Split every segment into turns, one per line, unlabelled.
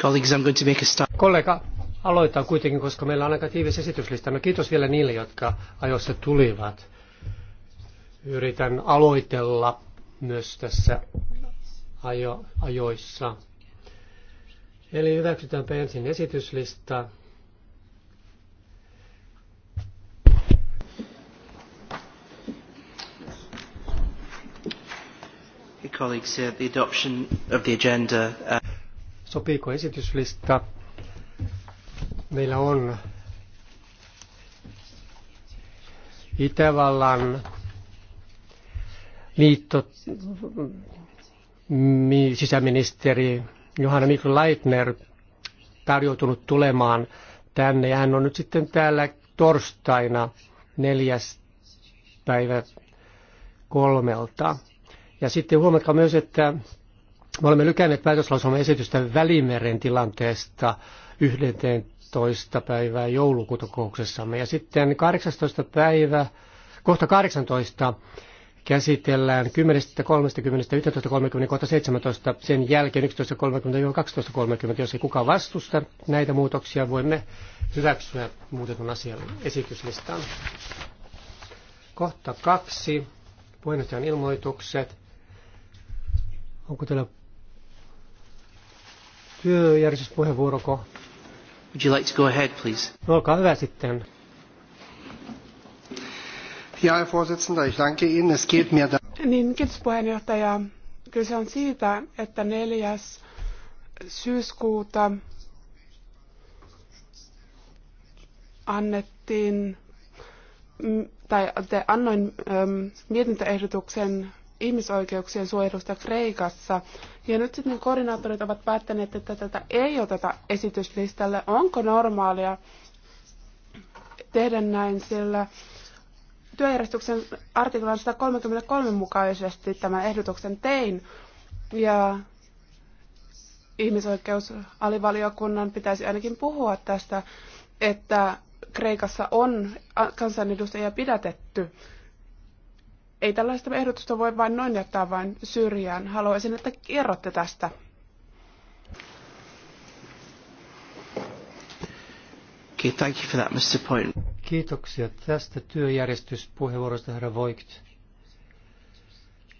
Colleagues, I'm going to make a start. Kollega, aloitan kuitenkin, koska meillä on aika tiivis esityslista. No kiitos vielä niille, jotka ajoissa tulivat. Yritän aloitella myös tässä ajo, ajoissa. Eli hyväksytäänpä ensin esityslista.
colleagues, uh, the adoption of the agenda. Uh,
Sopiiko esityslista? Meillä on Itävallan liitto, sisäministeri Johanna Mikko Leitner tarjoutunut tulemaan tänne. Ja hän on nyt sitten täällä torstaina neljäs päivä kolmelta. Ja sitten huomatkaa myös, että me olemme lykänneet päätöslauselman esitystä Välimeren tilanteesta 11. päivää joulukuuta Ja sitten 18. päivä, kohta 18 käsitellään 10.30, 11.30, kohta 17, sen jälkeen 11.30-12.30. Jos ei kukaan vastusta näitä muutoksia, voimme hyväksyä muutetun asian esityslistan. Kohta kaksi, puheenjohtajan ilmoitukset. Onko teillä työjärjestyspuheenvuoroko? Would you like to go ahead, please? No, olkaa hyvä sitten. Ja, Herr Vorsitzender, ich danke Ihnen. Es geht mir da... Niin, kiitos
puheenjohtaja. Kyse on siitä, että 4. syyskuuta annettiin, tai annoin ähm, mietintöehdotuksen ihmisoikeuksien suojelusta Kreikassa. Ja nyt sitten koordinaattorit ovat päättäneet, että tätä ei oteta esityslistalle. Onko normaalia tehdä näin, sillä työjärjestyksen artiklan 133 mukaisesti tämän ehdotuksen tein. Ja ihmisoikeusalivaliokunnan pitäisi ainakin puhua tästä, että Kreikassa on kansanedustajia pidätetty ei tällaista ehdotusta voi vain noin jättää vain syrjään. Haluaisin, että kerrotte tästä.
Okay, thank you for that, Mr. Point. Kiitoksia tästä työjärjestyspuheenvuorosta, herra Voigt.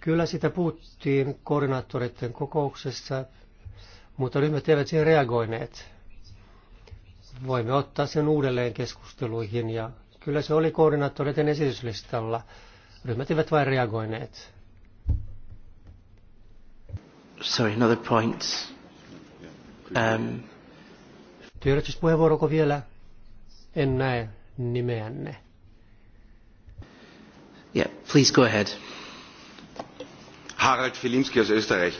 Kyllä sitä puhuttiin koordinaattoreiden kokouksessa, mutta ryhmät eivät siihen reagoineet. Voimme ottaa sen uudelleen keskusteluihin ja kyllä se oli koordinaattoreiden esityslistalla. Ryhmät eivät vain reagoineet.
Sorry, another point. Um...
Työjärjestyspuheenvuoroko vielä? En näe nimeänne.
Yeah, please go ahead. Harald Filimski aus Österreich.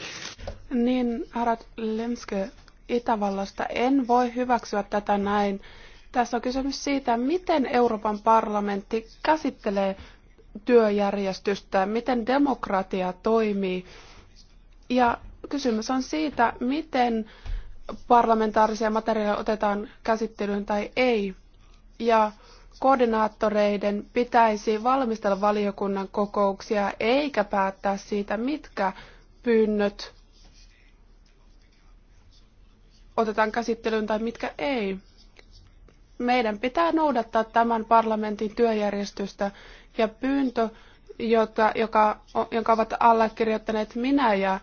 Niin, Harald Lemske Itävallasta. En voi hyväksyä tätä näin. Tässä on kysymys siitä, miten Euroopan parlamentti käsittelee työjärjestystä, miten demokratia toimii. Ja kysymys on siitä, miten parlamentaarisia materiaaleja otetaan käsittelyyn tai ei. Ja koordinaattoreiden pitäisi valmistella valiokunnan kokouksia eikä päättää siitä, mitkä pyynnöt otetaan käsittelyyn tai mitkä ei meidän pitää noudattaa tämän parlamentin työjärjestystä ja pyyntö, jota, joka, jonka ovat allekirjoittaneet minä ja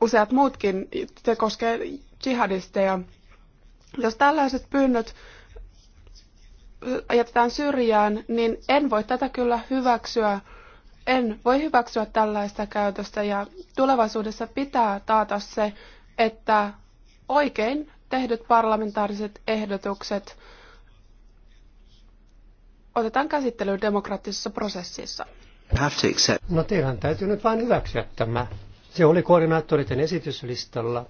useat muutkin, se koskee jihadisteja. Jos tällaiset pyynnöt jätetään syrjään, niin en voi tätä kyllä hyväksyä. En voi hyväksyä tällaista käytöstä ja tulevaisuudessa pitää taata se, että oikein tehdyt parlamentaariset ehdotukset otetaan käsittelyyn demokraattisessa prosessissa.
No teidän täytyy nyt vain hyväksyä tämä. Se oli koordinaattoriten esityslistalla,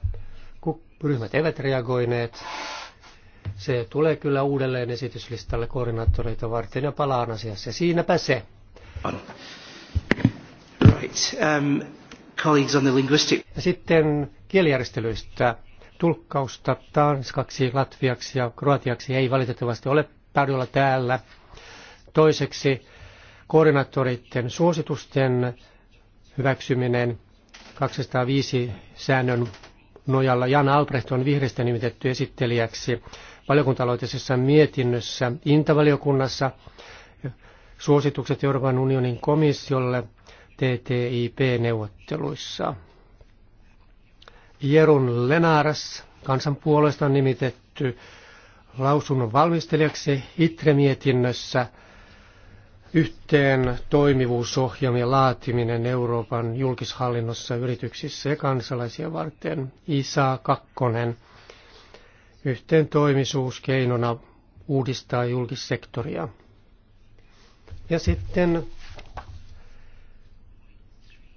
kun ryhmät eivät reagoineet. Se tulee kyllä uudelleen esityslistalle koordinaattoreita varten ja palaan asiassa. Siinäpä se. Right. Um, colleagues on the linguistic... Ja sitten kielijärjestelyistä tulkkausta tanskaksi, latviaksi ja kroatiaksi ei valitettavasti ole tarjolla täällä. Toiseksi koordinaattoreiden suositusten hyväksyminen 205 säännön nojalla Jan Albrecht on vihreistä nimitetty esittelijäksi valiokuntaloitisessa mietinnössä Intavaliokunnassa suositukset Euroopan unionin komissiolle TTIP-neuvotteluissa. Jerun Lenaras, kansanpuolesta nimitetty lausunnon valmistelijaksi ITRE-mietinnössä yhteen toimivuusohjelmien laatiminen Euroopan julkishallinnossa yrityksissä ja kansalaisia varten. ISA Kakkonen Yhteen toimisuus keinona uudistaa julkissektoria. Ja sitten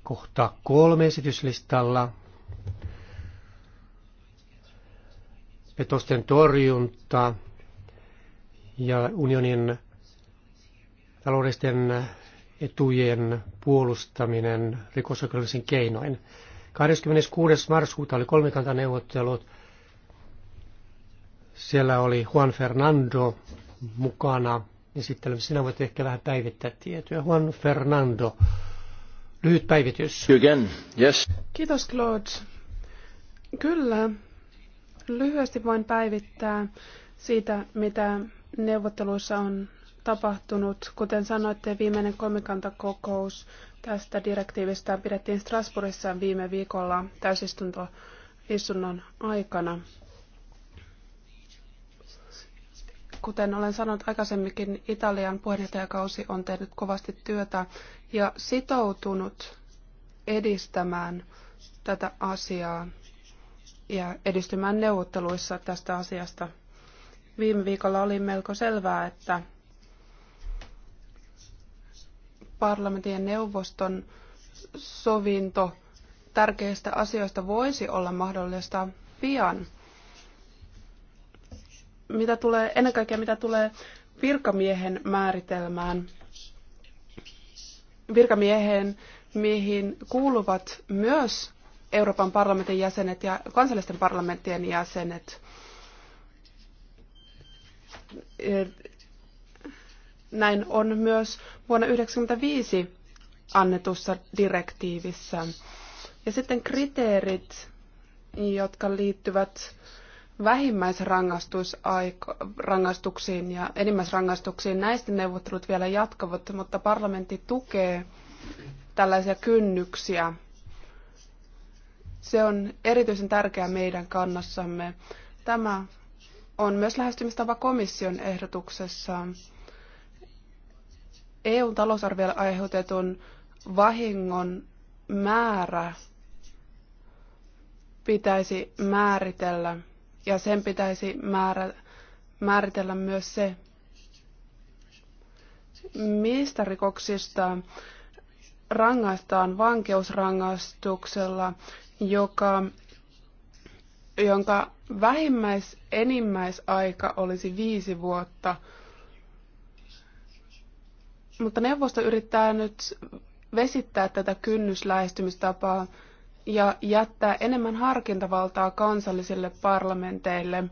kohta kolme esityslistalla petosten torjunta ja unionin taloudellisten etujen puolustaminen rikosoikeudellisen keinoin. 26. marraskuuta oli kolmikantaneuvottelut. Siellä oli Juan Fernando mukana sitten Sinä voit ehkä vähän päivittää tietoja. Juan Fernando, lyhyt päivitys.
Again. Yes.
Kiitos Claude. Kyllä, Lyhyesti voin päivittää siitä, mitä neuvotteluissa on tapahtunut. Kuten sanoitte, viimeinen kolmikantakokous tästä direktiivistä pidettiin Strasbourgissa viime viikolla täysistuntoistunnon aikana. Kuten olen sanonut aikaisemminkin, Italian puheenjohtajakausi on tehnyt kovasti työtä ja sitoutunut edistämään tätä asiaa ja edistymään neuvotteluissa tästä asiasta. Viime viikolla oli melko selvää, että parlamentin ja neuvoston sovinto tärkeistä asioista voisi olla mahdollista pian. Mitä tulee, ennen kaikkea mitä tulee virkamiehen määritelmään, virkamiehen, mihin kuuluvat myös Euroopan parlamentin jäsenet ja kansallisten parlamenttien jäsenet. Näin on myös vuonna 1995 annetussa direktiivissä. Ja sitten kriteerit, jotka liittyvät vähimmäisrangaistuksiin ja enimmäisrangaistuksiin. Näistä neuvottelut vielä jatkavat, mutta parlamentti tukee tällaisia kynnyksiä se on erityisen tärkeää meidän kannassamme. Tämä on myös lähestymistapa komission ehdotuksessa. EUn talousarviolle aiheutetun vahingon määrä pitäisi määritellä ja sen pitäisi määrä, määritellä myös se, mistä rikoksista rangaistaan vankeusrangaistuksella joka, jonka vähimmäis enimmäisaika olisi viisi vuotta. Mutta neuvosto yrittää nyt vesittää tätä kynnyslähestymistapaa ja jättää enemmän harkintavaltaa kansallisille parlamenteille,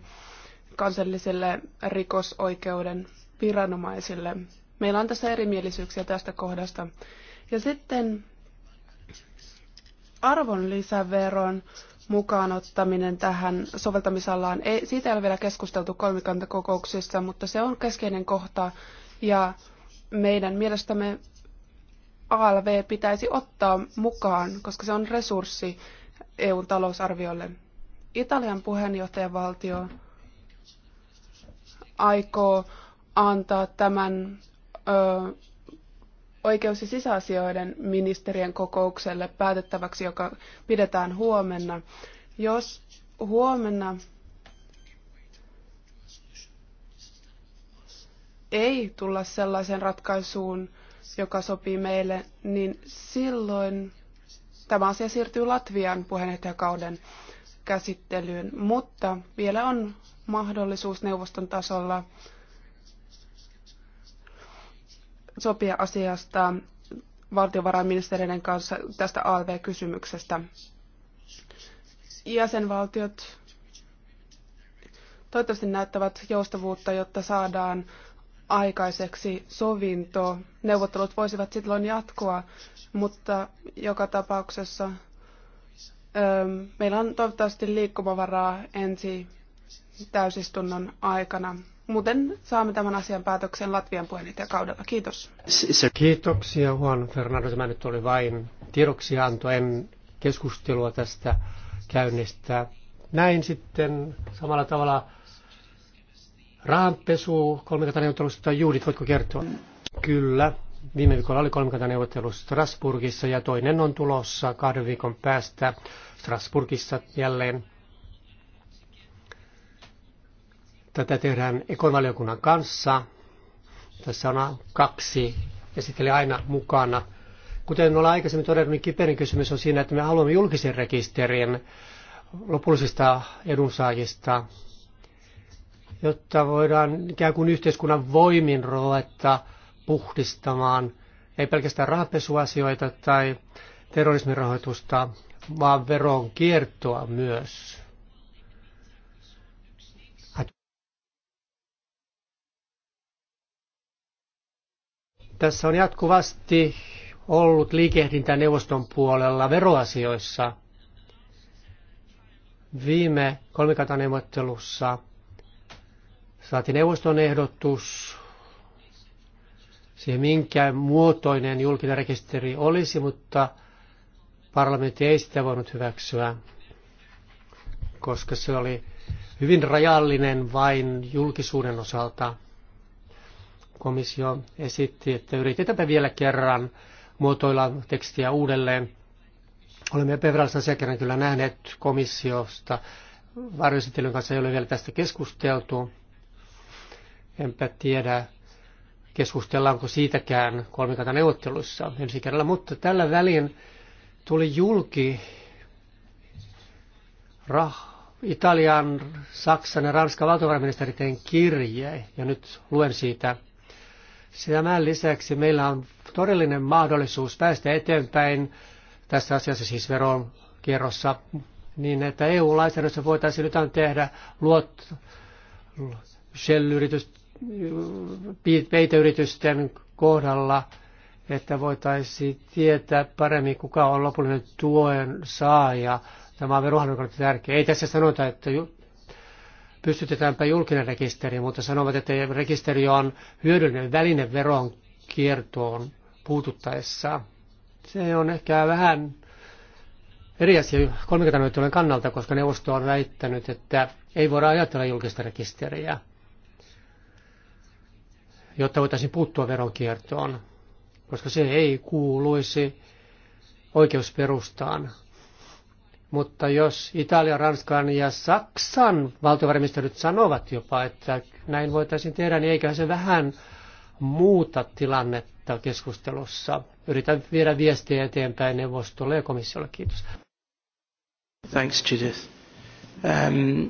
kansallisille rikosoikeuden viranomaisille. Meillä on tässä erimielisyyksiä tästä kohdasta. Ja sitten arvonlisäveron mukaan ottaminen tähän soveltamisalaan, ei, siitä ei ole vielä keskusteltu kolmikantakokouksissa, mutta se on keskeinen kohta ja meidän mielestämme ALV pitäisi ottaa mukaan, koska se on resurssi EUn talousarviolle. Italian puheenjohtajavaltio aikoo antaa tämän ö, oikeus- ja sisäasioiden ministerien kokoukselle päätettäväksi, joka pidetään huomenna. Jos huomenna ei tulla sellaiseen ratkaisuun, joka sopii meille, niin silloin tämä asia siirtyy Latvian puheenjohtajakauden käsittelyyn, mutta vielä on mahdollisuus neuvoston tasolla sopia asiasta valtiovarainministeriöiden kanssa tästä ALV-kysymyksestä. Jäsenvaltiot toivottavasti näyttävät joustavuutta, jotta saadaan aikaiseksi sovinto. Neuvottelut voisivat silloin jatkua, mutta joka tapauksessa ähm, meillä on toivottavasti liikkumavaraa ensi täysistunnon aikana. Muuten saamme tämän asian päätöksen Latvian puheenjohtajakaudella. Kiitos.
Kiitoksia Juan Fernando. Tämä nyt oli vain tiedoksianto. En keskustelua tästä käynnistä. Näin sitten samalla tavalla rahanpesu kolmikantaneuvottelusta. Juudit, voitko kertoa? Kyllä. Viime viikolla oli kolmikantaneuvottelu Strasburgissa ja toinen on tulossa kahden viikon päästä Strasburgissa jälleen. Tätä tehdään ekonvaliokunnan kanssa. Tässä on kaksi esittelijä aina mukana. Kuten ollaan aikaisemmin todennut, niin kiperin kysymys on siinä, että me haluamme julkisen rekisterin lopullisista edunsaajista, jotta voidaan ikään kuin yhteiskunnan voimin ruveta puhdistamaan ei pelkästään rahapesuasioita tai terrorismin rahoitusta, vaan veron kiertoa myös. Tässä on jatkuvasti ollut liikehdintä neuvoston puolella veroasioissa. Viime kolmikantaneuvottelussa saatiin neuvoston ehdotus siihen, minkä muotoinen julkinen rekisteri olisi, mutta parlamentti ei sitä voinut hyväksyä, koska se oli hyvin rajallinen vain julkisuuden osalta komissio esitti, että yritetäänpä vielä kerran muotoilla tekstiä uudelleen. Olemme epävirallisen asiakirjan kyllä nähneet komissiosta. Varjoesittelyn kanssa ei ole vielä tästä keskusteltu. Enpä tiedä, keskustellaanko siitäkään kolmikantaneuvotteluissa ensi kerralla, mutta tällä välin tuli julki rah, Italian, Saksan ja Ranskan valtiovarainministeriten kirje, ja nyt luen siitä – Tämän lisäksi meillä on todellinen mahdollisuus päästä eteenpäin tässä asiassa siis kierrossa, niin, että EU-lainsäädännössä voitaisiin jotain tehdä luot, peiteyritysten kohdalla, että voitaisiin tietää paremmin, kuka on lopullinen tuen saaja. Tämä on verohallinnon tärkeä. Ei tässä sanota, että pystytetäänpä julkinen rekisteri, mutta sanovat, että rekisteri on hyödyllinen väline veron kiertoon puututtaessa. Se on ehkä vähän eri asia kolmikantaneuvottelujen kannalta, koska neuvosto on väittänyt, että ei voida ajatella julkista rekisteriä, jotta voitaisiin puuttua veronkiertoon, koska se ei kuuluisi oikeusperustaan. Mutta jos Italia, Ranskan ja Saksan valtiovarainministerit sanovat jopa, että näin voitaisiin tehdä, niin eiköhän se vähän muuta tilannetta keskustelussa. Yritän viedä viestiä eteenpäin neuvostolle ja komissiolle. Kiitos. Thanks, Judith. Um,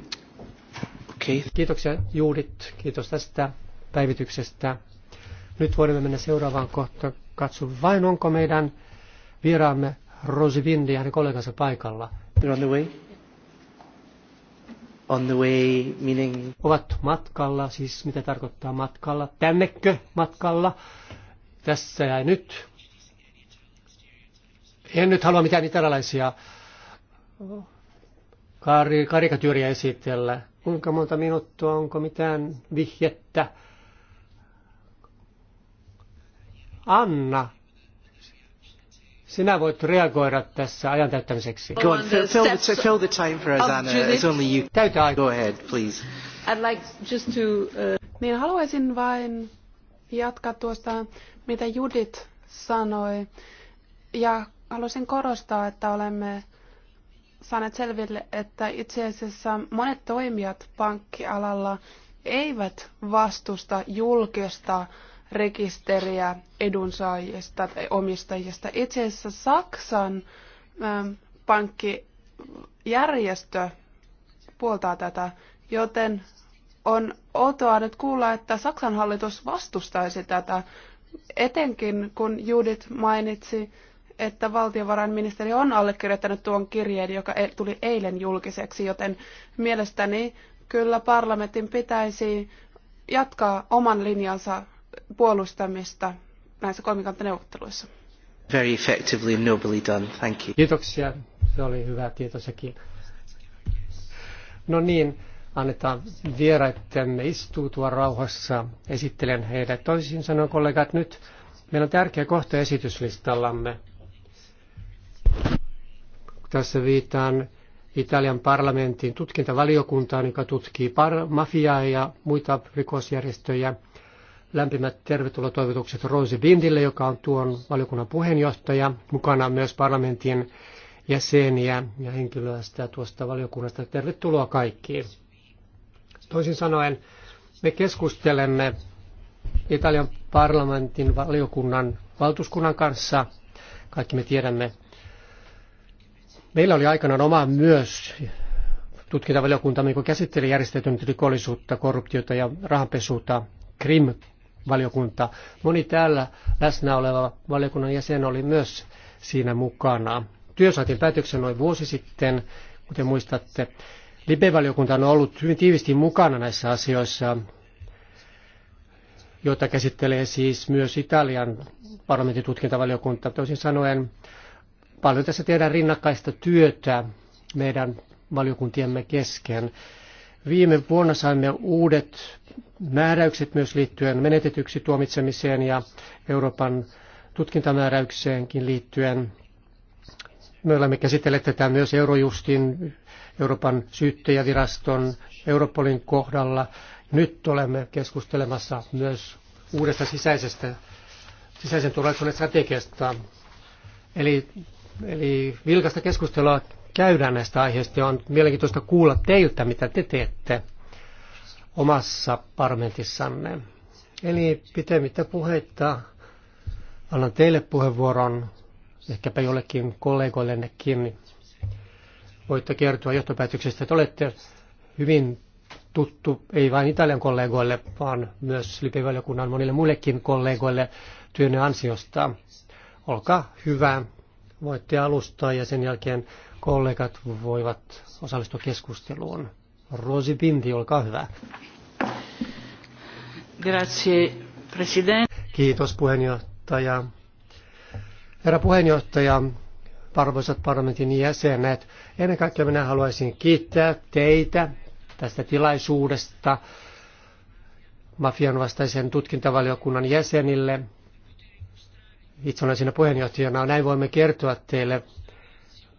okay. Kiitoksia Juudit. Kiitos tästä päivityksestä. Nyt voimme mennä seuraavaan kohtaan. Katso vain, onko meidän vieraamme Vindi ja hänen kollegansa paikalla. They're on the way. On the way, meaning... Ovat matkalla, siis mitä tarkoittaa matkalla? Tännekö matkalla? Tässä ja nyt. En nyt halua mitään italialaisia kar- karikatyyriä esitellä. Kuinka monta minuuttia, onko mitään vihjettä? Anna, sinä voit reagoida tässä ajan täyttämiseksi. Go on, fill, fill, the, fill the time for us, Anna. It's only you. Täytä aikaa. Go ahead, please.
I'd like just to... Uh... Niin, haluaisin vain jatkaa tuosta, mitä Judith sanoi. Ja haluaisin korostaa, että olemme saaneet selville, että itse asiassa monet toimijat pankkialalla eivät vastusta julkista rekisteriä edunsaajista tai omistajista. Itse asiassa Saksan ähm, pankkijärjestö puoltaa tätä, joten on outoa nyt kuulla, että Saksan hallitus vastustaisi tätä, etenkin kun Judith mainitsi, että valtiovarainministeri on allekirjoittanut tuon kirjeen, joka e- tuli eilen julkiseksi, joten mielestäni kyllä parlamentin pitäisi jatkaa oman linjansa puolustamista näissä kolmikantaneuvotteluissa.
Very effectively and nobly done. Thank you.
Kiitoksia. Se oli hyvä tieto sekin. No niin, annetaan vieraittemme istuutua rauhassa. Esittelen heidät. Toisin sanoen kollegat, nyt meillä on tärkeä kohta esityslistallamme. Tässä viitaan Italian parlamentin tutkintavaliokuntaan, joka tutkii mafiaa ja muita rikosjärjestöjä – lämpimät tervetuloa Rose Bindille, joka on tuon valiokunnan puheenjohtaja, mukana myös parlamentin jäseniä ja henkilöstä tuosta valiokunnasta. Tervetuloa kaikkiin. Toisin sanoen, me keskustelemme Italian parlamentin valiokunnan valtuuskunnan kanssa. Kaikki me tiedämme. Meillä oli aikanaan oma myös tutkintavaliokunta, joka käsitteli järjestetyn rikollisuutta, korruptiota ja rahanpesuuta Krim valiokunta. Moni täällä läsnä oleva valiokunnan jäsen oli myös siinä mukana. Työ saatiin päätöksen noin vuosi sitten, kuten muistatte. Libe-valiokunta on ollut hyvin tiivisti mukana näissä asioissa, joita käsittelee siis myös Italian parlamentin tutkintavaliokunta. Toisin sanoen, paljon tässä tehdään rinnakkaista työtä meidän valiokuntiemme kesken. Viime vuonna saimme uudet määräykset myös liittyen menetetyksi tuomitsemiseen ja Euroopan tutkintamääräykseenkin liittyen. Me olemme käsitelleet tätä myös Eurojustin, Euroopan syyttäjäviraston, Europolin kohdalla. Nyt olemme keskustelemassa myös uudesta sisäisestä, sisäisen turvallisuuden strategiasta. Eli, eli vilkasta keskustelua käydään näistä aiheista ja on mielenkiintoista kuulla teiltä, mitä te teette – omassa parmentissanne. Eli pitemmittä puheitta annan teille puheenvuoron, ehkäpä jollekin kollegoillennekin. Voitte kertoa johtopäätöksestä, että olette hyvin tuttu ei vain Italian kollegoille, vaan myös lipivaliokunnan monille muillekin kollegoille työnne ansiosta. Olkaa hyvä, voitte alustaa ja sen jälkeen kollegat voivat osallistua keskusteluun. Rosi Pinti, olkaa hyvä. Grazie, president. Kiitos puheenjohtaja. Herra puheenjohtaja, arvoisat parlamentin jäsenet, ennen kaikkea minä haluaisin kiittää teitä tästä tilaisuudesta mafian vastaisen tutkintavaliokunnan jäsenille. Itse siinä puheenjohtajana näin voimme kertoa teille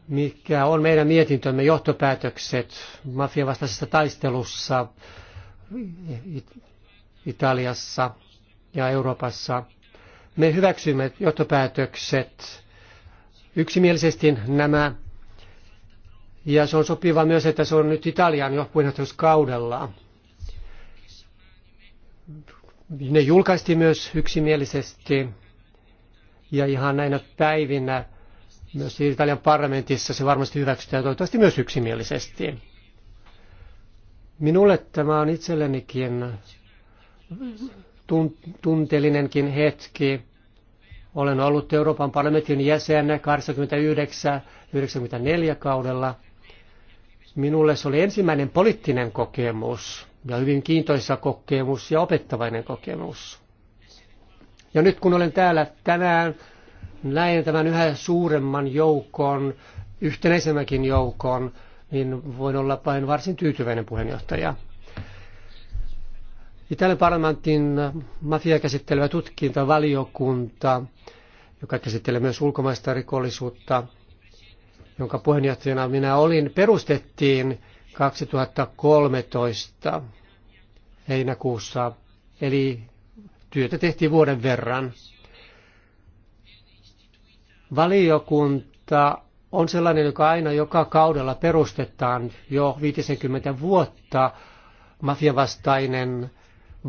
mikä on meidän mietintömme johtopäätökset mafian vastaisessa taistelussa Italiassa ja Euroopassa. Me hyväksymme johtopäätökset yksimielisesti nämä. Ja se on sopiva myös, että se on nyt Italian jo kaudella. Ne julkaistiin myös yksimielisesti ja ihan näinä päivinä myös Italian parlamentissa se varmasti hyväksytään toivottavasti myös yksimielisesti. Minulle tämä on itsellenikin tunteellinenkin hetki. Olen ollut Euroopan parlamentin jäsen 89-94 kaudella. Minulle se oli ensimmäinen poliittinen kokemus ja hyvin kiintoisa kokemus ja opettavainen kokemus. Ja nyt kun olen täällä tänään näin tämän yhä suuremman joukon, yhtenäisemmäkin joukon, niin voin olla vain varsin tyytyväinen puheenjohtaja. Italian parlamentin mafiakäsittelevä tutkintavaliokunta, joka käsittelee myös ulkomaista rikollisuutta, jonka puheenjohtajana minä olin, perustettiin 2013 heinäkuussa, eli työtä tehtiin vuoden verran. Valiokunta on sellainen, joka aina joka kaudella perustetaan jo 50 vuotta. Mafian vastainen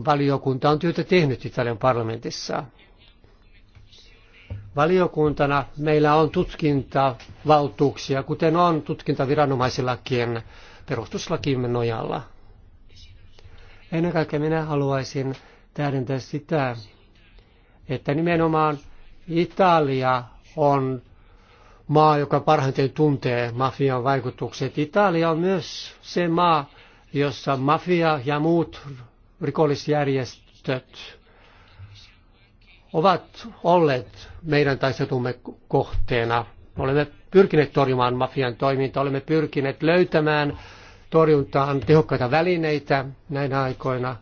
valiokunta on työtä tehnyt Italian parlamentissa. Valiokuntana meillä on tutkintavaltuuksia, kuten on tutkintaviranomaisillakin perustuslakimme nojalla. Ennen kaikkea minä haluaisin tähdentää sitä, että nimenomaan Italia on maa, joka parhaiten tuntee mafian vaikutukset. Italia on myös se maa, jossa mafia ja muut rikollisjärjestöt ovat olleet meidän taistelumme kohteena. Olemme pyrkineet torjumaan mafian toimintaa, olemme pyrkineet löytämään torjuntaan tehokkaita välineitä näinä aikoina.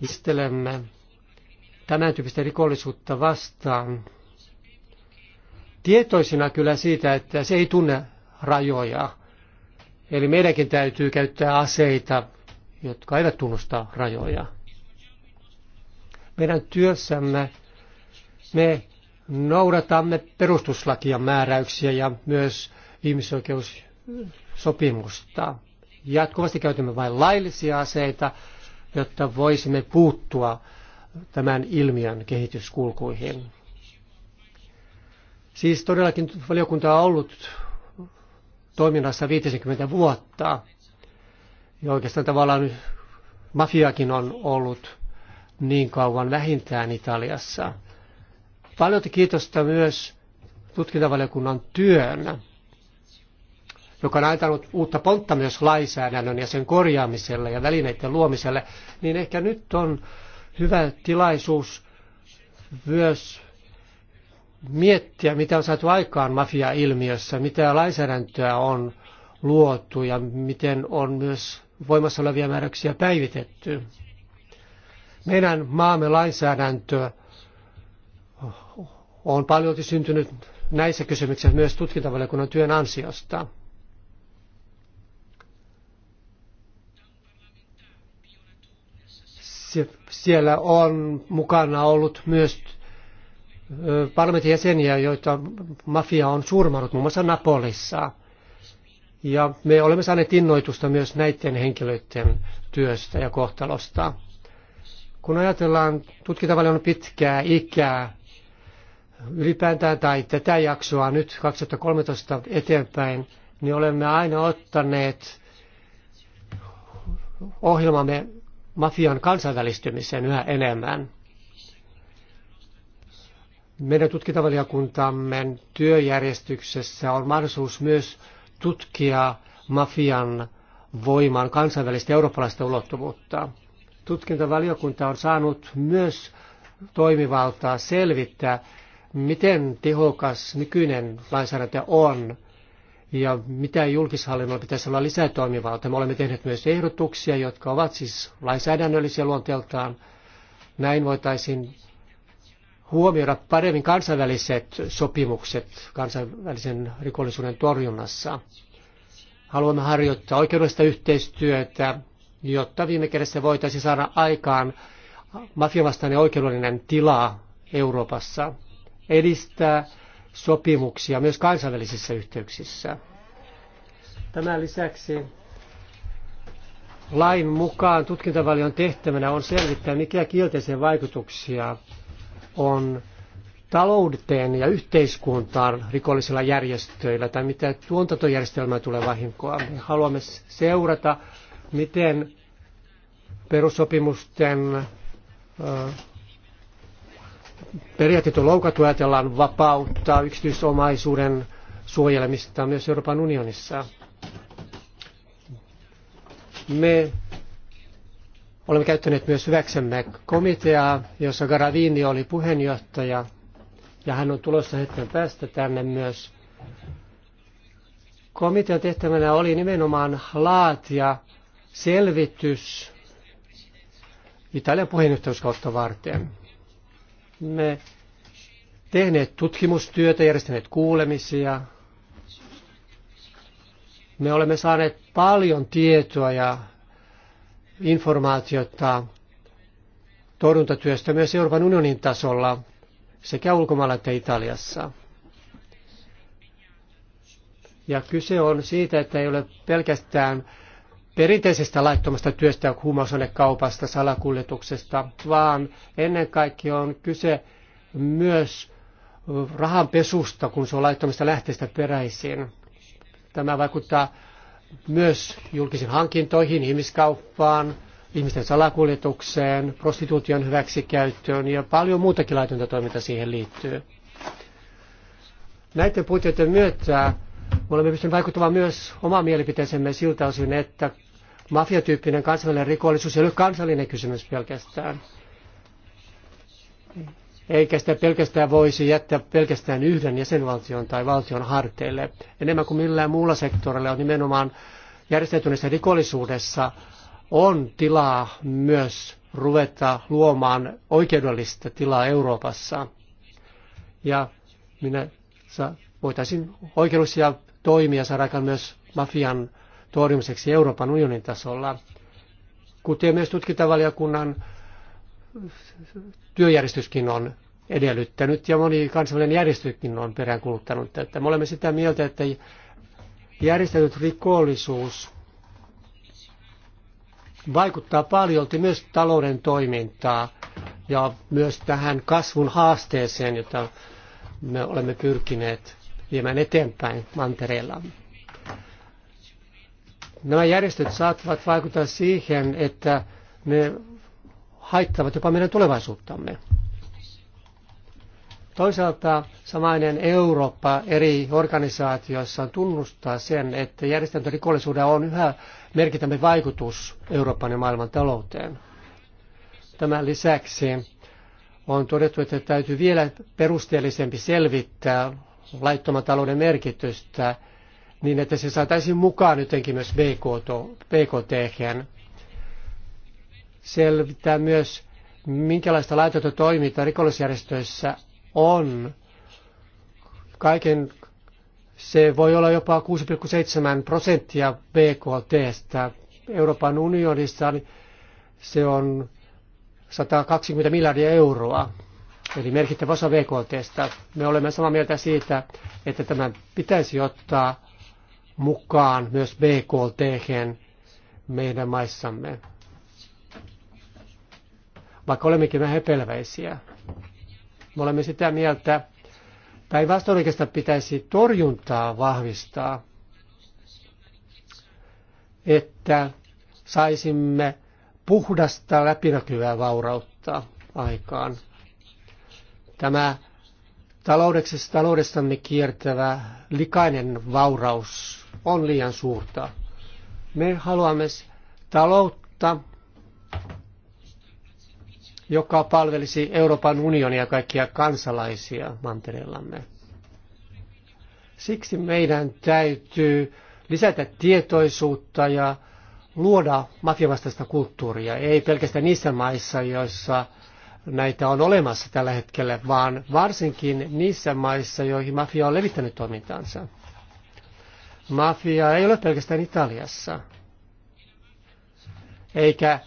Istelemme tämän tyyppistä rikollisuutta vastaan tietoisina kyllä siitä, että se ei tunne rajoja. Eli meidänkin täytyy käyttää aseita, jotka eivät tunnusta rajoja. Meidän työssämme me noudatamme perustuslakia määräyksiä ja myös ihmisoikeussopimusta. Jatkuvasti käytämme vain laillisia aseita, jotta voisimme puuttua tämän ilmiön kehityskulkuihin. Siis todellakin valiokunta on ollut toiminnassa 50 vuotta. Ja oikeastaan tavallaan mafiakin on ollut niin kauan vähintään Italiassa. Paljon kiitosta myös tutkintavaliokunnan työn, joka on antanut uutta pontta myös lainsäädännön ja sen korjaamiselle ja välineiden luomiselle, niin ehkä nyt on hyvä tilaisuus myös miettiä, mitä on saatu aikaan mafia-ilmiössä, mitä lainsäädäntöä on luotu ja miten on myös voimassa olevia määräyksiä päivitetty. Meidän maamme lainsäädäntö on paljon syntynyt näissä kysymyksissä myös tutkintavaliokunnan työn ansiosta. siellä on mukana ollut myös parlamentin jäseniä, joita mafia on surmanut, muun muassa Napolissa. Ja me olemme saaneet innoitusta myös näiden henkilöiden työstä ja kohtalosta. Kun ajatellaan tutkintavalioon pitkää ikää, ylipäätään tai tätä jaksoa nyt 2013 eteenpäin, niin olemme aina ottaneet ohjelmamme mafian kansainvälistymiseen yhä enemmän. Meidän tutkintavaliokuntamme työjärjestyksessä on mahdollisuus myös tutkia mafian voiman kansainvälistä eurooppalaista ulottuvuutta. Tutkintavaliokunta on saanut myös toimivaltaa selvittää, miten tehokas nykyinen lainsäädäntö on ja mitä julkishallinnolla pitäisi olla toimivaltaa. Me olemme tehneet myös ehdotuksia, jotka ovat siis lainsäädännöllisiä luonteeltaan. Näin voitaisiin huomioida paremmin kansainväliset sopimukset kansainvälisen rikollisuuden torjunnassa. Haluamme harjoittaa oikeudellista yhteistyötä, jotta viime kädessä voitaisiin saada aikaan mafiavastainen oikeudellinen tila Euroopassa, edistää sopimuksia myös kansainvälisissä yhteyksissä. Tämän lisäksi lain mukaan tutkintavaliokunnan tehtävänä on selvittää, mikä kielteisiä vaikutuksia on talouteen ja yhteiskuntaan rikollisilla järjestöillä tai mitä tuotantojärjestelmään tulee vahinkoa. Me haluamme seurata, miten perussopimusten periaatteet on loukattu, ajatellaan vapautta, yksityisomaisuuden suojelemista myös Euroopan unionissa. Me Olemme käyttäneet myös hyväksemme komiteaa, jossa Garavini oli puheenjohtaja, ja hän on tulossa hetken päästä tänne myös. Komitean tehtävänä oli nimenomaan laatia selvitys Italian puheenjohtajuuskautta varten. Me tehneet tutkimustyötä, järjestäneet kuulemisia. Me olemme saaneet paljon tietoa ja informaatiota torjuntatyöstä myös Euroopan unionin tasolla sekä ulkomailla että Italiassa. Ja kyse on siitä, että ei ole pelkästään perinteisestä laittomasta työstä, huumausainekaupasta, salakuljetuksesta, vaan ennen kaikkea on kyse myös rahanpesusta, kun se on laittomista lähteistä peräisin. Tämä vaikuttaa myös julkisiin hankintoihin, ihmiskauppaan, ihmisten salakuljetukseen, prostituution hyväksikäyttöön ja paljon muutakin laitonta toimintaa siihen liittyy. Näiden puitteiden myötä me olemme pystyneet vaikuttamaan myös omaan mielipiteeseemme siltä osin, että mafiatyyppinen kansallinen rikollisuus ei ole kansallinen kysymys pelkästään eikä sitä pelkästään voisi jättää pelkästään yhden jäsenvaltion tai valtion harteille. Enemmän kuin millään muulla sektorilla on nimenomaan järjestäytyneessä rikollisuudessa on tilaa myös ruveta luomaan oikeudellista tilaa Euroopassa. Ja minä voitaisiin oikeudellisia toimia saada aikaan myös mafian torjumiseksi Euroopan unionin tasolla. Kuten myös tutkintavaliokunnan työjärjestyskin on edellyttänyt ja moni kansainvälinen järjestökin on peräänkuluttanut. Että me olemme sitä mieltä, että järjestäytynyt rikollisuus vaikuttaa paljolti myös talouden toimintaa ja myös tähän kasvun haasteeseen, jota me olemme pyrkineet viemään eteenpäin mantereellamme. Nämä järjestöt saattavat vaikuttaa siihen, että ne haittavat jopa meidän tulevaisuuttamme. Toisaalta samainen Eurooppa eri organisaatioissa tunnustaa sen, että järjestäytyrikollisuudella on yhä merkittävä vaikutus Euroopan ja maailman talouteen. Tämän lisäksi on todettu, että täytyy vielä perusteellisempi selvittää laittoman talouden merkitystä niin, että se saataisiin mukaan jotenkin myös BKT. BKT selvittää myös, minkälaista laitonta toimintaa rikollisjärjestöissä on. Kaiken se voi olla jopa 6,7 prosenttia BKTstä. Euroopan unionissa se on 120 miljardia euroa, eli merkittävä osa BKTstä. Me olemme samaa mieltä siitä, että tämä pitäisi ottaa mukaan myös BKT meidän maissamme vaikka olemmekin vähän pelväisiä. Me olemme sitä mieltä, päinvastoin oikeastaan pitäisi torjuntaa vahvistaa, että saisimme puhdasta läpinäkyvää vaurautta aikaan. Tämä taloudeksessa taloudestamme kiertävä likainen vauraus on liian suurta. Me haluamme taloutta, joka palvelisi Euroopan unionia ja kaikkia kansalaisia mantereellamme. Siksi meidän täytyy lisätä tietoisuutta ja luoda mafiavastaista kulttuuria, ei pelkästään niissä maissa, joissa näitä on olemassa tällä hetkellä, vaan varsinkin niissä maissa, joihin mafia on levittänyt toimintaansa. Mafia ei ole pelkästään Italiassa, eikä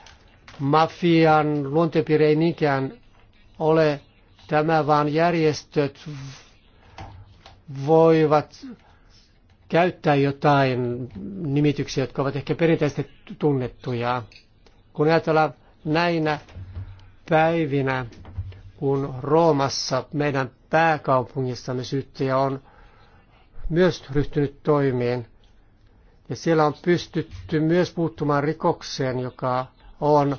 mafian luontepiiri ei niinkään ole tämä, vaan järjestöt voivat käyttää jotain nimityksiä, jotka ovat ehkä perinteisesti tunnettuja. Kun ajatellaan näinä päivinä, kun Roomassa, meidän pääkaupungissamme syyttäjä on myös ryhtynyt toimiin, ja siellä on pystytty myös puuttumaan rikokseen, joka on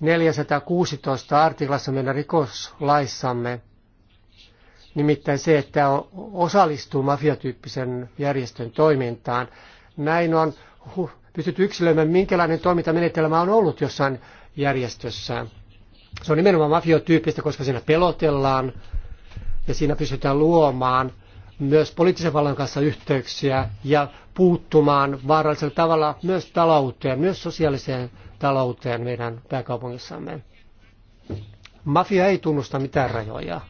416 artiklassa meidän rikoslaissamme, nimittäin se, että osallistuu mafiatyyppisen järjestön toimintaan. Näin on huh, pystytty yksilöimään, minkälainen toimintamenetelmä on ollut jossain järjestössä. Se on nimenomaan mafiotyyppistä, koska siinä pelotellaan ja siinä pystytään luomaan myös poliittisen vallan kanssa yhteyksiä ja puuttumaan vaarallisella tavalla myös talouteen, myös sosiaaliseen talouteen meidän pääkaupungissamme. Mafia ei tunnusta mitään rajoja,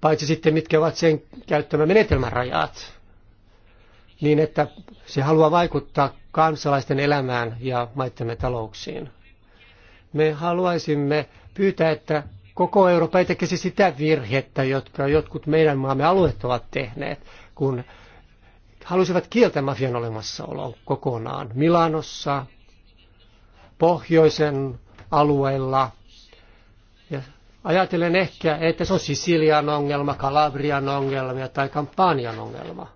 paitsi sitten mitkä ovat sen käyttämä menetelmän rajat, niin että se haluaa vaikuttaa kansalaisten elämään ja maittemme talouksiin. Me haluaisimme pyytää, että koko Eurooppa ei tekisi sitä virhettä, jotka jotkut meidän maamme alueet ovat tehneet, kun halusivat kieltää mafian olemassaolon kokonaan. Milanossa, pohjoisen alueella. Ja ajatellen ehkä, että se on Sisilian ongelma, Kalabrian ongelma tai Kampanjan ongelma.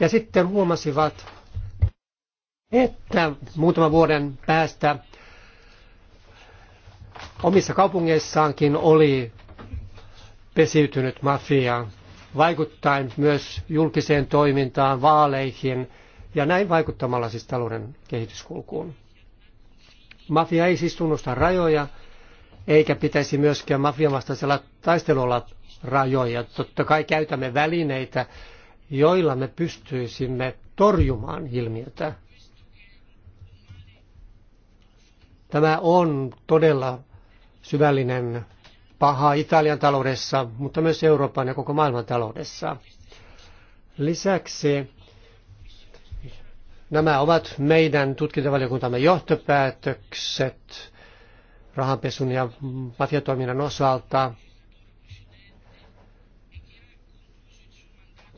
Ja sitten huomasivat, että muutaman vuoden päästä omissa kaupungeissaankin oli pesiytynyt mafia, vaikuttaen myös julkiseen toimintaan, vaaleihin ja näin vaikuttamalla siis talouden kehityskulkuun. Mafia ei siis tunnusta rajoja, eikä pitäisi myöskään mafian vastaisella taistelulla rajoja. Totta kai käytämme välineitä, joilla me pystyisimme torjumaan ilmiötä. Tämä on todella syvällinen paha Italian taloudessa, mutta myös Euroopan ja koko maailman taloudessa. Lisäksi Nämä ovat meidän tutkintavaliokuntamme johtopäätökset rahanpesun ja mafiatoiminnan osalta.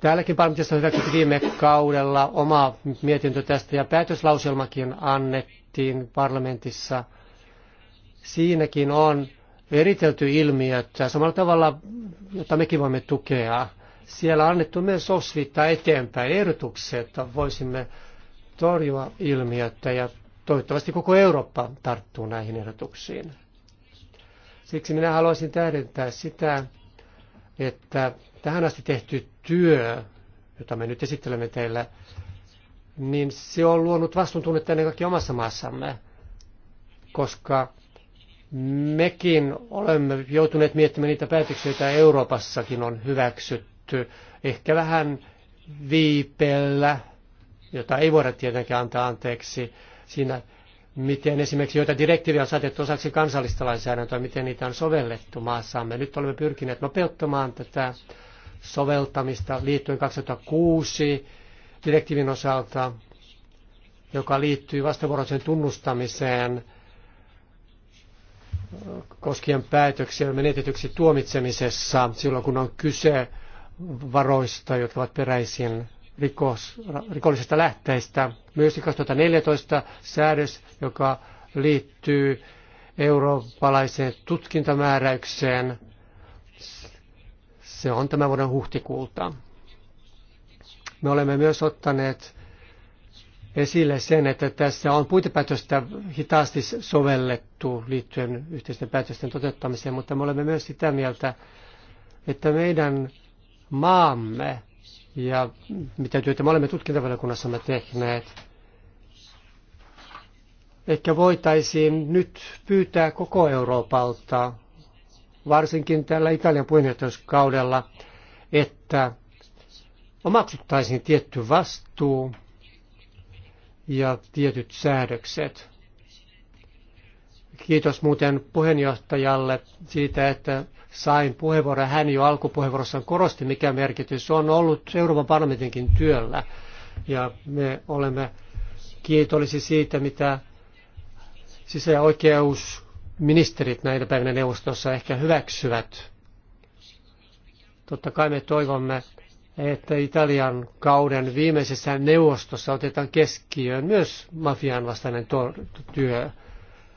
Täälläkin parlamentissa hyväksyttiin viime kaudella oma mietintö tästä ja päätöslauselmakin annettiin parlamentissa. Siinäkin on eritelty ilmiötä samalla tavalla, jota mekin voimme tukea. Siellä on annettu myös osviittaa eteenpäin ehdotukset, että voisimme torjua ilmiötä ja toivottavasti koko Eurooppa tarttuu näihin ehdotuksiin. Siksi minä haluaisin tähdentää sitä, että tähän asti tehty työ, jota me nyt esittelemme teille, niin se on luonut vastuuntunnetta ennen kaikkea omassa maassamme, koska mekin olemme joutuneet miettimään niitä päätöksiä, joita Euroopassakin on hyväksytty, ehkä vähän viipellä, jota ei voida tietenkään antaa anteeksi siinä, miten esimerkiksi joita direktiiviä on saatettu osaksi kansallista lainsäädäntöä, miten niitä on sovellettu maassamme. Nyt olemme pyrkineet nopeuttamaan tätä soveltamista liittyen 2006 direktiivin osalta, joka liittyy vastavuoroisen tunnustamiseen koskien päätöksiä menetetyksi tuomitsemisessa silloin, kun on kyse varoista, jotka ovat peräisin rikos, rikollisista lähteistä. Myös 2014 säädös, joka liittyy eurooppalaiseen tutkintamääräykseen. Se on tämän vuoden huhtikuulta. Me olemme myös ottaneet esille sen, että tässä on puitepäätöstä hitaasti sovellettu liittyen yhteisten päätösten toteuttamiseen, mutta me olemme myös sitä mieltä, että meidän maamme ja mitä työtä me olemme tutkintavaliokunnassamme tehneet. Ehkä voitaisiin nyt pyytää koko Euroopalta, varsinkin tällä Italian puheenjohtajuuskaudella, että omaksuttaisiin tietty vastuu ja tietyt säädökset. Kiitos muuten puheenjohtajalle siitä, että sain puheenvuoron. Hän jo alkupuheenvuorossaan korosti, mikä merkitys on ollut Euroopan parlamentinkin työllä. Ja me olemme kiitollisia siitä, mitä sisä- ja oikeusministerit näinä neuvostossa ehkä hyväksyvät. Totta kai me toivomme, että Italian kauden viimeisessä neuvostossa otetaan keskiöön myös mafian vastainen työ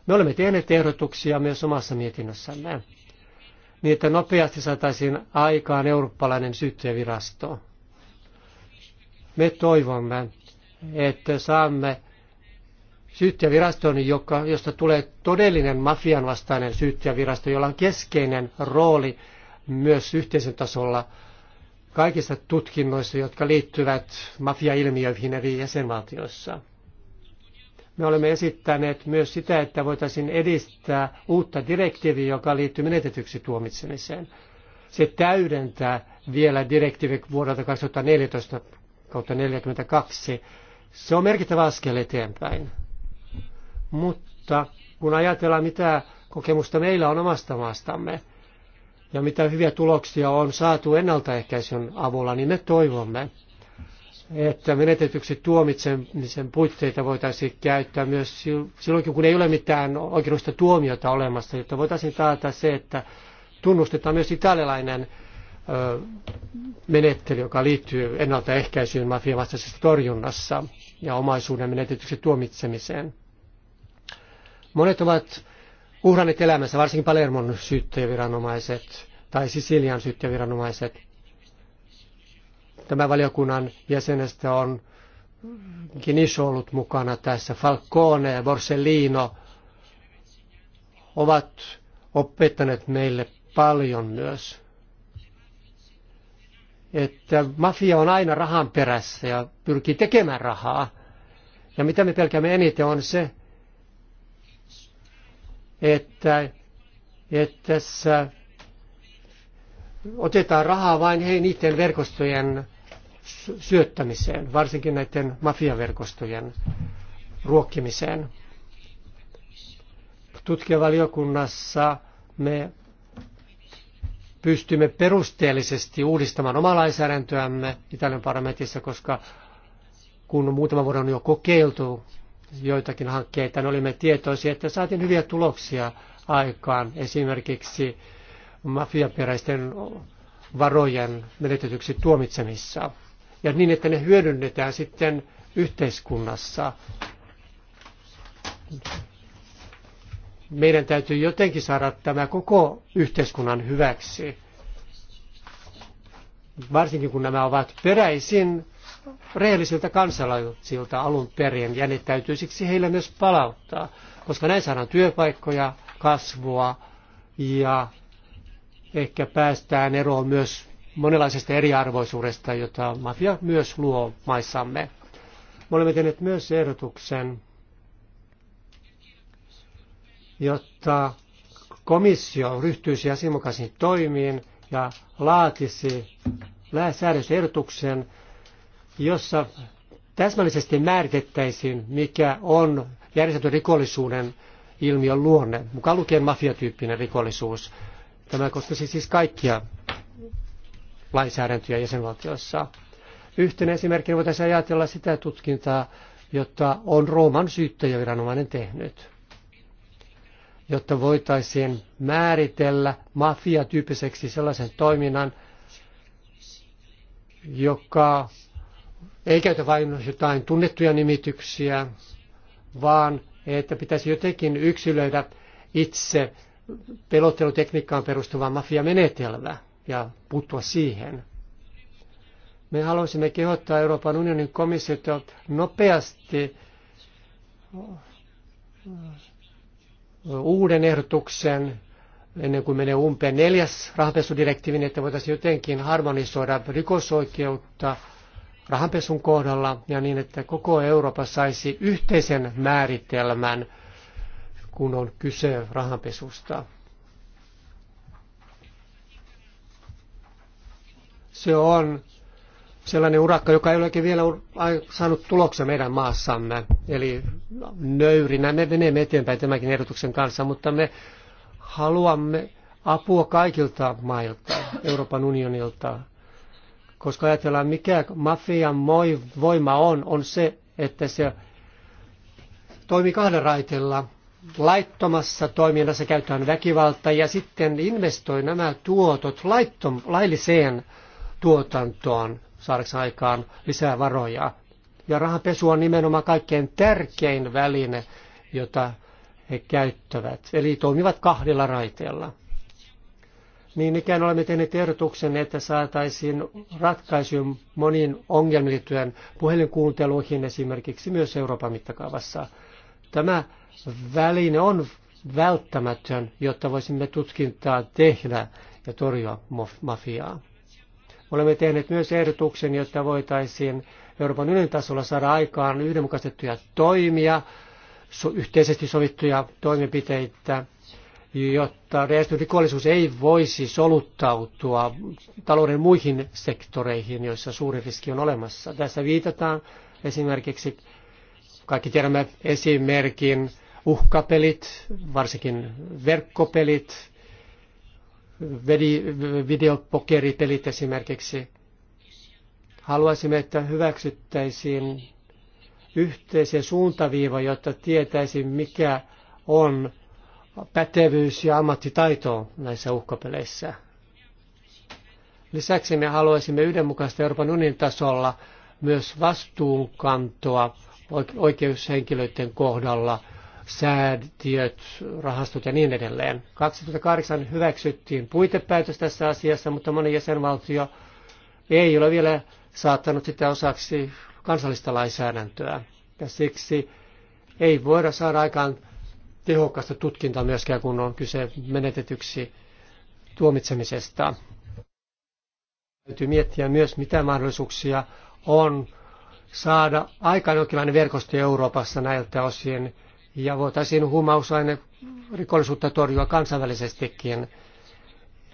me olemme tehneet ehdotuksia myös omassa mietinnössämme, niin että nopeasti saataisiin aikaan eurooppalainen syyttäjävirasto. Me toivomme, että saamme syyttäjäviraston, joka, josta tulee todellinen mafian vastainen syyttäjävirasto, jolla on keskeinen rooli myös yhteisön tasolla kaikissa tutkinnoissa, jotka liittyvät mafiailmiöihin eri jäsenvaltioissa. Me olemme esittäneet myös sitä, että voitaisiin edistää uutta direktiiviä, joka liittyy menetetyksi tuomitsemiseen. Se täydentää vielä direktiivi vuodelta 2014 kautta 42. Se on merkittävä askel eteenpäin. Mutta kun ajatellaan, mitä kokemusta meillä on omasta maastamme ja mitä hyviä tuloksia on saatu ennaltaehkäisyn avulla, niin me toivomme, että menetetyksi tuomitsemisen puitteita voitaisiin käyttää myös silloin, kun ei ole mitään oikeudellista tuomiota olemassa, jotta voitaisiin taata se, että tunnustetaan myös italialainen menettely, joka liittyy ennaltaehkäisyyn mafiavastaisessa torjunnassa ja omaisuuden menetetyksi tuomitsemiseen. Monet ovat uhranneet elämänsä, varsinkin Palermon syyttäjäviranomaiset tai Sisilian syyttäjäviranomaiset, Tämä valiokunnan jäsenestä on Ginisho ollut mukana tässä. Falcone ja Borsellino ovat opettaneet meille paljon myös. Että mafia on aina rahan perässä ja pyrkii tekemään rahaa. Ja mitä me pelkäämme eniten on se, että, että tässä otetaan rahaa vain he niiden verkostojen syöttämiseen, varsinkin näiden mafiaverkostojen ruokkimiseen. Tutkijavaliokunnassa me pystymme perusteellisesti uudistamaan omaa lainsäädäntöämme Italian parlamentissa, koska kun muutama vuoden on jo kokeiltu joitakin hankkeita, niin olimme tietoisia, että saatiin hyviä tuloksia aikaan. Esimerkiksi mafiaperäisten varojen menetetyksi tuomitsemissa ja niin, että ne hyödynnetään sitten yhteiskunnassa. Meidän täytyy jotenkin saada tämä koko yhteiskunnan hyväksi, varsinkin kun nämä ovat peräisin rehellisiltä kansalaisilta alun perin, ja ne täytyy siksi heille myös palauttaa, koska näin saadaan työpaikkoja, kasvua ja ehkä päästään eroon myös monenlaisesta eriarvoisuudesta, jota mafia myös luo maissamme. Me olemme tehneet myös ehdotuksen, jotta komissio ryhtyisi asianmukaisiin toimiin ja laatisi säädösehdotuksen, jossa täsmällisesti määritettäisiin, mikä on järjestetyn rikollisuuden ilmiön luonne, mukaan lukien mafiatyyppinen rikollisuus. Tämä koskisi siis kaikkia lainsäädäntöjä jäsenvaltioissa. Yhtenä esimerkkinä voitaisiin ajatella sitä tutkintaa, jota on Rooman syyttäjäviranomainen tehnyt, jotta voitaisiin määritellä mafiatyyppiseksi sellaisen toiminnan, joka ei käytä vain jotain tunnettuja nimityksiä, vaan että pitäisi jotenkin yksilöidä itse pelottelutekniikkaan perustuva mafiamenetelmä ja puuttua siihen. Me haluaisimme kehottaa Euroopan unionin komissiota nopeasti uuden ehdotuksen ennen kuin menee umpeen neljäs rahanpesudirektiivin, että voitaisiin jotenkin harmonisoida rikosoikeutta rahanpesun kohdalla ja niin, että koko Eurooppa saisi yhteisen määritelmän, kun on kyse rahanpesusta. Se on sellainen urakka, joka ei ole oikein vielä saanut tuloksia meidän maassamme. Eli nöyrinä me menemme eteenpäin tämänkin ehdotuksen kanssa, mutta me haluamme apua kaikilta mailta, Euroopan unionilta. Koska ajatellaan, mikä mafian voima on, on se, että se toimii kahden raitella. Laittomassa toiminnassa käytetään väkivaltaa ja sitten investoi nämä tuotot laittom, lailliseen tuotantoon saadakseen aikaan lisää varoja. Ja rahanpesu on nimenomaan kaikkein tärkein väline, jota he käyttävät, eli toimivat kahdella raiteella. Niin ikään olemme tehneet ehdotuksen, että saataisiin ratkaisuun moniin ongelmiin liittyen puhelinkuunteluihin esimerkiksi myös Euroopan mittakaavassa. Tämä väline on välttämätön, jotta voisimme tutkintaa tehdä ja torjua mafiaa. Olemme tehneet myös ehdotuksen, jotta voitaisiin Euroopan unionin tasolla saada aikaan yhdenmukaistettuja toimia, so, yhteisesti sovittuja toimenpiteitä, jotta rikollisuus ei voisi soluttautua talouden muihin sektoreihin, joissa suuri riski on olemassa. Tässä viitataan esimerkiksi, kaikki tiedämme esimerkin, uhkapelit, varsinkin verkkopelit, videopokeripelit esimerkiksi. Haluaisimme, että hyväksyttäisiin yhteisiä suuntaviiva, jotta tietäisi, mikä on pätevyys ja ammattitaito näissä uhkapeleissä. Lisäksi me haluaisimme yhdenmukaista Euroopan unionin tasolla myös vastuunkantoa oikeushenkilöiden kohdalla – säädiöt, rahastot ja niin edelleen. 2008 hyväksyttiin puitepäätös tässä asiassa, mutta moni jäsenvaltio ei ole vielä saattanut sitä osaksi kansallista lainsäädäntöä. Ja siksi ei voida saada aikaan tehokasta tutkintaa myöskään, kun on kyse menetetyksi tuomitsemisesta. Täytyy miettiä myös, mitä mahdollisuuksia on saada aikaan jonkinlainen verkosto Euroopassa näiltä osien ja voitaisiin huumausaine rikollisuutta torjua kansainvälisestikin.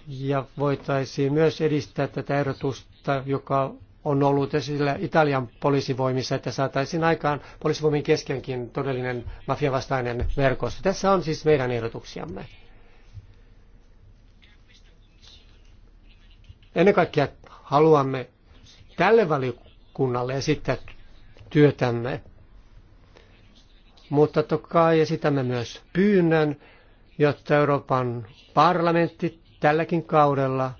Ja voitaisiin myös edistää tätä ehdotusta, joka on ollut esillä Italian poliisivoimissa, että saataisiin aikaan poliisivoimin keskenkin todellinen mafiavastainen verkosto. Tässä on siis meidän ehdotuksiamme. Ennen kaikkea haluamme tälle valiokunnalle esittää työtämme mutta totta kai esitämme myös pyynnön, jotta Euroopan parlamentti tälläkin kaudella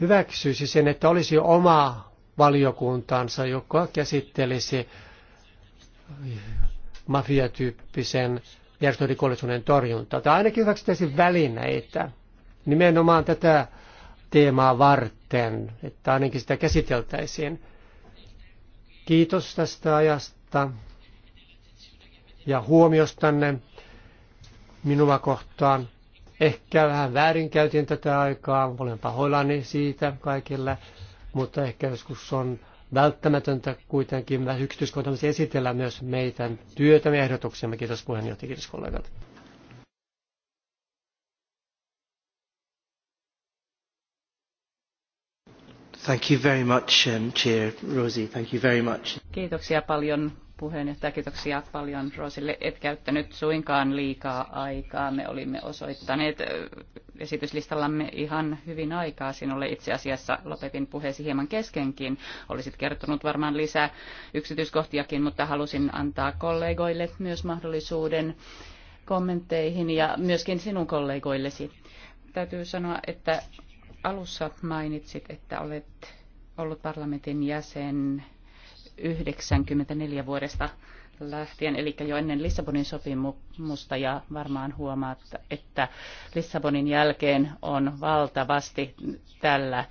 hyväksyisi sen, että olisi oma valiokuntansa, joka käsittelisi mafiatyyppisen järjestörikollisuuden torjuntaa. Tai ainakin hyväksyttäisiin välineitä nimenomaan tätä teemaa varten, että ainakin sitä käsiteltäisiin. Kiitos tästä ajasta ja huomiostanne minua kohtaan. Ehkä vähän väärinkäytin tätä aikaa, olen pahoillani siitä kaikille, mutta ehkä joskus on välttämätöntä kuitenkin yksityiskohtaisesti esitellä myös meidän työtä ja ehdotuksemme. Kiitos puheenjohtaja, kiitos kollegat.
Thank you very much, um, Chair Rosie. Thank you very much.
Kiitoksia paljon puheenjohtaja. Kiitoksia paljon Rosille. Et käyttänyt suinkaan liikaa aikaa. Me olimme osoittaneet esityslistallamme ihan hyvin aikaa sinulle. Itse asiassa lopetin puheesi hieman keskenkin. Olisit kertonut varmaan lisää yksityiskohtiakin, mutta halusin antaa kollegoille myös mahdollisuuden kommentteihin ja myöskin sinun kollegoillesi. Täytyy sanoa, että alussa mainitsit, että olet ollut parlamentin jäsen 1994 vuodesta lähtien, eli jo ennen Lissabonin sopimusta, ja varmaan huomaat, että Lissabonin jälkeen on valtavasti tällä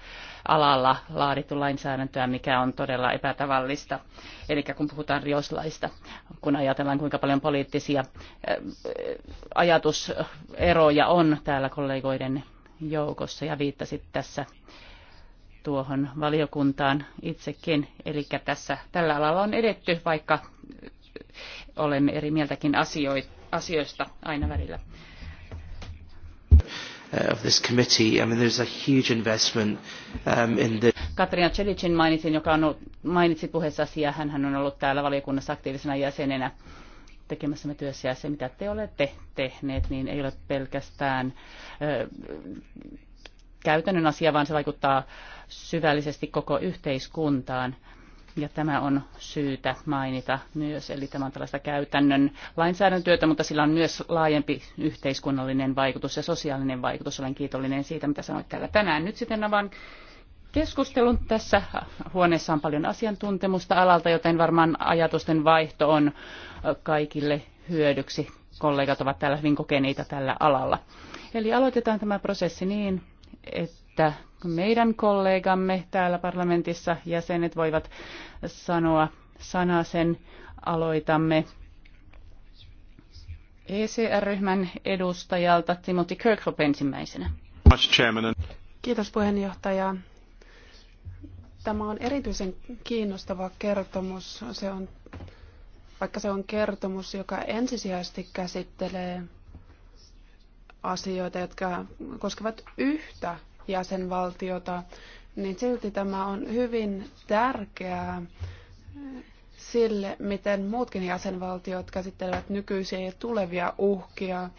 alalla laadittu lainsäädäntöä, mikä on todella epätavallista. Eli kun puhutaan rioslaista, kun ajatellaan kuinka paljon poliittisia äh, ajatuseroja on täällä kollegoiden joukossa, ja viittasit tässä tuohon valiokuntaan itsekin. Eli tässä tällä alalla on edetty, vaikka olemme eri mieltäkin asioista aina välillä.
Uh, of this committee, I mean, there's a huge investment um, in the.
Katrina Celicin mainitsin, joka on ollut, mainitsi puheessa asiaa. hän hän on ollut täällä valiokunnassa aktiivisena jäsenenä tekemässämme työssä ja se, mitä te olette tehneet, niin ei ole pelkästään uh, käytännön asia, vaan se vaikuttaa syvällisesti koko yhteiskuntaan. Ja tämä on syytä mainita myös, eli tämä on tällaista käytännön lainsäädäntötyötä, mutta sillä on myös laajempi yhteiskunnallinen vaikutus ja sosiaalinen vaikutus. Olen kiitollinen siitä, mitä sanoit täällä tänään. Nyt sitten avaan keskustelun. Tässä huoneessa on paljon asiantuntemusta alalta, joten varmaan ajatusten vaihto on kaikille hyödyksi. Kollegat ovat täällä hyvin kokeneita tällä alalla. Eli aloitetaan tämä prosessi niin, että meidän kollegamme täällä parlamentissa jäsenet voivat sanoa sen Aloitamme ECR-ryhmän edustajalta Timothy Kirkhope ensimmäisenä. Kiitos
puheenjohtaja. Tämä on erityisen kiinnostava kertomus. Se on, vaikka se on kertomus, joka ensisijaisesti käsittelee asioita, jotka koskevat yhtä jäsenvaltiota, niin silti tämä on hyvin tärkeää sille, miten muutkin jäsenvaltiot käsittelevät nykyisiä ja tulevia uhkia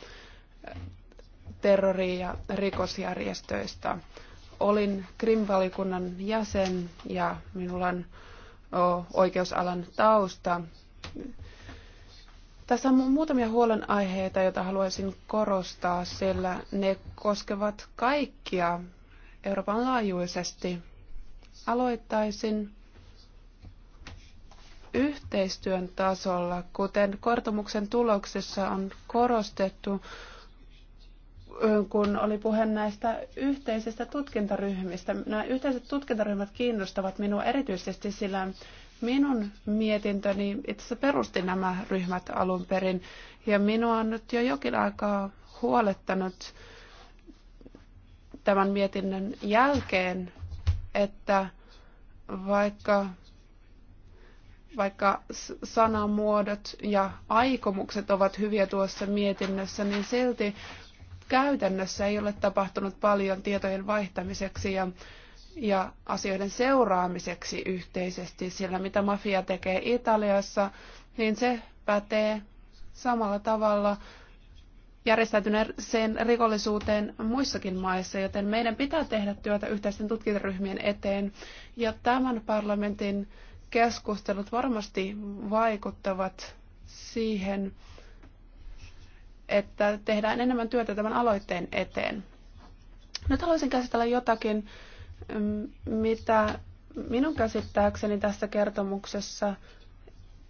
terrori- ja rikosjärjestöistä. Olin Krim-valikunnan jäsen ja minulla on oikeusalan tausta. Tässä on muutamia huolenaiheita, joita haluaisin korostaa, sillä ne koskevat kaikkia Euroopan laajuisesti. Aloittaisin yhteistyön tasolla, kuten kertomuksen tuloksessa on korostettu, kun oli puhe näistä yhteisistä tutkintaryhmistä. Nämä yhteiset tutkintaryhmät kiinnostavat minua erityisesti, sillä Minun mietintöni itse asiassa perusti nämä ryhmät alun perin ja minua on nyt jo jokin aikaa huolettanut tämän mietinnön jälkeen, että vaikka, vaikka sanamuodot ja aikomukset ovat hyviä tuossa mietinnössä, niin silti käytännössä ei ole tapahtunut paljon tietojen vaihtamiseksi ja ja asioiden seuraamiseksi yhteisesti, sillä mitä mafia tekee Italiassa, niin se pätee samalla tavalla järjestäytyneeseen rikollisuuteen muissakin maissa, joten meidän pitää tehdä työtä yhteisten tutkintaryhmien eteen. Ja tämän parlamentin keskustelut varmasti vaikuttavat siihen, että tehdään enemmän työtä tämän aloitteen eteen. Nyt haluaisin käsitellä jotakin, mitä minun käsittääkseni tässä kertomuksessa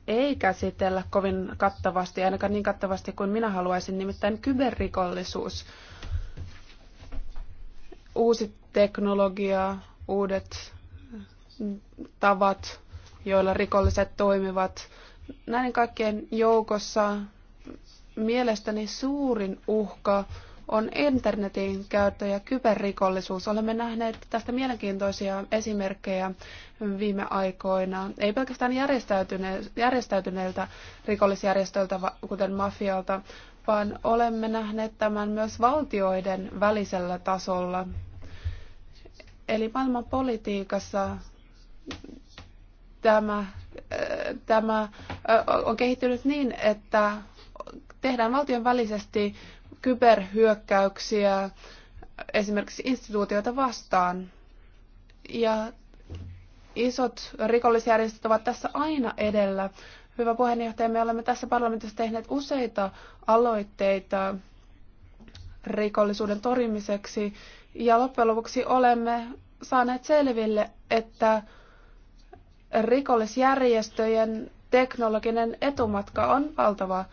ei käsitellä kovin kattavasti, ainakaan niin kattavasti kuin minä haluaisin, nimittäin kyberrikollisuus, uusi teknologia, uudet tavat, joilla rikolliset toimivat. Näiden kaikkien joukossa mielestäni suurin uhka on internetin käyttö ja kyberrikollisuus. Olemme nähneet tästä mielenkiintoisia esimerkkejä viime aikoina. Ei pelkästään järjestäytyneiltä rikollisjärjestöiltä, kuten mafialta, vaan olemme nähneet tämän myös valtioiden välisellä tasolla. Eli maailman politiikassa tämä, tämä on kehittynyt niin, että tehdään valtion välisesti kyberhyökkäyksiä esimerkiksi instituutioita vastaan. Ja isot rikollisjärjestöt ovat tässä aina edellä. Hyvä puheenjohtaja, me olemme tässä parlamentissa tehneet useita aloitteita rikollisuuden torjumiseksi. Ja loppujen lopuksi olemme saaneet selville, että rikollisjärjestöjen teknologinen etumatka on valtava.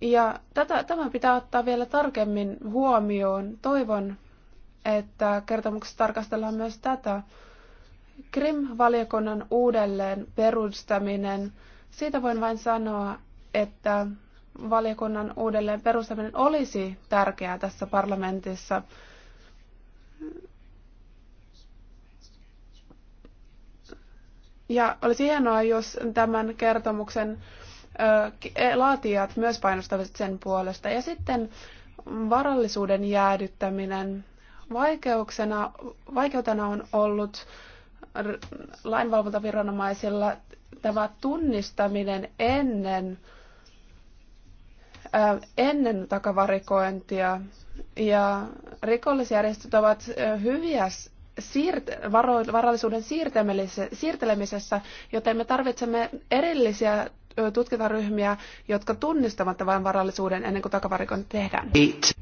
Ja tätä, tämä pitää ottaa vielä tarkemmin huomioon. Toivon, että kertomuksessa tarkastellaan myös tätä. Krim-valiokunnan uudelleen perustaminen. Siitä voin vain sanoa, että valiokunnan uudelleen perustaminen olisi tärkeää tässä parlamentissa. Ja olisi hienoa, jos tämän kertomuksen E, laatijat myös painostavat sen puolesta. Ja sitten varallisuuden jäädyttäminen. Vaikeuksena, vaikeutena on ollut lainvalvontaviranomaisilla tämä tunnistaminen ennen, ennen takavarikointia. Ja rikollisjärjestöt ovat hyviä siirt- varo- varallisuuden siirtelemisessä, joten me tarvitsemme erillisiä tutkintaryhmiä, jotka tunnistavat tämän varallisuuden ennen kuin takavarikon tehdään.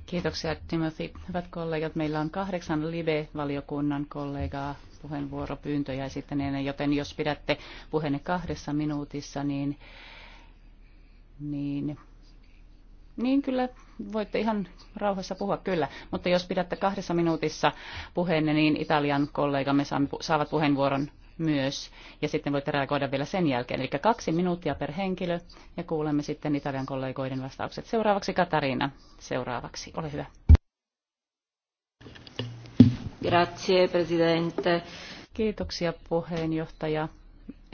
Kiitoksia Timothy. Hyvät kollegat, meillä on kahdeksan live-valiokunnan kollegaa puheenvuoropyyntöjä esittäneenä, joten jos pidätte puheenne kahdessa minuutissa, niin, niin, niin kyllä voitte ihan rauhassa puhua, kyllä. Mutta jos pidätte kahdessa minuutissa puheenne, niin Italian kollegamme saavat puheenvuoron myös. Ja sitten voitte reagoida vielä sen jälkeen. Eli kaksi minuuttia per henkilö ja kuulemme sitten Italian kollegoiden vastaukset. Seuraavaksi Katariina. Seuraavaksi. Ole hyvä. Grazie, presidente. Kiitoksia puheenjohtaja.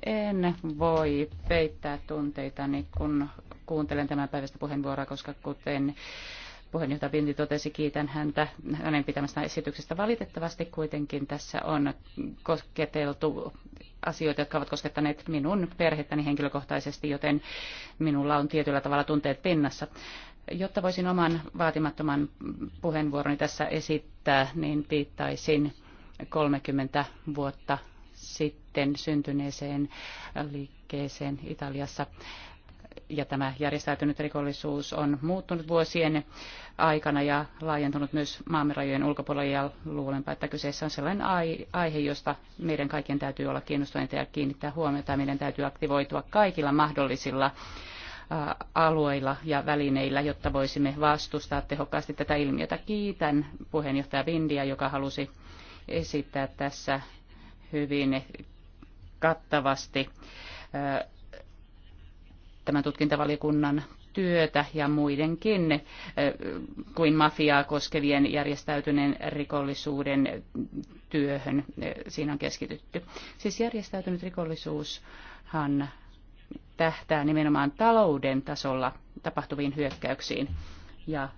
En voi peittää tunteitani, kun kuuntelen tämän päivästä puheenvuoroa, koska kuten puheenjohtaja Pinti totesi, kiitän häntä hänen pitämästä esityksestä. Valitettavasti kuitenkin tässä on kosketeltu asioita, jotka ovat koskettaneet minun perhettäni henkilökohtaisesti, joten minulla on tietyllä tavalla tunteet pinnassa. Jotta voisin oman vaatimattoman puheenvuoroni tässä esittää, niin viittaisin 30 vuotta sitten syntyneeseen liikkeeseen Italiassa ja tämä järjestäytynyt rikollisuus on muuttunut vuosien aikana ja laajentunut myös rajojen ulkopuolelle ja luulenpa, että kyseessä on sellainen aihe, josta meidän kaikkien täytyy olla kiinnostuneita ja kiinnittää huomiota. Meidän täytyy aktivoitua kaikilla mahdollisilla alueilla ja välineillä, jotta voisimme vastustaa tehokkaasti tätä ilmiötä. Kiitän puheenjohtaja Vindia, joka halusi esittää tässä hyvin kattavasti tämän tutkintavaliokunnan työtä ja muidenkin eh, kuin mafiaa koskevien järjestäytyneen rikollisuuden työhön eh, siinä on keskitytty. Siis järjestäytynyt rikollisuushan tähtää nimenomaan talouden tasolla tapahtuviin hyökkäyksiin ja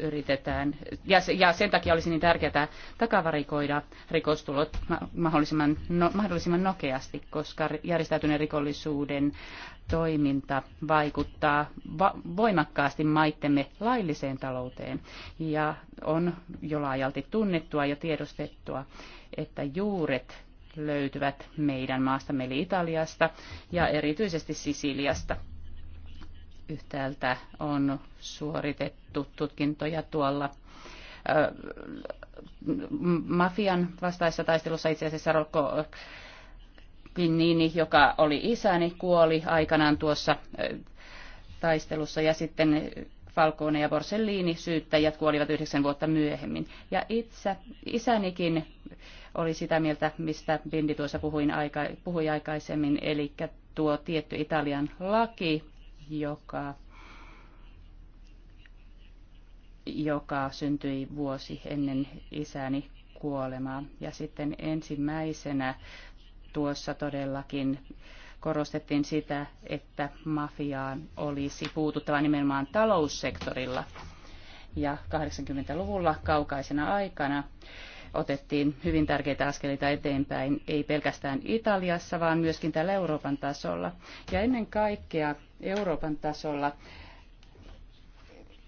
yritetään, ja, ja sen takia olisi niin tärkeää takavarikoida rikostulot mahdollisimman, no, mahdollisimman nokeasti, koska järjestäytyneen rikollisuuden toiminta vaikuttaa va- voimakkaasti maittemme lailliseen talouteen. Ja on jo laajalti tunnettua ja tiedostettua, että juuret löytyvät meidän maastamme eli Italiasta ja erityisesti Sisiliasta – yhtäältä on suoritettu tutkintoja tuolla mafian vastaisessa taistelussa itse asiassa Rocco Pinnini, joka oli isäni, kuoli aikanaan tuossa taistelussa ja sitten Falcone ja Borsellini syyttäjät kuolivat yhdeksän vuotta myöhemmin. Ja itse, isänikin oli sitä mieltä, mistä Bindi tuossa aika, puhui aikaisemmin, eli tuo tietty Italian laki, joka, joka syntyi vuosi ennen isäni kuolemaa. Ja sitten ensimmäisenä tuossa todellakin korostettiin sitä, että mafiaan olisi puututtava nimenomaan taloussektorilla. Ja 80-luvulla kaukaisena aikana otettiin hyvin tärkeitä askelita eteenpäin, ei pelkästään Italiassa, vaan myöskin täällä Euroopan tasolla. Ja ennen kaikkea Euroopan tasolla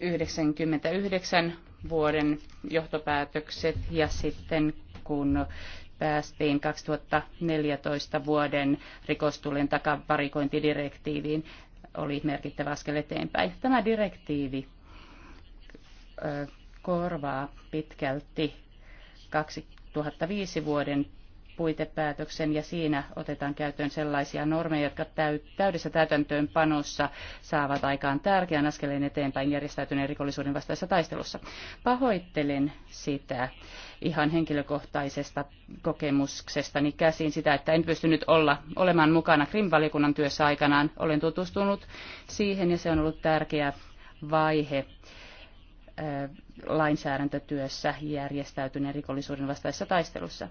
99 vuoden johtopäätökset ja sitten kun päästiin 2014 vuoden rikostulien takavarikointidirektiiviin, oli merkittävä askel eteenpäin. Tämä direktiivi korvaa pitkälti 2005 vuoden puitepäätöksen ja siinä otetaan käyttöön sellaisia normeja, jotka täydessä täytäntöönpanossa saavat aikaan tärkeän askeleen eteenpäin järjestäytyneen rikollisuuden vastaisessa taistelussa. Pahoittelen sitä ihan henkilökohtaisesta kokemuksestani käsin sitä, että en pystynyt olla, olemaan mukana Krim-valiokunnan työssä aikanaan. Olen tutustunut siihen ja se on ollut tärkeä vaihe lainsäädäntötyössä järjestäytyneen rikollisuuden vastaisessa taistelussa.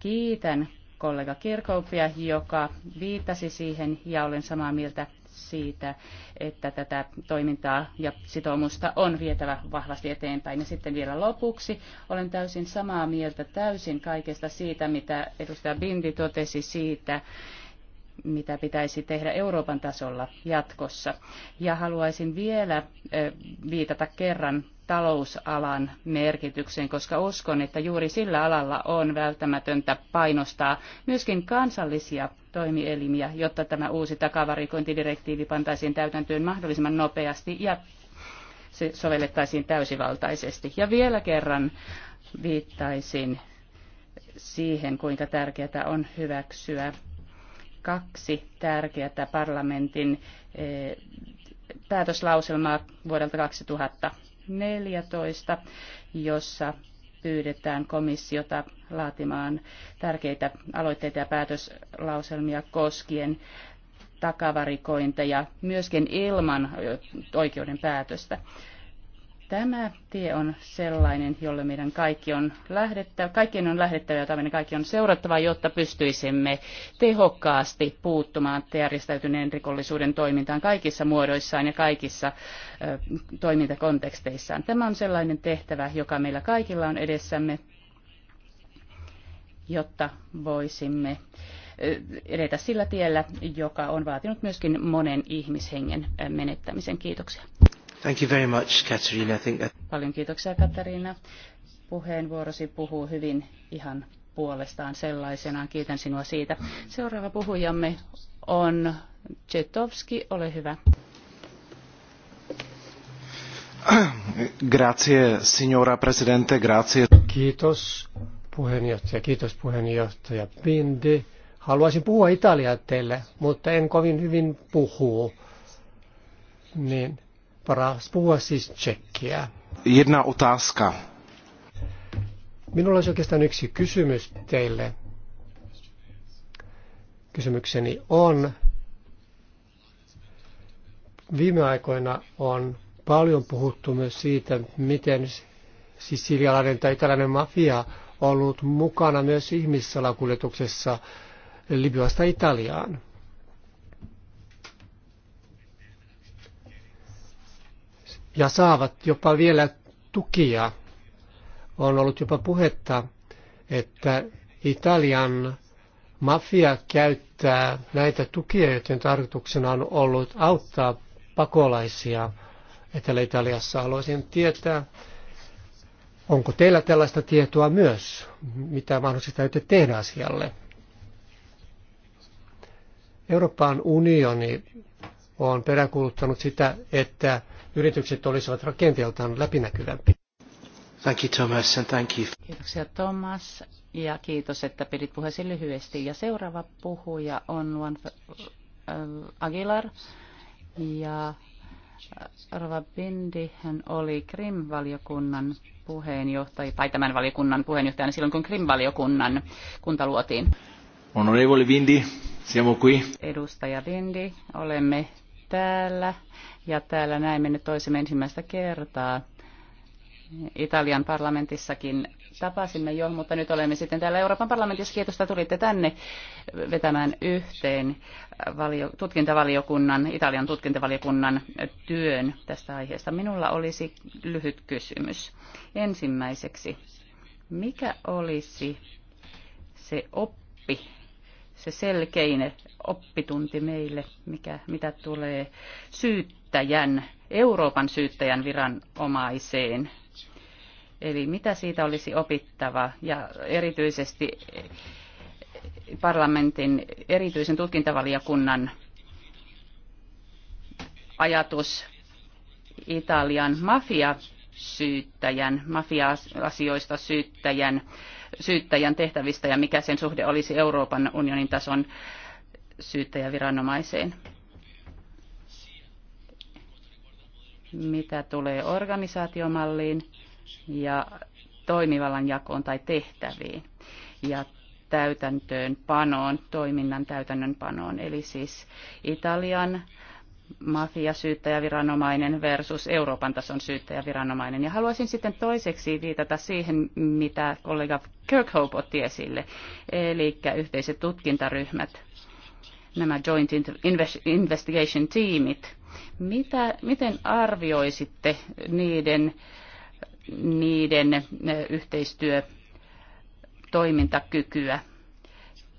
Kiitän kollega Kirkoupia, joka viittasi siihen ja olen samaa mieltä siitä, että tätä toimintaa ja sitoumusta on vietävä vahvasti eteenpäin. Ja sitten vielä lopuksi olen täysin samaa mieltä täysin kaikesta siitä, mitä edustaja Bindi totesi siitä, mitä pitäisi tehdä Euroopan tasolla jatkossa. Ja haluaisin vielä viitata kerran talousalan merkitykseen, koska uskon, että juuri sillä alalla on välttämätöntä painostaa myöskin kansallisia toimielimiä, jotta tämä uusi takavarikointidirektiivi pantaisiin täytäntöön mahdollisimman nopeasti ja se sovellettaisiin täysivaltaisesti. Ja vielä kerran viittaisin siihen, kuinka tärkeää on hyväksyä kaksi tärkeää parlamentin eh, päätöslauselmaa vuodelta 2014, jossa pyydetään komissiota laatimaan tärkeitä aloitteita ja päätöslauselmia koskien takavarikointeja myöskin ilman oikeuden päätöstä. Tämä tie on sellainen, jolle meidän kaikki on lähdettävä, kaikkien on lähdettävä, jota meidän kaikki on seurattava, jotta pystyisimme tehokkaasti puuttumaan järjestäytyneen rikollisuuden toimintaan kaikissa muodoissaan ja kaikissa ö, toimintakonteksteissaan. Tämä on sellainen tehtävä, joka meillä kaikilla on edessämme, jotta voisimme edetä sillä tiellä, joka on vaatinut myöskin monen ihmishengen menettämisen. Kiitoksia.
Thank you very much, Katarina. I think that...
Paljon kiitoksia, Katariina. Puheenvuorosi puhuu hyvin ihan puolestaan sellaisenaan. Kiitän sinua siitä. Seuraava puhujamme on Chetovski. Ole hyvä.
Grazie, signora presidente, grazie. Kiitos
puheenjohtaja, kiitos puheenjohtaja Bindi. Haluaisin puhua italiaa teille, mutta en kovin hyvin puhu. Niin, paras siis tsekkiä.
Jedna otázka.
Minulla olisi oikeastaan yksi kysymys teille. Kysymykseni on, viime aikoina on paljon puhuttu myös siitä, miten sisilialainen tai italialainen mafia on ollut mukana myös ihmissalakuljetuksessa Libyasta Italiaan. ja saavat jopa vielä tukia. On ollut jopa puhetta, että Italian mafia käyttää näitä tukia, joten tarkoituksena on ollut auttaa pakolaisia Etelä-Italiassa. Haluaisin tietää, onko teillä tällaista tietoa myös, mitä mahdollisesti täytyy tehdä asialle. Euroopan unioni on peräkuuluttanut sitä, että yritykset olisivat rakenteeltaan läpinäkyvämpi. Thank you, Thomas, and thank you.
Kiitoksia
Thomas ja kiitos, että pidit puheesi lyhyesti. Ja seuraava puhuja on Juan äh, Aguilar ja äh, Rova Bindi, hän oli Krim-valiokunnan puheenjohtaja, tai tämän valiokunnan puheenjohtajana silloin, kun Krim-valiokunnan kunta luotiin.
Onorevole Bindi, siamo qui.
Edustaja Bindi, olemme täällä ja täällä näemme nyt toisemme ensimmäistä kertaa. Italian parlamentissakin tapasimme jo, mutta nyt olemme sitten täällä Euroopan parlamentissa. Kiitos, että tulitte tänne vetämään yhteen valio, tutkintavaliokunnan, Italian tutkintavaliokunnan työn tästä aiheesta. Minulla olisi lyhyt kysymys. Ensimmäiseksi, mikä olisi se oppi, se selkein oppitunti meille, mikä, mitä tulee syyttäjän, Euroopan syyttäjän viranomaiseen. Eli mitä siitä olisi opittava ja erityisesti parlamentin erityisen tutkintavaliokunnan ajatus Italian mafiasyyttäjän, mafia-asioista syyttäjän syyttäjän tehtävistä ja mikä sen suhde olisi Euroopan unionin tason syyttäjäviranomaiseen. Mitä tulee organisaatiomalliin ja toimivallan jakoon tai tehtäviin ja täytäntöönpanoon, toiminnan täytännönpanoon. Eli siis Italian mafiasyyttäjäviranomainen versus Euroopan tason syyttäjäviranomainen. Ja haluaisin sitten toiseksi viitata siihen, mitä kollega Kirkhope otti esille, eli yhteiset tutkintaryhmät, nämä joint investigation Teamit. Mitä, miten arvioisitte niiden, niiden yhteistyötoimintakykyä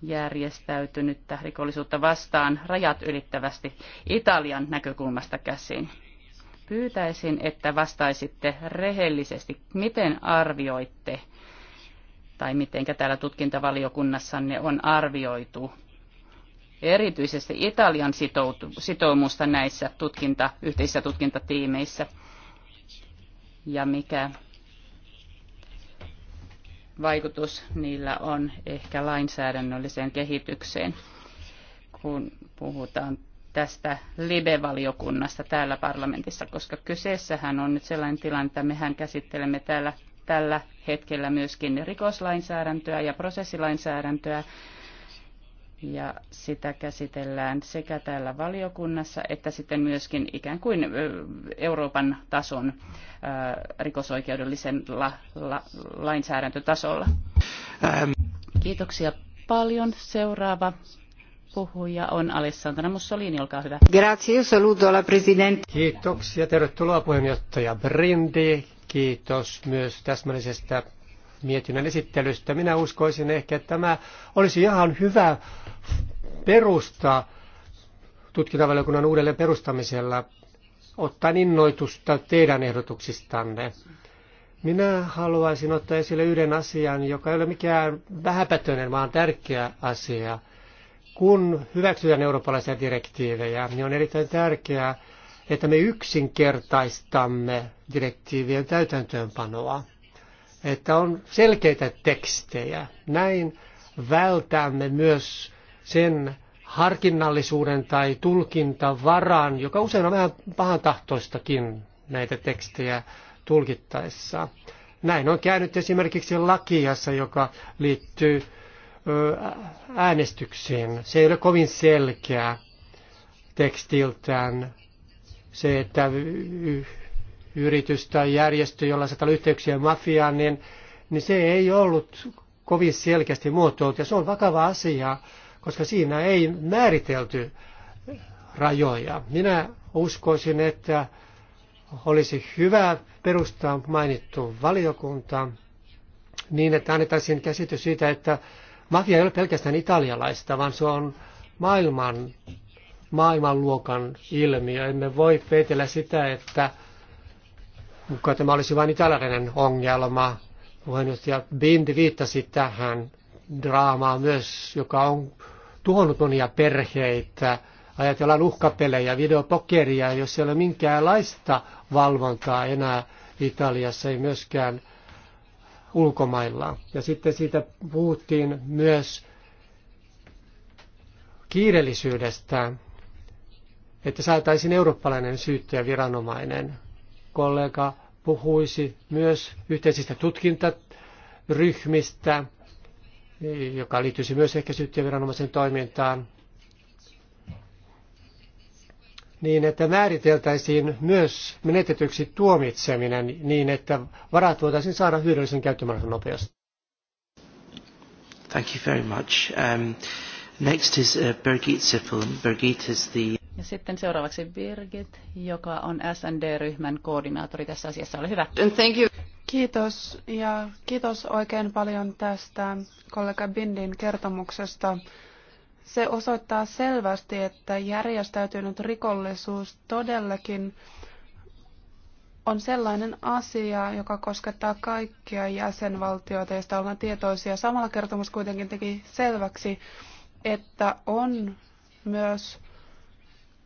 järjestäytynyttä rikollisuutta vastaan rajat ylittävästi Italian näkökulmasta käsin. Pyytäisin, että vastaisitte rehellisesti, miten arvioitte tai miten täällä tutkintavaliokunnassanne on arvioitu erityisesti Italian sitoumusta näissä tutkinta, yhteisissä tutkintatiimeissä ja mikä vaikutus niillä on ehkä lainsäädännölliseen kehitykseen, kun puhutaan tästä live-valiokunnasta täällä parlamentissa, koska kyseessähän on nyt sellainen tilanne, että mehän käsittelemme täällä tällä hetkellä myöskin rikoslainsäädäntöä ja prosessilainsäädäntöä ja sitä käsitellään sekä täällä valiokunnassa että sitten myöskin ikään kuin Euroopan tason rikosoikeudellisen la, la, lainsäädäntötasolla. Ähm. Kiitoksia paljon. Seuraava puhuja on Alessandra Mussolini, olkaa hyvä.
Grazie, saluto la presidente. Kiitoksia, tervetuloa puheenjohtaja Brindi. Kiitos myös täsmällisestä mietinnön esittelystä. Minä uskoisin ehkä, että tämä olisi ihan hyvä perusta tutkintavaliokunnan uudelleen perustamisella ottaen innoitusta teidän ehdotuksistanne. Minä haluaisin ottaa esille yhden asian, joka ei ole mikään vähäpätöinen, vaan tärkeä asia. Kun hyväksytään eurooppalaisia direktiivejä, niin on erittäin tärkeää, että me yksinkertaistamme direktiivien täytäntöönpanoa että on selkeitä tekstejä. Näin vältämme myös sen harkinnallisuuden tai tulkintavaraan, joka usein on vähän pahantahtoistakin näitä tekstejä tulkittaessa. Näin on käynyt esimerkiksi lakiassa, joka liittyy äänestyksiin. Se ei ole kovin selkeä tekstiltään se, että yritys tai järjestö, jolla se olla yhteyksiä mafiaan, niin, niin se ei ollut kovin selkeästi muotoiltu. Ja se on vakava asia, koska siinä ei määritelty rajoja. Minä uskoisin, että olisi hyvä perustaa mainittu valiokunta niin, että annettaisiin käsitys siitä, että mafia ei ole pelkästään italialaista, vaan se on maailman, maailmanluokan ilmiö. Emme voi peitellä sitä, että mutta tämä olisi vain tällainen ongelma. Puheenjohtaja Bind viittasi tähän draamaan myös, joka on tuhonnut monia perheitä. Ajatellaan uhkapelejä, videopokeria, jos ei ole minkäänlaista valvontaa enää Italiassa, ei myöskään ulkomailla. Ja sitten siitä puhuttiin myös kiireellisyydestä, että saataisiin eurooppalainen syyttäjä viranomainen kollega puhuisi myös yhteisistä tutkintaryhmistä, joka liittyisi myös ehkä viranomaisen toimintaan, niin että määriteltäisiin myös menetetyksi tuomitseminen niin, että varat voitaisiin saada hyödyllisen käyttömahdollisimman nopeasti.
Thank you very much. Um, next is uh, Birgit Sippel. Birgit is the...
Ja sitten seuraavaksi Birgit, joka on SND-ryhmän koordinaattori tässä asiassa. Ole hyvä. Thank
you. Kiitos ja kiitos oikein paljon tästä kollega Bindin kertomuksesta. Se osoittaa selvästi, että järjestäytynyt rikollisuus todellakin on sellainen asia, joka koskettaa kaikkia jäsenvaltioita, joista ollaan tietoisia. Samalla kertomus kuitenkin teki selväksi, että on myös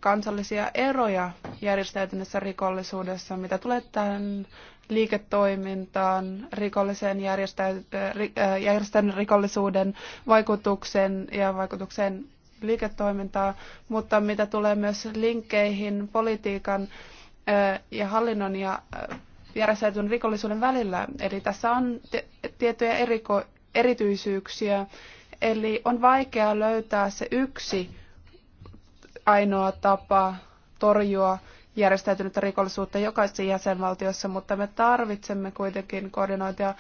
kansallisia eroja järjestäytyneessä rikollisuudessa, mitä tulee tähän liiketoimintaan, rikollisen äh, järjestäytyneen rikollisuuden vaikutuksen ja vaikutuksen liiketoimintaa, mutta mitä tulee myös linkkeihin politiikan äh, ja hallinnon ja äh, järjestäytyneen rikollisuuden välillä. Eli tässä on tiettyjä eriko- erityisyyksiä, eli on vaikea löytää se yksi ainoa tapa torjua järjestäytynyttä rikollisuutta jokaisessa jäsenvaltiossa, mutta me tarvitsemme kuitenkin koordinointia.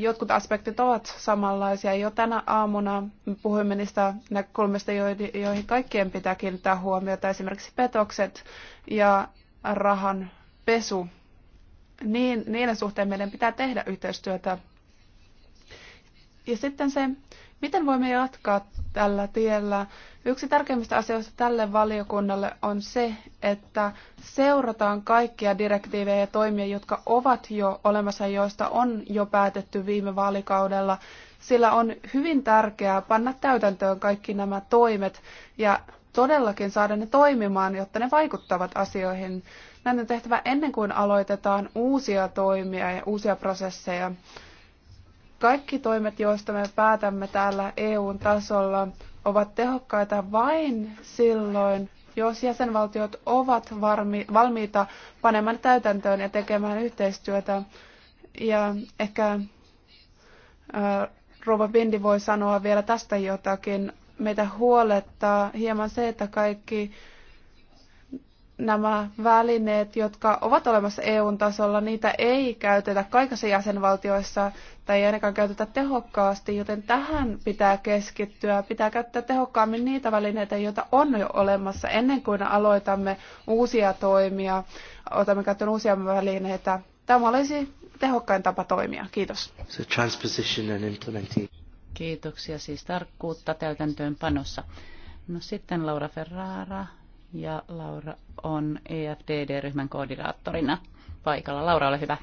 Jotkut aspektit ovat samanlaisia. Jo tänä aamuna puhuimme niistä näkökulmista, joihin kaikkien pitää kiinnittää huomiota, esimerkiksi petokset ja rahan pesu. Niin, niiden suhteen meidän pitää tehdä yhteistyötä. Ja sitten se, Miten voimme jatkaa tällä tiellä? Yksi tärkeimmistä asioista tälle valiokunnalle on se, että seurataan kaikkia direktiivejä ja toimia, jotka ovat jo olemassa ja joista on jo päätetty viime vaalikaudella. Sillä on hyvin tärkeää panna täytäntöön kaikki nämä toimet ja todellakin saada ne toimimaan, jotta ne vaikuttavat asioihin. Näin on tehtävä ennen kuin aloitetaan uusia toimia ja uusia prosesseja. Kaikki toimet, joista me päätämme täällä EUn tasolla, ovat tehokkaita vain silloin, jos jäsenvaltiot ovat varmi, valmiita panemaan täytäntöön ja tekemään yhteistyötä. Ja ehkä Rova Bindi voi sanoa vielä tästä jotakin. Meitä huolettaa hieman se, että kaikki nämä välineet, jotka ovat olemassa EUn tasolla, niitä ei käytetä kaikissa jäsenvaltioissa tai ei ainakaan käytetä tehokkaasti, joten tähän pitää keskittyä. Pitää käyttää tehokkaammin niitä välineitä, joita on jo olemassa ennen kuin aloitamme uusia toimia, otamme käyttöön uusia välineitä. Tämä olisi tehokkain tapa toimia. Kiitos.
So transposition and implementing.
Kiitoksia siis tarkkuutta täytäntöönpanossa. No sitten Laura Ferrara, ja Laura on EFDD-ryhmän koordinaattorina paikalla. Laura, ole hyvä.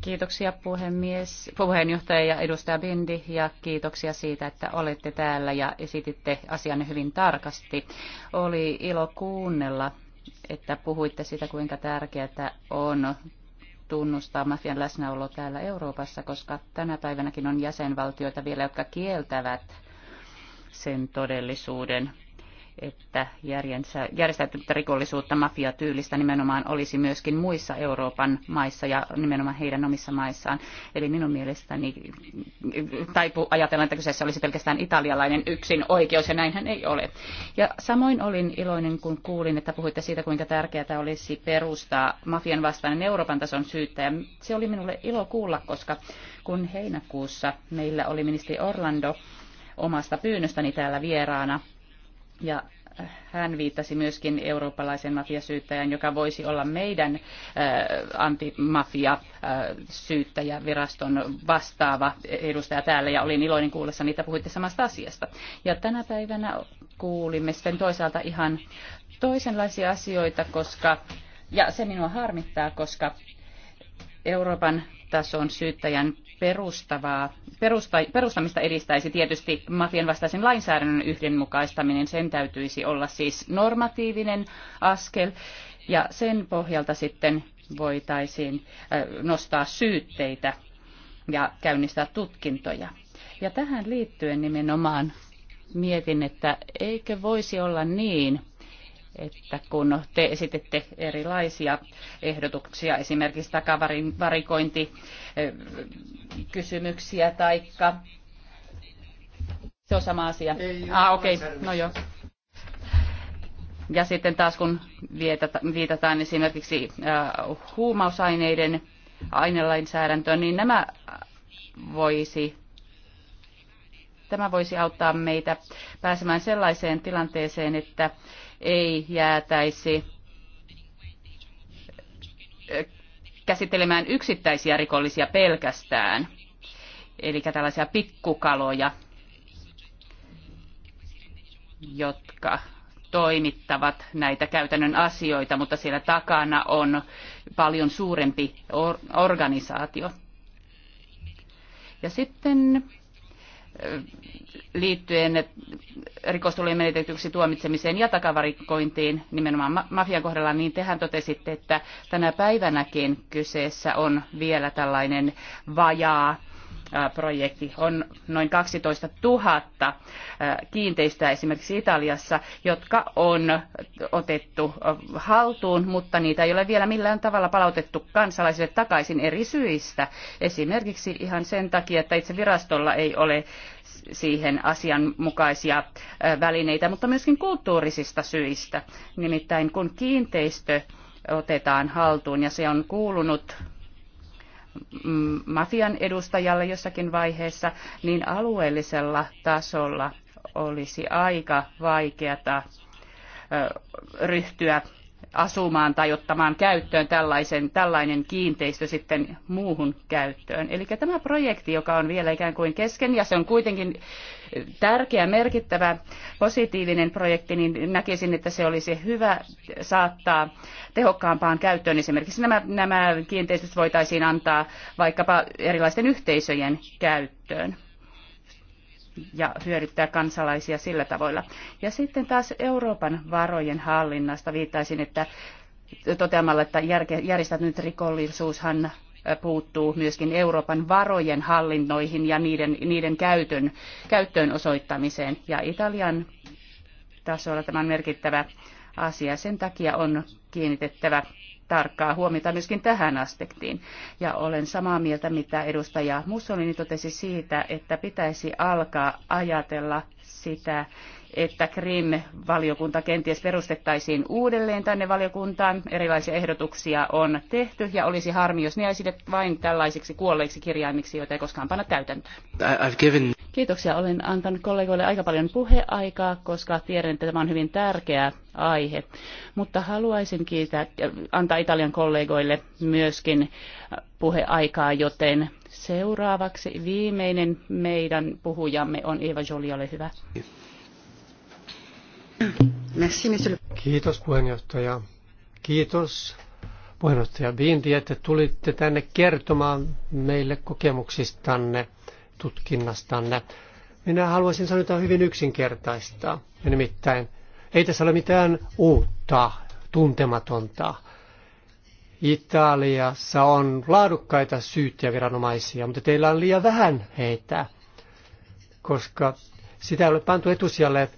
Kiitoksia puhemies, puheenjohtaja ja edustaja Bindi ja kiitoksia siitä, että olette täällä ja esititte asianne hyvin tarkasti. Oli ilo kuunnella, että puhuitte sitä, kuinka tärkeää on tunnustaa mafian läsnäolo täällä Euroopassa, koska tänä päivänäkin on jäsenvaltioita vielä, jotka kieltävät sen todellisuuden että järjestäytynyttä rikollisuutta mafiatyylistä nimenomaan olisi myöskin muissa Euroopan maissa ja nimenomaan heidän omissa maissaan. Eli minun mielestäni, tai ajatellaan, että kyseessä olisi pelkästään italialainen yksin oikeus, ja näinhän ei ole. Ja samoin olin iloinen, kun kuulin, että puhuitte siitä, kuinka tärkeää olisi perustaa mafian vastainen Euroopan tason syyttäjä. Se oli minulle ilo kuulla, koska kun heinäkuussa meillä oli ministeri Orlando omasta pyynnöstäni täällä vieraana, ja hän viittasi myöskin eurooppalaisen mafiasyyttäjän, joka voisi olla meidän äh, antimafiasyyttäjäviraston äh, vastaava edustaja täällä, ja olin iloinen kuullessa mitä puhuitte samasta asiasta. Ja tänä päivänä kuulimme sitten toisaalta ihan toisenlaisia asioita, koska, ja se minua harmittaa, koska Euroopan tason syyttäjän perustavaa, perusta, perustamista edistäisi tietysti mafian vastaisen lainsäädännön yhdenmukaistaminen. Sen täytyisi olla siis normatiivinen askel ja sen pohjalta sitten voitaisiin äh, nostaa syytteitä ja käynnistää tutkintoja. Ja tähän liittyen nimenomaan mietin, että eikö voisi olla niin, että kun te esitette erilaisia ehdotuksia, esimerkiksi takavarikointikysymyksiä tai se on sama asia. Ei, ah, okei, okay. no joo. Ja sitten taas kun viitataan esimerkiksi huumausaineiden ainelainsäädäntöön, niin nämä voisi, tämä voisi auttaa meitä pääsemään sellaiseen tilanteeseen, että ei jäätäisi käsittelemään yksittäisiä rikollisia pelkästään, eli tällaisia pikkukaloja, jotka toimittavat näitä käytännön asioita, mutta siellä takana on paljon suurempi organisaatio. Ja sitten liittyen rikostulojen menetetyksi tuomitsemiseen ja takavarikointiin nimenomaan mafian kohdalla, niin tehän totesitte, että tänä päivänäkin kyseessä on vielä tällainen vajaa projekti. On noin 12 000 kiinteistöä esimerkiksi Italiassa, jotka on otettu haltuun, mutta niitä ei ole vielä millään tavalla palautettu kansalaisille takaisin eri syistä. Esimerkiksi ihan sen takia, että itse virastolla ei ole siihen asianmukaisia välineitä, mutta myöskin kulttuurisista syistä. Nimittäin kun kiinteistö otetaan haltuun ja se on kuulunut Mm, mafian edustajalle jossakin vaiheessa, niin alueellisella tasolla olisi aika vaikeata ryhtyä asumaan tai ottamaan käyttöön tällaisen, tällainen kiinteistö sitten muuhun käyttöön. Eli tämä projekti, joka on vielä ikään kuin kesken ja se on kuitenkin tärkeä, merkittävä, positiivinen projekti, niin näkisin, että se olisi hyvä saattaa tehokkaampaan käyttöön. Esimerkiksi nämä, nämä kiinteistöt voitaisiin antaa vaikkapa erilaisten yhteisöjen käyttöön ja hyödyttää kansalaisia sillä tavoilla. Ja sitten taas Euroopan varojen hallinnasta viittaisin, että toteamalla, että järjestäytynyt rikollisuushan äh, puuttuu myöskin Euroopan varojen hallinnoihin ja niiden, niiden käytön, käyttöön osoittamiseen. Ja Italian tasolla tämä on merkittävä asia. Sen takia on kiinnitettävä tarkkaa huomiota myöskin tähän aspektiin. Ja olen samaa mieltä, mitä edustaja Mussolini totesi siitä, että pitäisi alkaa ajatella sitä, että Krim-valiokunta kenties perustettaisiin uudelleen tänne valiokuntaan. Erilaisia ehdotuksia on tehty ja olisi harmi, jos ne jäisivät vain tällaisiksi kuolleiksi kirjaimiksi, joita ei koskaan panna täytäntöön. Given... Kiitoksia. Olen antanut kollegoille aika paljon puheaikaa, koska tiedän, että tämä on hyvin tärkeä aihe. Mutta haluaisin kiittää, antaa Italian kollegoille myöskin puheaikaa, joten seuraavaksi viimeinen meidän puhujamme on Eva Jolie, ole hyvä.
Kiitos puheenjohtaja. Kiitos puheenjohtaja Vinti, että tulitte tänne kertomaan meille kokemuksistanne – tutkinnastanne. Minä haluaisin sanoa jotain hyvin yksinkertaista. Ja nimittäin ei tässä ole mitään uutta, tuntematonta. Italiassa on laadukkaita viranomaisia, mutta teillä on liian vähän heitä, koska sitä ei ole pantu etusijalle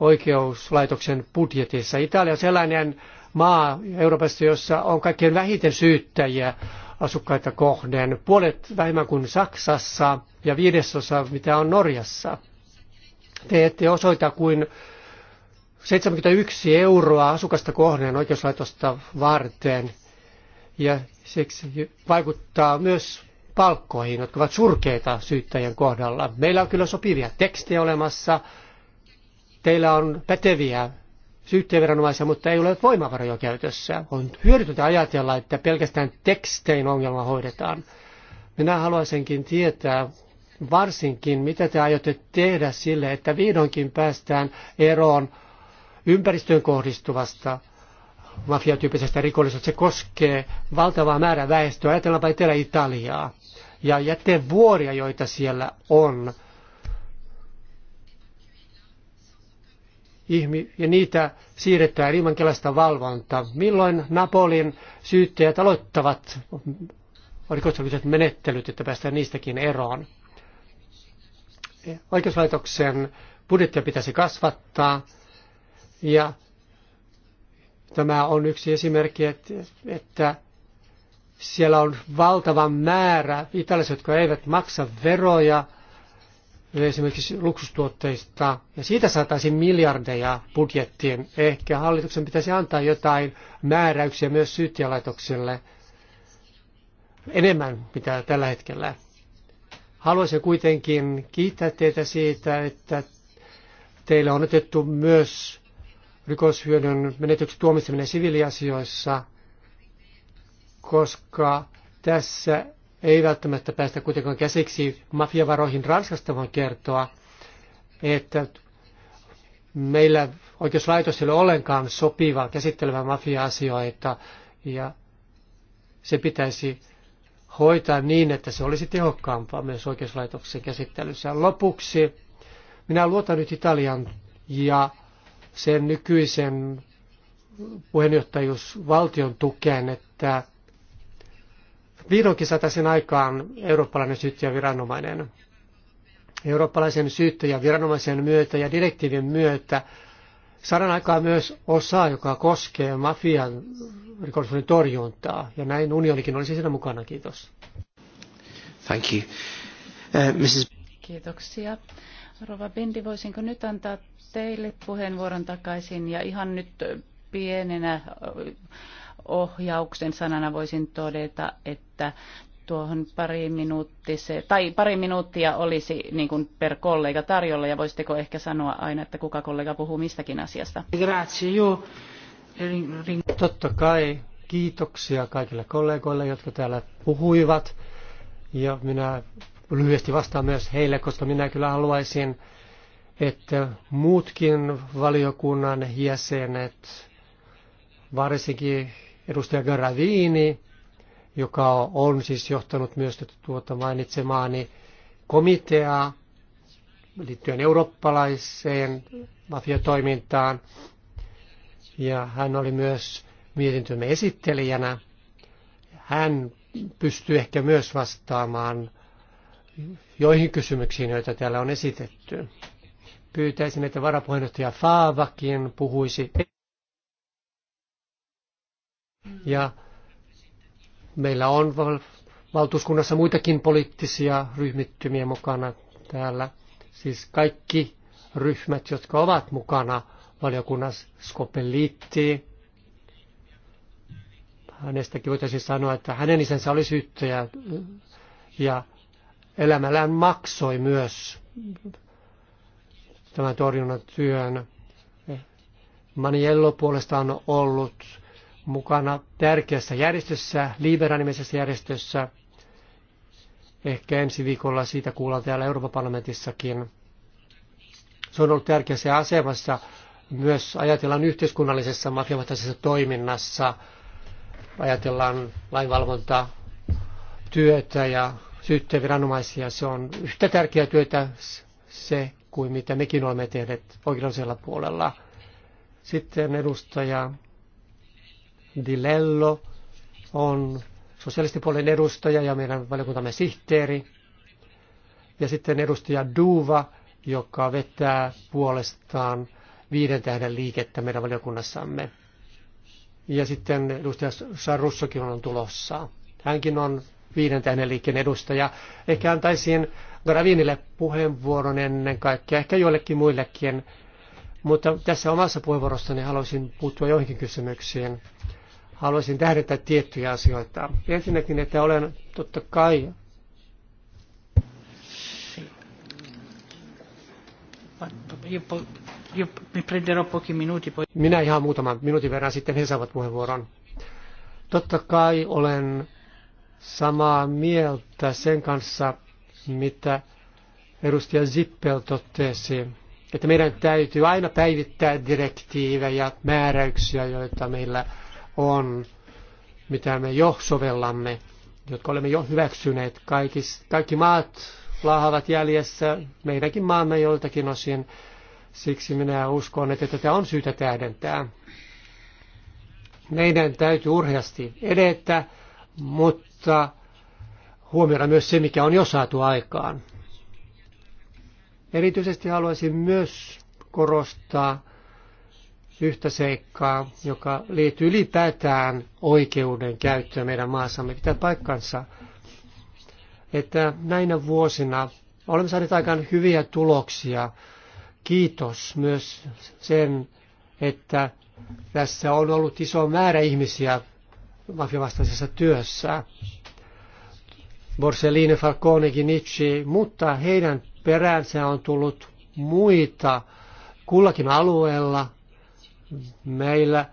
oikeuslaitoksen budjetissa. Italia on sellainen maa Euroopassa, jossa on kaikkein vähiten syyttäjiä asukkaita kohden, puolet vähemmän kuin Saksassa ja viidesosa mitä on Norjassa. Te ette osoita kuin 71 euroa asukasta kohden oikeuslaitosta varten ja siksi vaikuttaa myös palkkoihin, jotka ovat surkeita syyttäjien kohdalla. Meillä on kyllä sopivia tekstejä olemassa, teillä on päteviä syytteenviranomaisia, mutta ei ole voimavaroja käytössä. On hyödytöntä ajatella, että pelkästään tekstein ongelma hoidetaan. Minä haluaisinkin tietää varsinkin, mitä te aiotte tehdä sille, että vihdoinkin päästään eroon ympäristöön kohdistuvasta mafiatyyppisestä rikollisuudesta. Se koskee valtavaa määrää väestöä. Ajatellaanpa Etelä-Italiaa ja vuoria, joita siellä on ja niitä siirretään ilman kelaista valvontaa. Milloin Napolin syyttäjät aloittavat rikosoikeudelliset menettelyt, että päästään niistäkin eroon? Oikeuslaitoksen budjettia pitäisi kasvattaa ja tämä on yksi esimerkki, että siellä on valtava määrä italialaisia, jotka eivät maksa veroja – esimerkiksi luksustuotteista, ja siitä saataisiin miljardeja budjettiin. Ehkä hallituksen pitäisi antaa jotain määräyksiä myös syyttäjälaitokselle enemmän, mitä tällä hetkellä. Haluaisin kuitenkin kiittää teitä siitä, että teille on otettu myös rikoshyödyn menetyksen tuomitseminen siviiliasioissa, koska tässä ei välttämättä päästä kuitenkaan käsiksi mafiavaroihin Ranskasta, vaan kertoa, että meillä oikeuslaitos ei ole ollenkaan sopiva käsittelemään mafia-asioita ja se pitäisi hoitaa niin, että se olisi tehokkaampaa myös oikeuslaitoksen käsittelyssä. Lopuksi minä luotan nyt Italian ja sen nykyisen puheenjohtajuusvaltion tukeen, että Vihdoinkin saataisiin aikaan eurooppalainen syyttäjäviranomainen. Eurooppalaisen syyttäjäviranomaisen myötä ja direktiivin myötä saadaan aikaan myös osa, joka koskee mafian rikollisuuden torjuntaa. Ja näin unionikin olisi siinä mukana. Kiitos.
Thank you. Uh, Mrs.
Kiitoksia. Rova Bindi, voisinko nyt antaa teille puheenvuoron takaisin ja ihan nyt pienenä ohjauksen sanana voisin todeta, että tuohon pari, minuuttise, tai pari minuuttia olisi niin kuin per kollega tarjolla ja voisitteko ehkä sanoa aina, että kuka kollega puhuu mistäkin asiasta?
Grazie, joo. Totta kai kiitoksia kaikille kollegoille, jotka täällä puhuivat ja minä lyhyesti vastaan myös heille, koska minä kyllä haluaisin, että muutkin valiokunnan jäsenet, varsinkin edustaja Garavini, joka on siis johtanut myös tuota mainitsemaani komiteaa liittyen eurooppalaiseen mafiatoimintaan. Ja hän oli myös mietintömme esittelijänä. Hän pystyy ehkä myös vastaamaan joihin kysymyksiin, joita täällä on esitetty. Pyytäisin, että varapuheenjohtaja Faavakin puhuisi ja meillä on valtuuskunnassa muitakin poliittisia ryhmittymiä mukana täällä. Siis kaikki ryhmät, jotka ovat mukana valiokunnassa, Skopeliitti, hänestäkin voitaisiin sanoa, että hänen isänsä oli syyttäjä ja elämällään maksoi myös tämän torjunnan työn. Maniello puolestaan on ollut mukana tärkeässä järjestössä, Libera-nimisessä järjestössä. Ehkä ensi viikolla siitä kuullaan täällä Euroopan parlamentissakin. Se on ollut tärkeässä asemassa myös ajatellaan yhteiskunnallisessa mafiavastaisessa toiminnassa, ajatellaan lainvalvontaa, työtä ja viranomaisia. Se on yhtä tärkeää työtä se kuin mitä mekin olemme tehneet oikeudellisella puolella. Sitten edustaja Dilello on sosialistipuolen edustaja ja meidän valiokuntamme sihteeri. Ja sitten edustaja Duva, joka vetää puolestaan viiden tähden liikettä meidän valiokunnassamme. Ja sitten edustaja Sarussokin on tulossa. Hänkin on viiden tähden liikkeen edustaja. Ehkä antaisin Gravinille puheenvuoron ennen kaikkea, ehkä joillekin muillekin. Mutta tässä omassa puheenvuorossani haluaisin puuttua joihinkin kysymyksiin haluaisin tähdentää tiettyjä asioita. Ensinnäkin, että olen totta kai minä ihan muutaman minuutin verran sitten he saavat puheenvuoron. Totta kai olen samaa mieltä sen kanssa, mitä edustaja Zippel totesi, että meidän täytyy aina päivittää direktiivejä, määräyksiä, joita meillä on, mitä me jo sovellamme, jotka olemme jo hyväksyneet. Kaikis, kaikki maat laahavat jäljessä, meidänkin maamme joiltakin osin. Siksi minä uskon, että tätä on syytä tähdentää. Meidän täytyy urheasti edetä, mutta huomioida myös se, mikä on jo saatu aikaan. Erityisesti haluaisin myös korostaa yhtä seikkaa, joka liittyy ylipäätään oikeuden käyttöön meidän maassamme, pitää paikkansa, että näinä vuosina olemme saaneet aikaan hyviä tuloksia. Kiitos myös sen, että tässä on ollut iso määrä ihmisiä mafiavastaisessa työssä. Borsellino, Falcone, Ginici, mutta heidän peräänsä on tullut muita kullakin alueella meillä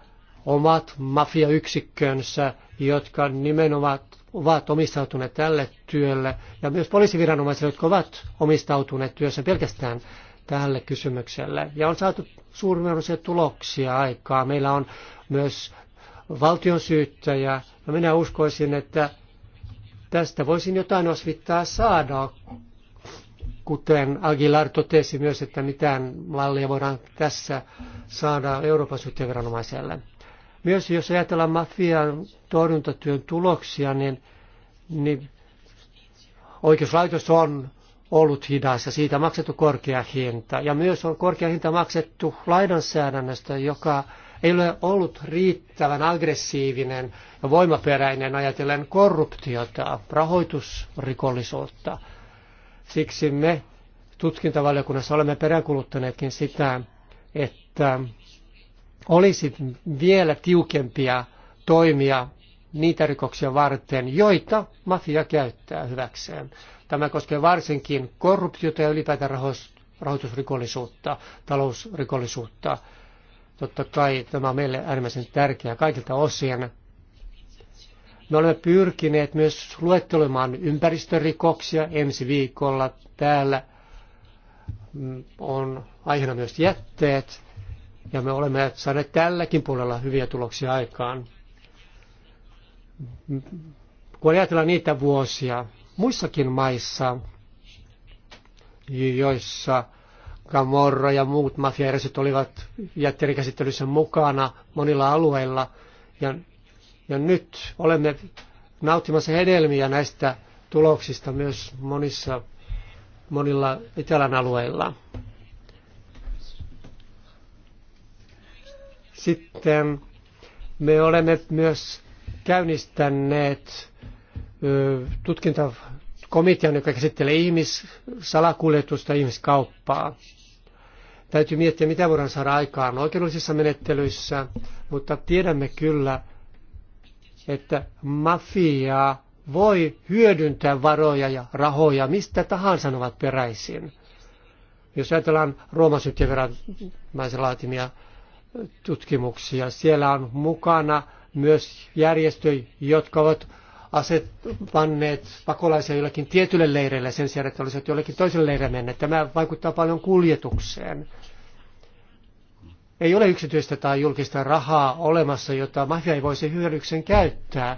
omat mafiayksikkönsä, jotka nimenomaan ovat omistautuneet tälle työlle, ja myös poliisiviranomaiset, jotka ovat omistautuneet työssä pelkästään tälle kysymykselle. Ja on saatu suurimääräisiä tuloksia aikaa. Meillä on myös valtion syyttäjä. ja no minä uskoisin, että tästä voisin jotain osvittaa saada kuten Aguilar totesi myös, että mitään mallia voidaan tässä saada Euroopan syyttäjäviranomaiselle. Myös jos ajatellaan mafian torjuntatyön tuloksia, niin, niin oikeuslaitos on ollut hidas ja siitä maksettu korkea hinta. Ja myös on korkea hinta maksettu lainsäädännöstä, joka ei ole ollut riittävän aggressiivinen ja voimaperäinen ajatellen korruptiota, rahoitusrikollisuutta – Siksi me tutkintavaliokunnassa olemme peräänkuluttaneetkin sitä, että olisi vielä tiukempia toimia niitä rikoksia varten, joita mafia käyttää hyväkseen. Tämä koskee varsinkin korruptiota ja ylipäätään rahoitusrikollisuutta, talousrikollisuutta. Totta kai tämä on meille äärimmäisen tärkeää kaikilta osien. Me olemme pyrkineet myös luettelemaan ympäristörikoksia ensi viikolla. Täällä mm, on aiheena myös jätteet ja me olemme saaneet tälläkin puolella hyviä tuloksia aikaan. Kun ajatellaan niitä vuosia, muissakin maissa, joissa Gamorra ja muut mafiajärjestöt olivat jätteiden käsittelyssä mukana monilla alueilla, ja ja nyt olemme nauttimassa hedelmiä näistä tuloksista myös monissa, monilla etelän alueilla. Sitten me olemme myös käynnistäneet tutkintakomitean, joka käsittelee ihmissalakuljetusta, ihmiskauppaa. Täytyy miettiä, mitä voidaan saada aikaan oikeudellisissa menettelyissä, mutta tiedämme kyllä, että mafia voi hyödyntää varoja ja rahoja mistä tahansa ne ovat peräisin. Jos ajatellaan Rooman syyttäjäviranomaisen laatimia tutkimuksia, siellä on mukana myös järjestöjä, jotka ovat aset panneet pakolaisia jollekin tietylle leireille sen sijaan, että olisivat jollekin toiselle leirille menneet. Tämä vaikuttaa paljon kuljetukseen. Ei ole yksityistä tai julkista rahaa olemassa, jota mafia ei voisi hyödyksen käyttää.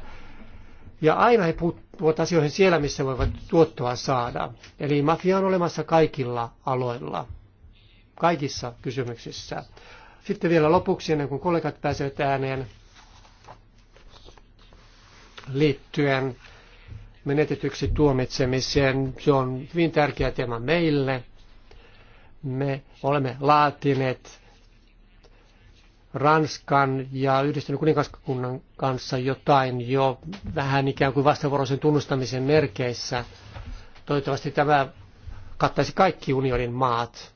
Ja aina he puhuvat asioihin siellä, missä voivat tuottoa saada. Eli mafia on olemassa kaikilla aloilla, kaikissa kysymyksissä. Sitten vielä lopuksi, ennen kuin kollegat pääsevät ääneen, liittyen menetetyksi tuomitsemiseen. Se on hyvin tärkeä teema meille. Me olemme laatineet Ranskan ja yhdistyneen kuningaskunnan kanssa jotain jo vähän ikään kuin vastavuoroisen tunnustamisen merkeissä. Toivottavasti tämä kattaisi kaikki unionin maat,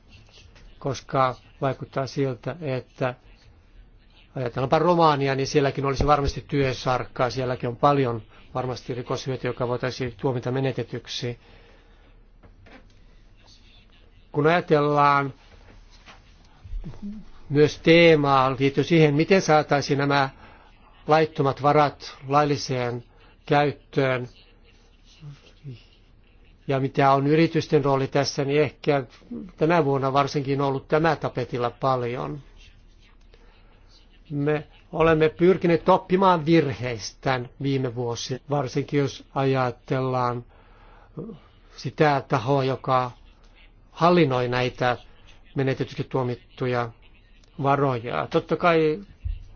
koska vaikuttaa siltä, että ajatellaanpa Romaania, niin sielläkin olisi varmasti työsarkkaa, sielläkin on paljon varmasti rikoshyötyä, joka voitaisiin tuomita menetetyksi. Kun ajatellaan myös teemaa liittyy siihen, miten saataisiin nämä laittomat varat lailliseen käyttöön ja mitä on yritysten rooli tässä, niin ehkä tänä vuonna varsinkin ollut tämä tapetilla paljon. Me olemme pyrkineet oppimaan virheistään viime vuosi, varsinkin jos ajatellaan sitä tahoa, joka hallinnoi näitä menetetyksi tuomittuja varoja. Totta kai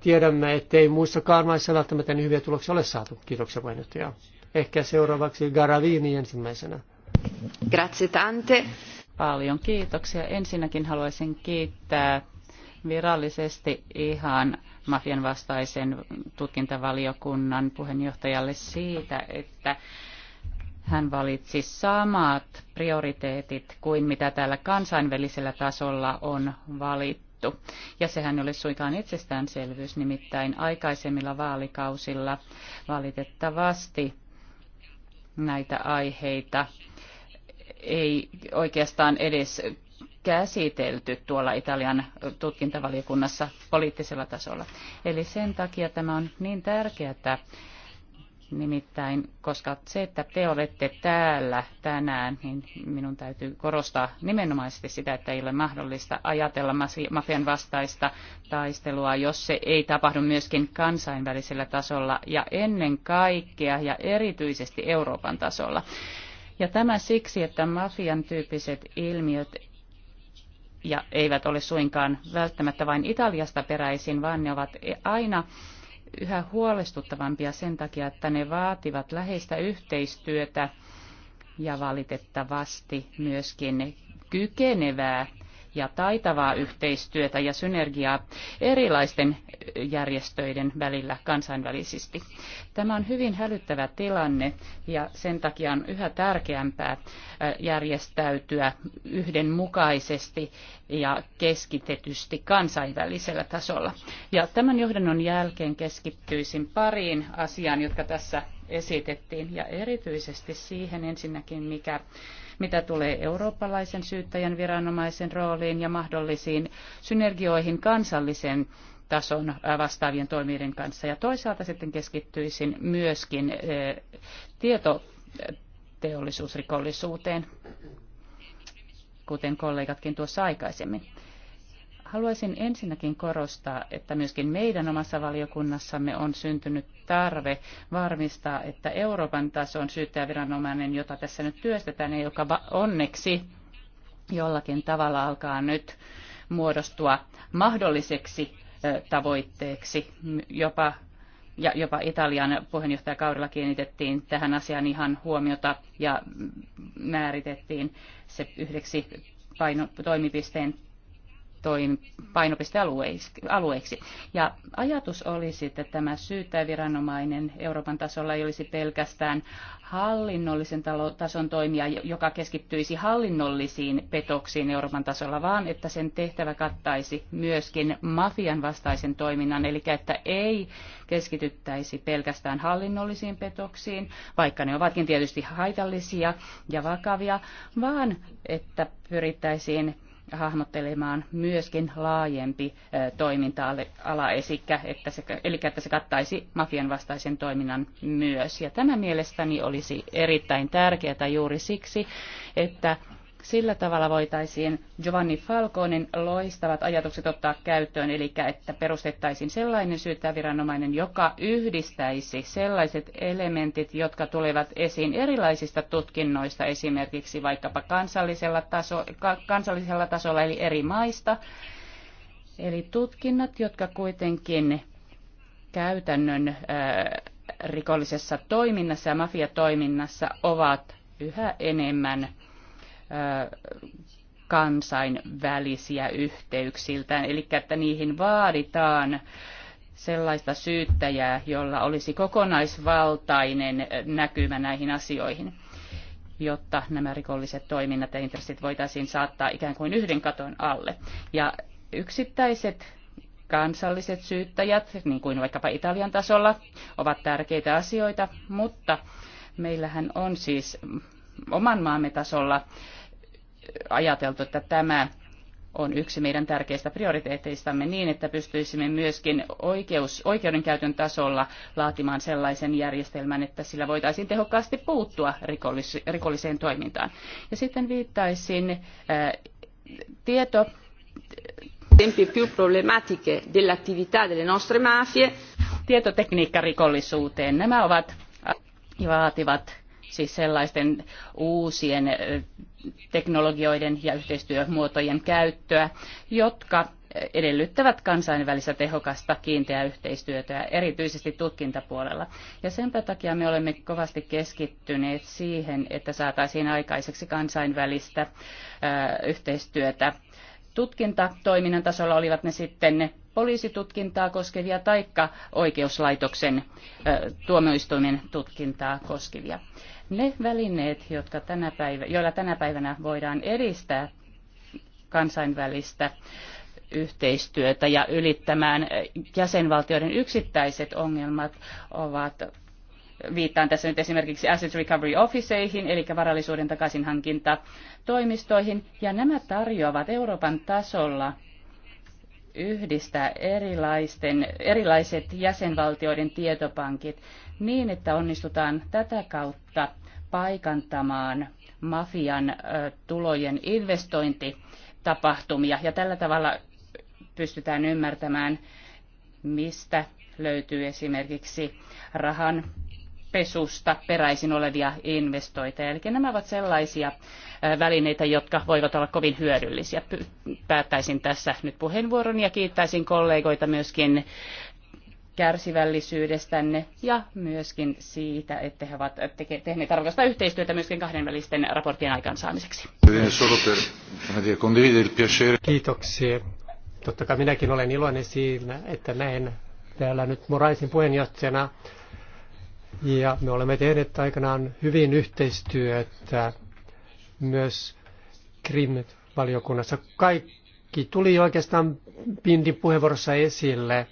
tiedämme, ettei muissakaan maissa välttämättä niin hyviä tuloksia ole saatu. Kiitoksia puheenjohtaja. Ehkä seuraavaksi Garavini ensimmäisenä. Grazie tante. Paljon
kiitoksia. Ensinnäkin haluaisin kiittää virallisesti ihan mafian vastaisen tutkintavaliokunnan puheenjohtajalle siitä, että hän valitsi samat prioriteetit kuin mitä täällä kansainvälisellä tasolla on valittu sovittu. Ja sehän oli suinkaan itsestäänselvyys, nimittäin aikaisemmilla vaalikausilla valitettavasti näitä aiheita ei oikeastaan edes käsitelty tuolla Italian tutkintavaliokunnassa poliittisella tasolla. Eli sen takia tämä on niin tärkeää, Nimittäin, koska se, että te olette täällä tänään, niin minun täytyy korostaa nimenomaisesti sitä, että ei ole mahdollista ajatella mafian vastaista taistelua, jos se ei tapahdu myöskin kansainvälisellä tasolla ja ennen kaikkea ja erityisesti Euroopan tasolla. Ja tämä siksi, että mafian tyyppiset ilmiöt ja eivät ole suinkaan välttämättä vain Italiasta peräisin, vaan ne ovat aina yhä huolestuttavampia sen takia, että ne vaativat läheistä yhteistyötä ja valitettavasti myöskin kykenevää ja taitavaa yhteistyötä ja synergiaa erilaisten järjestöiden välillä kansainvälisesti. Tämä on hyvin hälyttävä tilanne ja sen takia on yhä tärkeämpää äh, järjestäytyä yhdenmukaisesti ja keskitetysti kansainvälisellä tasolla. Ja tämän johdannon jälkeen keskittyisin pariin asiaan, jotka tässä esitettiin ja erityisesti siihen ensinnäkin, mikä mitä tulee eurooppalaisen syyttäjän viranomaisen rooliin ja mahdollisiin synergioihin kansallisen tason äh, vastaavien toimijoiden kanssa. Ja toisaalta sitten keskittyisin myöskin äh, tietoteollisuusrikollisuuteen, kuten kollegatkin tuossa aikaisemmin. Haluaisin ensinnäkin korostaa, että myöskin meidän omassa valiokunnassamme on syntynyt tarve varmistaa, että Euroopan tason syyttäjäviranomainen, jota tässä nyt työstetään ja joka onneksi jollakin tavalla alkaa nyt muodostua mahdolliseksi tavoitteeksi. Jopa, ja jopa Italian puheenjohtajakaudella kiinnitettiin tähän asiaan ihan huomiota ja määritettiin se yhdeksi paino, toimipisteen toim, painopistealueiksi. Ja ajatus olisi, että tämä syyttäjäviranomainen Euroopan tasolla ei olisi pelkästään hallinnollisen tason toimija, joka keskittyisi hallinnollisiin petoksiin Euroopan tasolla, vaan että sen tehtävä kattaisi myöskin mafian vastaisen toiminnan, eli että ei keskityttäisi pelkästään hallinnollisiin petoksiin, vaikka ne ovatkin tietysti haitallisia ja vakavia, vaan että pyrittäisiin hahmottelemaan myöskin laajempi toiminta-ala, että se, eli että se kattaisi mafian vastaisen toiminnan myös. Ja tämä mielestäni olisi erittäin tärkeää juuri siksi, että sillä tavalla voitaisiin Giovanni Falconin loistavat ajatukset ottaa käyttöön, eli että perustettaisiin sellainen syyttäviranomainen, joka yhdistäisi sellaiset elementit, jotka tulevat esiin erilaisista tutkinnoista, esimerkiksi vaikkapa kansallisella, taso, kansallisella tasolla, eli eri maista. Eli tutkinnat, jotka kuitenkin käytännön rikollisessa toiminnassa ja mafiatoiminnassa ovat yhä enemmän kansainvälisiä yhteyksiltään, eli että niihin vaaditaan sellaista syyttäjää, jolla olisi kokonaisvaltainen näkymä näihin asioihin, jotta nämä rikolliset toiminnat ja intressit voitaisiin saattaa ikään kuin yhden katon alle. Ja yksittäiset kansalliset syyttäjät, niin kuin vaikkapa Italian tasolla, ovat tärkeitä asioita, mutta meillähän on siis oman maamme tasolla ajateltu, että tämä on yksi meidän tärkeistä prioriteeteistamme niin, että pystyisimme myöskin oikeus, oikeudenkäytön tasolla laatimaan sellaisen järjestelmän, että sillä voitaisiin tehokkaasti puuttua rikollis, rikolliseen toimintaan. Ja sitten viittaisin ää, äh, tieto esempi più problematiche dell'attività delle nostre mafie. Tietotekniikkarikollisuuteen. Nämä ovat vaativat siis sellaisten uusien teknologioiden ja yhteistyömuotojen käyttöä, jotka edellyttävät kansainvälistä tehokasta kiinteää yhteistyötä, erityisesti tutkintapuolella. Ja sen takia me olemme kovasti keskittyneet siihen, että saataisiin aikaiseksi kansainvälistä yhteistyötä tutkintatoiminnan tasolla, olivat ne sitten poliisitutkintaa koskevia taikka oikeuslaitoksen tuomioistuimen tutkintaa koskevia. Ne välineet, jotka tänä päivä, joilla tänä päivänä voidaan edistää kansainvälistä yhteistyötä ja ylittämään jäsenvaltioiden yksittäiset ongelmat ovat viittaan tässä nyt esimerkiksi Asset Recovery Officeihin, eli varallisuuden takaisinhankinta toimistoihin, ja nämä tarjoavat Euroopan tasolla yhdistää erilaisten, erilaiset jäsenvaltioiden tietopankit niin, että onnistutaan tätä kautta paikantamaan mafian tulojen investointitapahtumia ja tällä tavalla pystytään ymmärtämään, mistä löytyy esimerkiksi rahan pesusta peräisin olevia investointeja. Eli nämä ovat sellaisia välineitä, jotka voivat olla kovin hyödyllisiä. Päättäisin tässä nyt puheenvuoron ja kiittäisin kollegoita myöskin kärsivällisyydestänne ja myöskin siitä, että he ovat teke- tehneet arvokasta yhteistyötä myöskin kahdenvälisten raporttien aikaansaamiseksi.
Kiitoksia. Totta kai minäkin olen iloinen siinä, että näen täällä nyt Moraisin puheenjohtajana. Ja me olemme tehneet aikanaan hyvin yhteistyötä myös Krim-valiokunnassa. Kaikki tuli oikeastaan Pindin puheenvuorossa esille –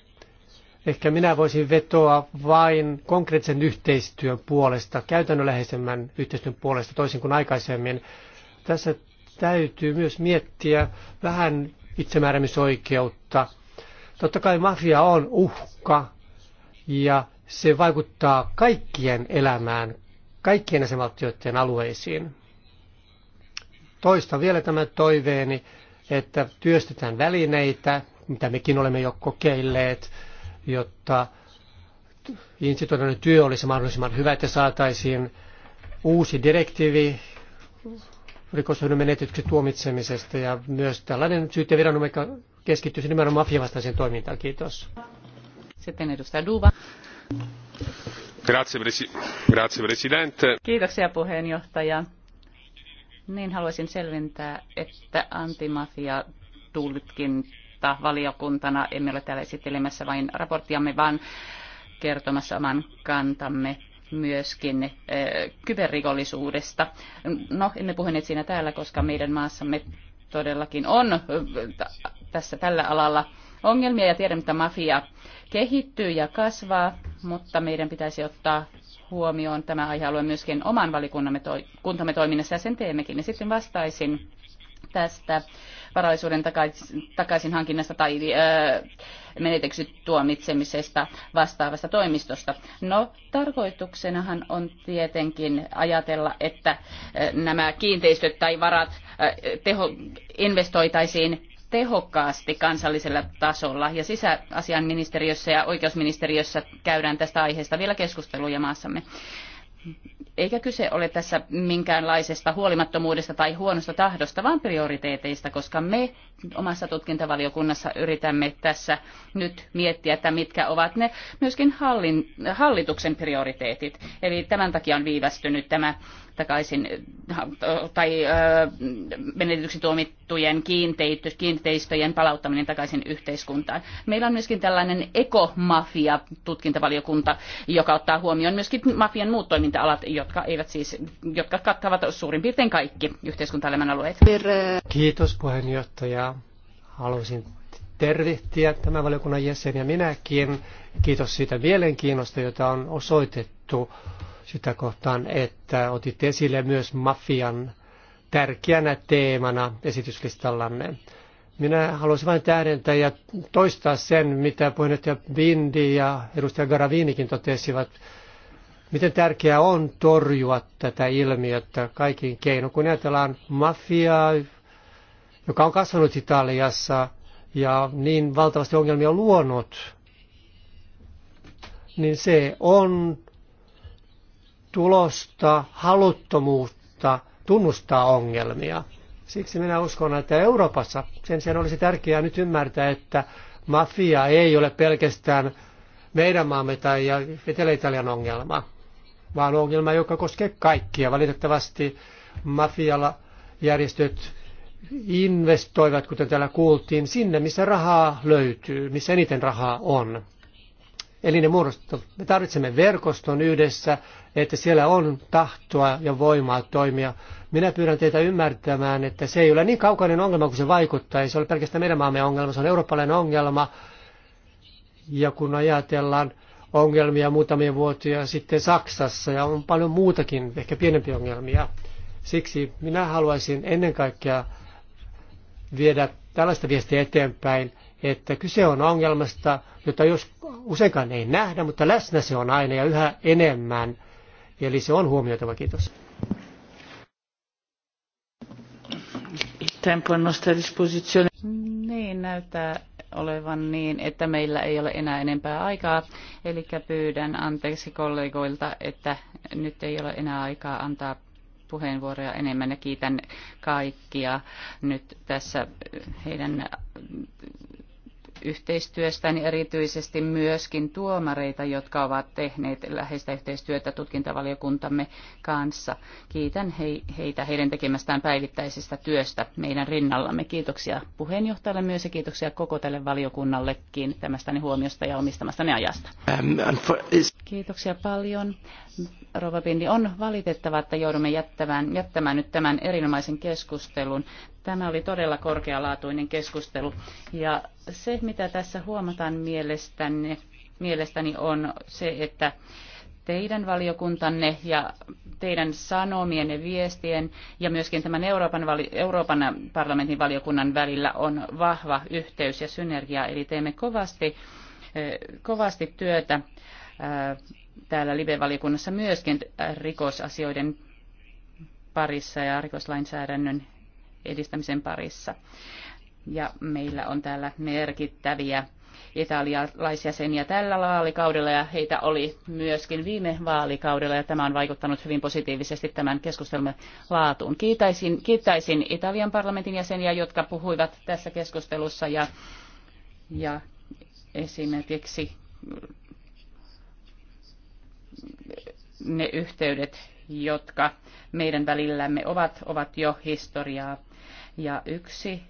Ehkä minä voisin vetoa vain konkreettisen yhteistyön puolesta, käytännönläheisemmän yhteistyön puolesta, toisin kuin aikaisemmin. Tässä täytyy myös miettiä vähän itsemääräämisoikeutta. Totta kai mafia on uhka ja se vaikuttaa kaikkien elämään, kaikkien asemaltioiden alueisiin. Toista vielä tämä toiveeni, että työstetään välineitä, mitä mekin olemme jo kokeilleet, jotta instituutioiden työ olisi mahdollisimman hyvä, että saataisiin uusi direktiivi rikoshyödyn menetyksen tuomitsemisesta ja myös tällainen syyttäjäviranomainen keskittyisi nimenomaan mafiavastaiseen toimintaan. Kiitos. Sitten edustaja Duva.
Grazie, grazie presidente.
Kiitoksia puheenjohtaja. Niin haluaisin selventää, että antimafia tulkin että valiokuntana emme ole täällä esittelemässä vain raporttiamme, vaan kertomassa oman kantamme myöskin eh, kyberrikollisuudesta. No, emme puhuneet siinä täällä, koska meidän maassamme todellakin on eh, tässä tällä alalla ongelmia ja tiedämme, että mafia kehittyy ja kasvaa, mutta meidän pitäisi ottaa huomioon tämä aihealue myöskin oman valikuntamme toiminnassa ja sen teemmekin. Ja sitten vastaisin tästä varallisuuden takaisin hankinnasta tai meneteksi tuomitsemisesta vastaavasta toimistosta. No, tarkoituksenahan on tietenkin ajatella, että nämä kiinteistöt tai varat teho, investoitaisiin tehokkaasti kansallisella tasolla ja sisäasiainministeriössä ja oikeusministeriössä käydään tästä aiheesta vielä keskusteluja maassamme. Eikä kyse ole tässä minkäänlaisesta huolimattomuudesta tai huonosta tahdosta, vaan prioriteeteista, koska me omassa tutkintavaliokunnassa yritämme tässä nyt miettiä, että mitkä ovat ne myöskin hallin, hallituksen prioriteetit. Eli tämän takia on viivästynyt tämä takaisin tai menetyksi tuomittujen kiinteistöjen palauttaminen takaisin yhteiskuntaan. Meillä on myöskin tällainen ekomafia-tutkintavaliokunta, joka ottaa huomioon myöskin mafian muut toiminta-alat, jotka, eivät siis, jotka kattavat suurin piirtein kaikki yhteiskuntaelämän alueet.
Kiitos puheenjohtaja. Haluaisin tervehtiä tämän valiokunnan jäseniä minäkin. Kiitos siitä mielenkiinnosta, jota on osoitettu sitä kohtaan, että otitte esille myös mafian tärkeänä teemana esityslistallanne. Minä haluaisin vain tähdentää ja toistaa sen, mitä puheenjohtaja Bindi ja edustaja Garavinikin totesivat, miten tärkeää on torjua tätä ilmiötä kaikin keinoin. Kun ajatellaan mafiaa, joka on kasvanut Italiassa ja niin valtavasti ongelmia luonut, niin se on tulosta haluttomuutta tunnustaa ongelmia. Siksi minä uskon, että Euroopassa sen sijaan olisi tärkeää nyt ymmärtää, että mafia ei ole pelkästään meidän maamme tai Etelä-Italian ongelma, vaan ongelma, joka koskee kaikkia. Valitettavasti mafialla järjestöt investoivat, kuten täällä kuultiin, sinne, missä rahaa löytyy, missä eniten rahaa on. Eli ne muodostavat, me tarvitsemme verkoston yhdessä, että siellä on tahtoa ja voimaa toimia. Minä pyydän teitä ymmärtämään, että se ei ole niin kaukainen ongelma kuin se vaikuttaa. Ei se ole pelkästään meidän maamme ongelma, se on eurooppalainen ongelma. Ja kun ajatellaan ongelmia muutamia vuotia sitten Saksassa ja on paljon muutakin, ehkä pienempiä ongelmia. Siksi minä haluaisin ennen kaikkea viedä tällaista viestiä eteenpäin, että kyse on ongelmasta, jota jos useinkaan ei nähdä, mutta läsnä se on aina ja yhä enemmän. Eli se on huomioitava. Kiitos. Tempo nostaa disposizione.
Niin, näyttää olevan niin, että meillä ei ole enää enempää aikaa. Eli pyydän anteeksi kollegoilta, että nyt ei ole enää aikaa antaa puheenvuoroja enemmän ja kiitän kaikkia nyt tässä heidän yhteistyöstäni niin erityisesti myöskin tuomareita, jotka ovat tehneet läheistä yhteistyötä tutkintavaliokuntamme kanssa. Kiitän heitä heidän tekemästään päivittäisestä työstä meidän rinnallamme. Kiitoksia puheenjohtajalle myös ja kiitoksia koko tälle valiokunnallekin tämästäni huomiosta ja omistamastani ajasta. Um, kiitoksia paljon. Rova Pindi, on valitettava, että joudumme jättämään, jättämään nyt tämän erinomaisen keskustelun. Tämä oli todella korkealaatuinen keskustelu. Ja se, mitä tässä huomataan mielestäni, mielestäni on se, että teidän valiokuntanne ja teidän ja viestien ja myöskin tämän Euroopan, Euroopan parlamentin valiokunnan välillä on vahva yhteys ja synergia. Eli teemme kovasti, eh, kovasti työtä eh, täällä live-valiokunnassa myöskin rikosasioiden parissa ja rikoslainsäädännön edistämisen parissa. Ja meillä on täällä merkittäviä italialaisjäseniä tällä vaalikaudella ja heitä oli myöskin viime vaalikaudella ja tämä on vaikuttanut hyvin positiivisesti tämän keskustelun laatuun. Kiitäisin, kiitäisin Italian parlamentin jäseniä, jotka puhuivat tässä keskustelussa ja, ja esimerkiksi ne yhteydet, jotka meidän välillämme ovat, ovat jo historiaa. Ja yksi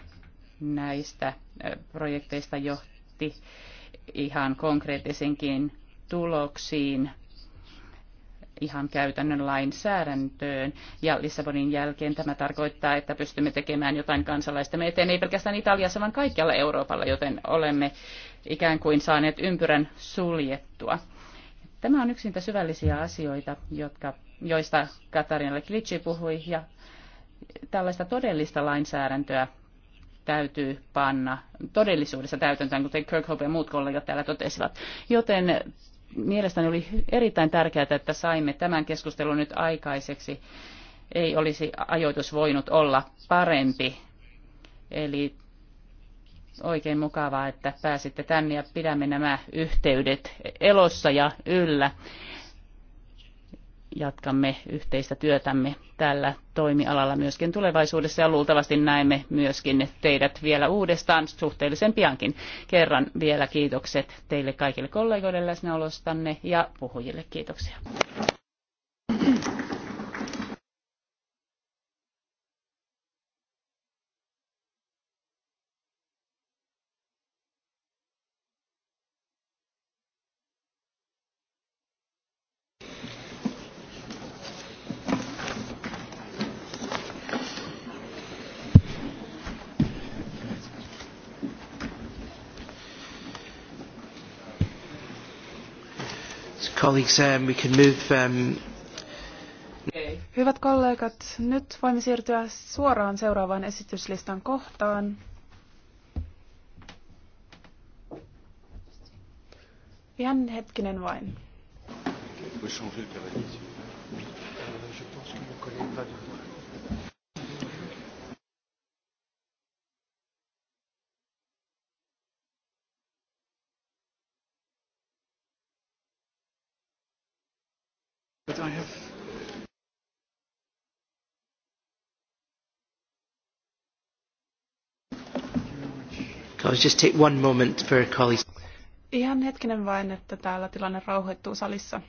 näistä projekteista johti ihan konkreettisinkin tuloksiin ihan käytännön lainsäädäntöön. Ja Lissabonin jälkeen tämä tarkoittaa, että pystymme tekemään jotain kansalaistemme eteen, ei pelkästään Italiassa, vaan kaikkialla Euroopalla, joten olemme ikään kuin saaneet ympyrän suljettua. Tämä on yksi niitä syvällisiä asioita, jotka, joista Katarina Leklitsi puhui, ja tällaista todellista lainsäädäntöä täytyy panna todellisuudessa täytäntöön, kuten Kirkhope ja muut kollegat täällä totesivat. Joten mielestäni oli erittäin tärkeää, että saimme tämän keskustelun nyt aikaiseksi. Ei olisi ajoitus voinut olla parempi. Eli oikein mukavaa, että pääsitte tänne ja pidämme nämä yhteydet elossa ja yllä. Jatkamme yhteistä työtämme tällä toimialalla myöskin tulevaisuudessa ja luultavasti näemme myöskin teidät vielä uudestaan suhteellisen piankin. Kerran vielä kiitokset teille kaikille kollegoille läsnäolostanne ja puhujille kiitoksia.
Um, um,
Hyvät kollegat, nyt voimme siirtyä suoraan seuraavaan esityslistan kohtaan. Ihan hetkinen vain.
I have. Just take one moment for colleagues.
Ihan hetkinen vain, että täällä tilanne rauhoittuu salissa.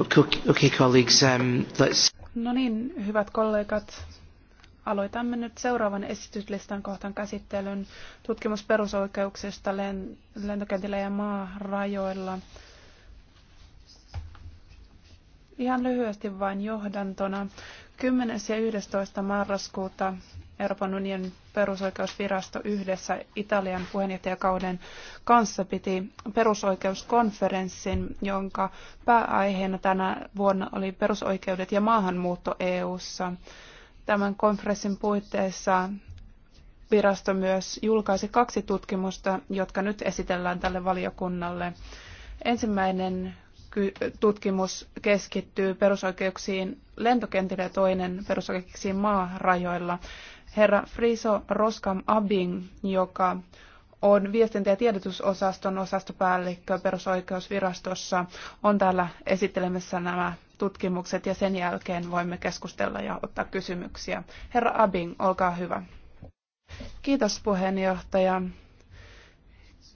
Um,
no niin, hyvät kollegat, aloitamme nyt seuraavan esityslistan kohtan käsittelyn tutkimus perusoikeuksista lentokentillä ja maarajoilla. Ihan lyhyesti vain johdantona. 10. ja 11. marraskuuta Euroopan unionin perusoikeusvirasto yhdessä Italian puheenjohtajakauden kanssa piti perusoikeuskonferenssin, jonka pääaiheena tänä vuonna oli perusoikeudet ja maahanmuutto EU:ssa. Tämän konferenssin puitteissa virasto myös julkaisi kaksi tutkimusta, jotka nyt esitellään tälle valiokunnalle. Ensimmäinen tutkimus keskittyy perusoikeuksiin lentokentillä ja toinen perusoikeuksiin maarajoilla herra Friso Roskam Abing, joka on viestintä- ja tiedotusosaston osastopäällikkö perusoikeusvirastossa, on täällä esittelemässä nämä tutkimukset ja sen jälkeen voimme keskustella ja ottaa kysymyksiä. Herra Abing, olkaa hyvä. Kiitos puheenjohtaja.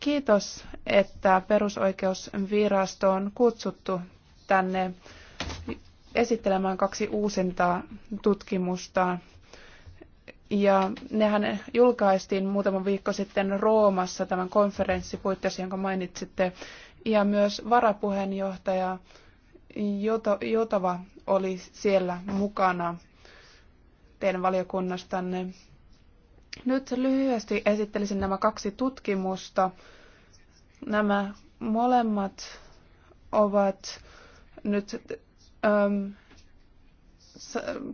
Kiitos, että perusoikeusvirasto on kutsuttu tänne esittelemään kaksi uusinta tutkimusta, ja nehän julkaistiin muutama viikko sitten Roomassa tämän konferenssipuitteissa, jonka mainitsitte. Ja myös varapuheenjohtaja Jotava oli siellä mukana teidän valiokunnastanne. Nyt lyhyesti esittelisin nämä kaksi tutkimusta. Nämä molemmat ovat nyt ähm,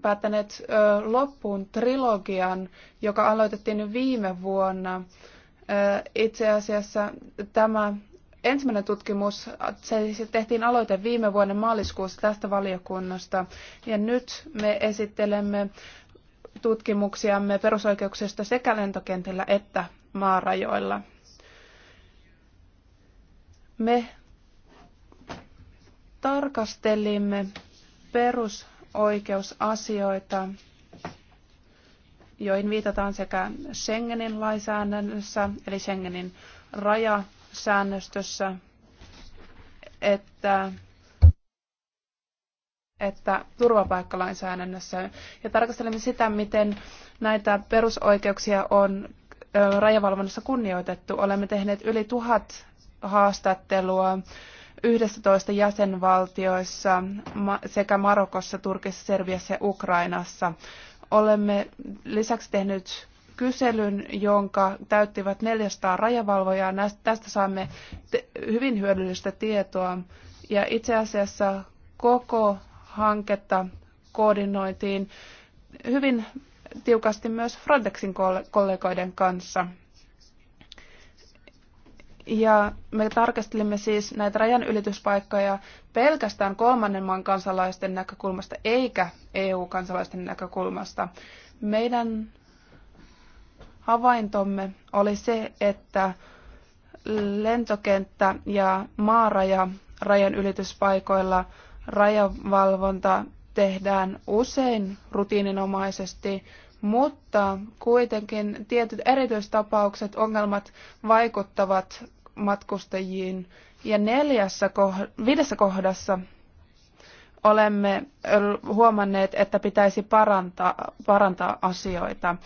päättäneet loppuun trilogian, joka aloitettiin viime vuonna. Itse asiassa tämä ensimmäinen tutkimus, se siis tehtiin aloite viime vuoden maaliskuussa tästä valiokunnasta, ja nyt me esittelemme tutkimuksiamme perusoikeuksista sekä lentokentillä että maarajoilla. Me tarkastelimme perus oikeusasioita, joihin viitataan sekä Schengenin lainsäädännössä, eli Schengenin rajasäännöstössä, että, että turvapaikkalainsäädännössä. Ja tarkastelemme sitä, miten näitä perusoikeuksia on rajavalvonnassa kunnioitettu. Olemme tehneet yli tuhat haastattelua 11 jäsenvaltioissa sekä Marokossa, Turkissa, Serbiassa ja Ukrainassa. Olemme lisäksi tehnyt kyselyn, jonka täyttivät 400 rajavalvojaa. Tästä saamme hyvin hyödyllistä tietoa. Ja itse asiassa koko hanketta koordinoitiin hyvin tiukasti myös Frontexin kollegoiden kanssa. Ja me tarkastelimme siis näitä rajanylityspaikkoja pelkästään kolmannen maan kansalaisten näkökulmasta eikä EU-kansalaisten näkökulmasta. Meidän havaintomme oli se, että lentokenttä ja maaraja rajan ylityspaikoilla rajavalvonta tehdään usein rutiininomaisesti mutta kuitenkin tietyt erityistapaukset, ongelmat vaikuttavat matkustajiin. Ja neljässä, viidessä kohdassa olemme huomanneet, että pitäisi parantaa, parantaa asioita.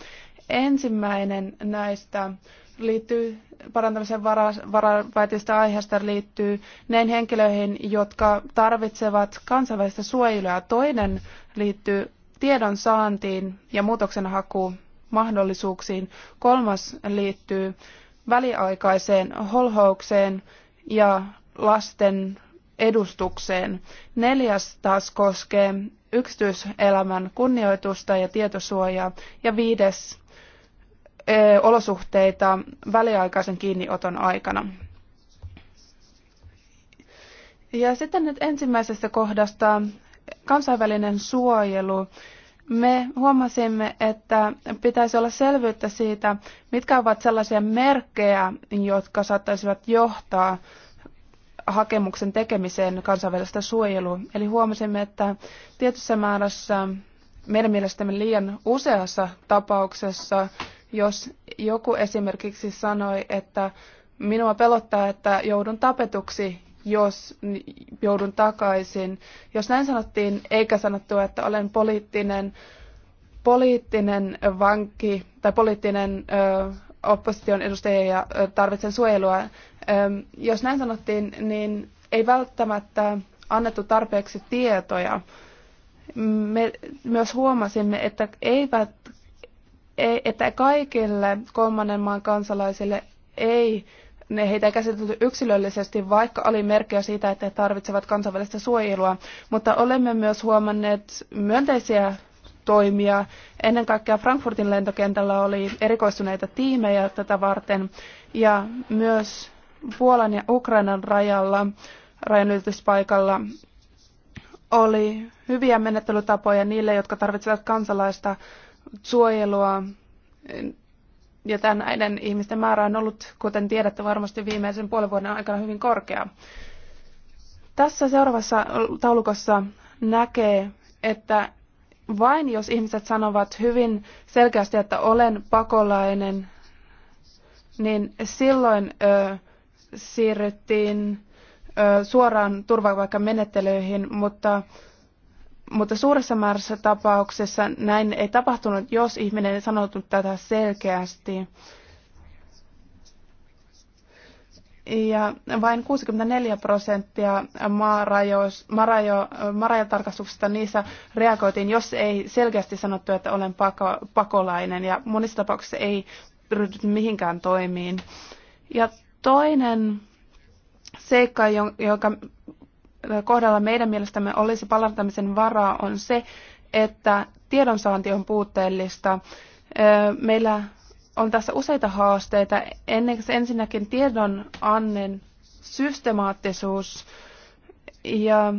Ensimmäinen näistä liittyy parantamisen varovaitista aiheesta liittyy näihin henkilöihin, jotka tarvitsevat kansainvälistä suojelua. Toinen liittyy tiedon saantiin ja muutoksenhakuun mahdollisuuksiin. Kolmas liittyy väliaikaiseen holhoukseen ja lasten edustukseen. Neljäs taas koskee yksityiselämän kunnioitusta ja tietosuojaa. Ja viides e, olosuhteita väliaikaisen kiinnioton aikana. Ja sitten nyt ensimmäisestä kohdasta kansainvälinen suojelu. Me huomasimme, että pitäisi olla selvyyttä siitä, mitkä ovat sellaisia merkkejä, jotka saattaisivat johtaa hakemuksen tekemiseen kansainvälistä suojelua. Eli huomasimme, että tietyssä määrässä meidän mielestämme liian useassa tapauksessa, jos joku esimerkiksi sanoi, että minua pelottaa, että joudun tapetuksi jos joudun takaisin. Jos näin sanottiin, eikä sanottu, että olen poliittinen, poliittinen vanki tai poliittinen ö, opposition edustaja ja ö, tarvitsen suojelua. Ö, jos näin sanottiin, niin ei välttämättä annettu tarpeeksi tietoja. Me myös huomasimme, että, eivät, e, että kaikille kolmannen maan kansalaisille ei ne heitä ei käsitelty yksilöllisesti, vaikka oli merkkejä siitä, että he tarvitsevat kansainvälistä suojelua. Mutta olemme myös huomanneet myönteisiä toimia. Ennen kaikkea Frankfurtin lentokentällä oli erikoistuneita tiimejä tätä varten ja myös Puolan ja Ukrainan rajalla, rajanylityspaikalla oli hyviä menettelytapoja niille, jotka tarvitsevat kansalaista suojelua ja tämän näiden ihmisten määrä on ollut, kuten tiedätte varmasti viimeisen puolen vuoden aikana, hyvin korkea. Tässä seuraavassa taulukossa näkee, että vain jos ihmiset sanovat hyvin selkeästi, että olen pakolainen, niin silloin ö, siirryttiin ö, suoraan turvapaikkamenettelyihin, mutta mutta suuressa määrässä tapauksessa näin ei tapahtunut, jos ihminen ei sanonut tätä selkeästi. Ja vain 64 prosenttia maarajatarkastuksista niissä reagoitiin, jos ei selkeästi sanottu, että olen pako, pakolainen. Ja monissa tapauksissa ei ryhdytty mihinkään toimiin. Ja toinen seikka, jonka kohdalla meidän mielestämme olisi palantamisen varaa on se, että tiedonsaanti on puutteellista. Meillä on tässä useita haasteita. Ensinnäkin tiedon annen systemaattisuus ja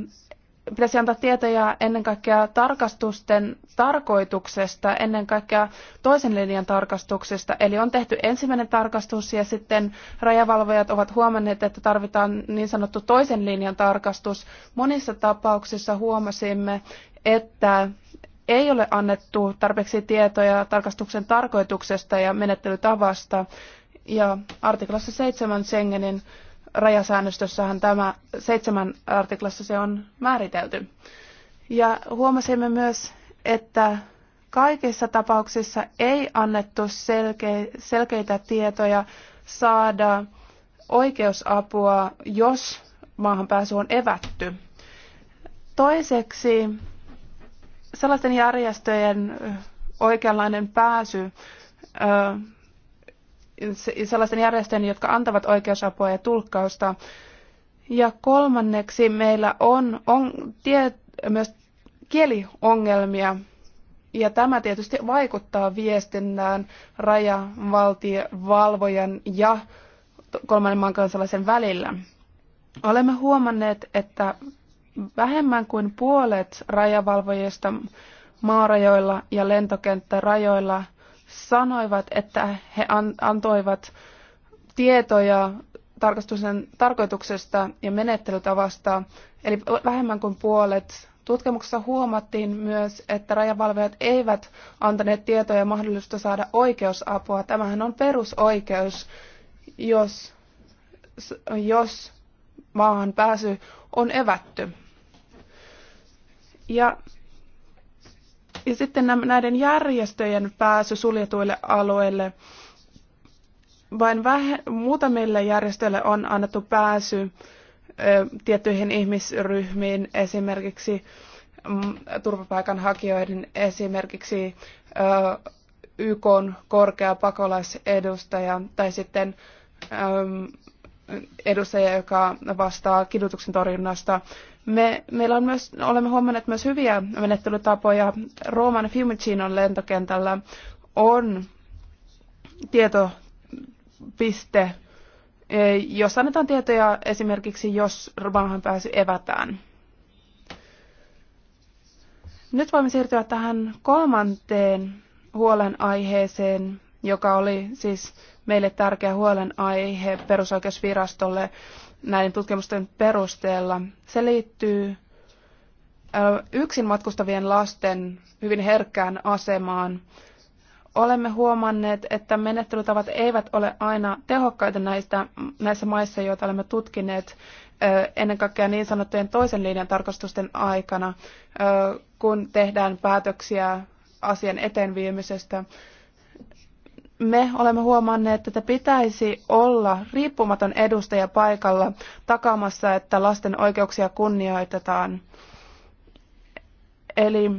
pitäisi antaa tietoja ennen kaikkea tarkastusten tarkoituksesta, ennen kaikkea toisen linjan tarkastuksesta. Eli on tehty ensimmäinen tarkastus ja sitten rajavalvojat ovat huomanneet, että tarvitaan niin sanottu toisen linjan tarkastus. Monissa tapauksissa huomasimme, että ei ole annettu tarpeeksi tietoja tarkastuksen tarkoituksesta ja menettelytavasta. Ja artiklassa 7 Schengenin rajasäännöstössähän tämä seitsemän artiklassa se on määritelty. Ja huomasimme myös, että kaikissa tapauksissa ei annettu selkeitä tietoja saada oikeusapua, jos maahanpääsy on evätty. Toiseksi sellaisten järjestöjen oikeanlainen pääsy sellaisten järjestöjen, jotka antavat oikeusapua ja tulkkausta. Ja kolmanneksi meillä on, on tie, myös kieliongelmia, ja tämä tietysti vaikuttaa viestinnään rajavalvojan ja kolmannen maan kansalaisen välillä. Olemme huomanneet, että vähemmän kuin puolet rajavalvojista maarajoilla ja lentokenttärajoilla – sanoivat, että he antoivat tietoja tarkastuksen tarkoituksesta ja menettelytavasta, eli vähemmän kuin puolet. Tutkimuksessa huomattiin myös, että rajavalvojat eivät antaneet tietoja mahdollisuutta saada oikeusapua. Tämähän on perusoikeus, jos, jos maahan pääsy on evätty. Ja ja sitten näiden järjestöjen pääsy suljetuille alueille. Vain vähe, muutamille järjestöille on annettu pääsy ö, tiettyihin ihmisryhmiin, esimerkiksi m, mm, turvapaikanhakijoiden, esimerkiksi ö, YK korkea pakolaisedustaja tai sitten ö, edustaja, joka vastaa kidutuksen torjunnasta me, meillä on myös, olemme huomanneet myös hyviä menettelytapoja. Rooman Fiumicinon lentokentällä on tietopiste, e, jos annetaan tietoja esimerkiksi, jos maahan pääsy evätään. Nyt voimme siirtyä tähän kolmanteen huolenaiheeseen, joka oli siis meille tärkeä huolenaihe perusoikeusvirastolle näiden tutkimusten perusteella. Se liittyy yksin matkustavien lasten hyvin herkkään asemaan. Olemme huomanneet, että menettelytavat eivät ole aina tehokkaita näistä, näissä maissa, joita olemme tutkineet ennen kaikkea niin sanottujen toisen linjan tarkastusten aikana, kun tehdään päätöksiä asian eteenviemisestä me olemme huomanneet, että pitäisi olla riippumaton edustaja paikalla takaamassa, että lasten oikeuksia kunnioitetaan. Eli,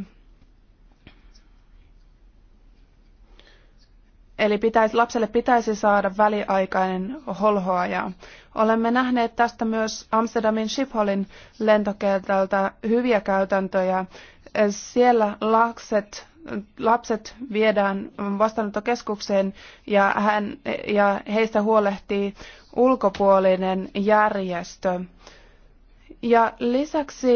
eli pitäisi, lapselle pitäisi saada väliaikainen holhoaja. Olemme nähneet tästä myös Amsterdamin Schipholin lentokentältä hyviä käytäntöjä. Siellä lapset lapset viedään vastaanottokeskukseen ja, hän, ja heistä huolehtii ulkopuolinen järjestö. Ja lisäksi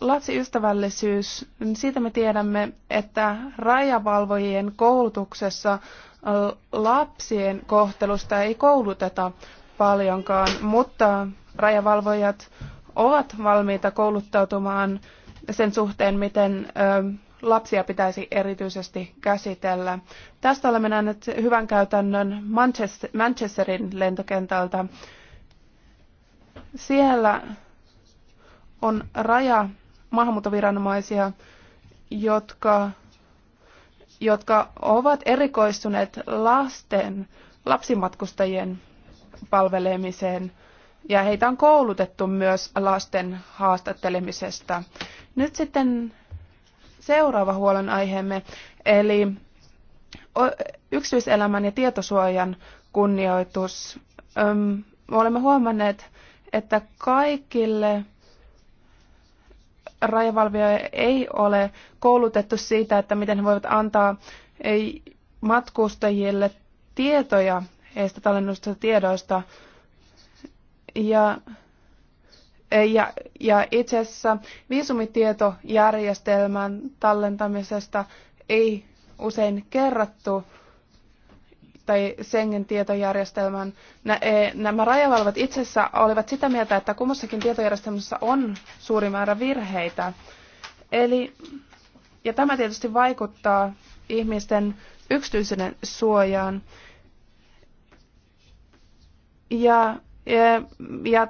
lapsiystävällisyys, siitä me tiedämme, että rajavalvojien koulutuksessa lapsien kohtelusta ei kouluteta paljonkaan, mutta rajavalvojat ovat valmiita kouluttautumaan sen suhteen, miten lapsia pitäisi erityisesti käsitellä. Tästä olemme nähneet hyvän käytännön Manchesterin lentokentältä. Siellä on raja maahanmuuttoviranomaisia, jotka, jotka ovat erikoistuneet lasten, lapsimatkustajien palvelemiseen ja heitä on koulutettu myös lasten haastattelemisesta. Nyt sitten seuraava huolenaiheemme, eli yksityiselämän ja tietosuojan kunnioitus. Öm, olemme huomanneet, että kaikille rajavalvioja ei ole koulutettu siitä, että miten he voivat antaa ei matkustajille tietoja heistä tallennusta tiedoista. Ja ja, ja itse asiassa viisumitietojärjestelmän tallentamisesta ei usein kerrottu tai Schengen tietojärjestelmän. E, nämä rajavalvot itsessä olivat sitä mieltä, että kummassakin tietojärjestelmässä on suuri määrä virheitä. Eli, ja tämä tietysti vaikuttaa ihmisten yksityisen suojaan. Ja ja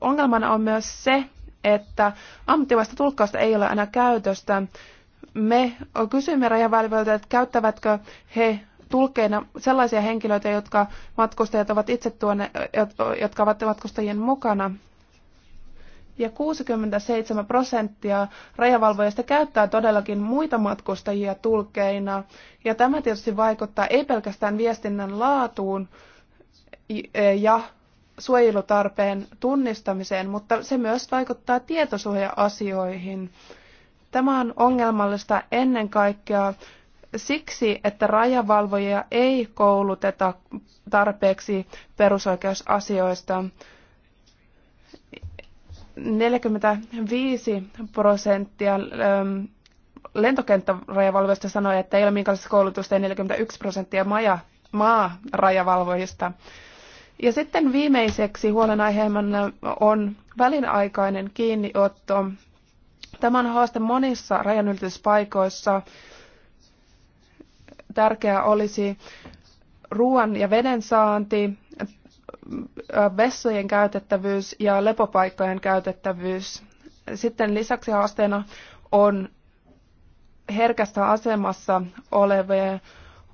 ongelmana on myös se, että ammattimaista tulkkausta ei ole aina käytöstä. Me kysymme rajavalvoilta, että käyttävätkö he tulkeina sellaisia henkilöitä, jotka matkustajat ovat itse tuonne, jotka ovat matkustajien mukana. Ja 67 prosenttia rajavalvojista käyttää todellakin muita matkustajia tulkeina. Ja tämä tietysti vaikuttaa ei pelkästään viestinnän laatuun ja suojelutarpeen tunnistamiseen, mutta se myös vaikuttaa tietosuoja-asioihin. Tämä on ongelmallista ennen kaikkea siksi, että rajavalvojia ei kouluteta tarpeeksi perusoikeusasioista. 45 prosenttia ähm, lentokenttärajavalvojista sanoi, että ei ole minkäänlaista koulutusta ja 41 prosenttia maja, maa rajavalvojista. Ja sitten viimeiseksi huolenaiheena on välinaikainen kiinniotto. Tämä on haaste monissa rajanylityspaikoissa. Tärkeää olisi ruoan ja veden saanti, vessojen käytettävyys ja lepopaikkojen käytettävyys. Sitten lisäksi haasteena on herkästä asemassa olevien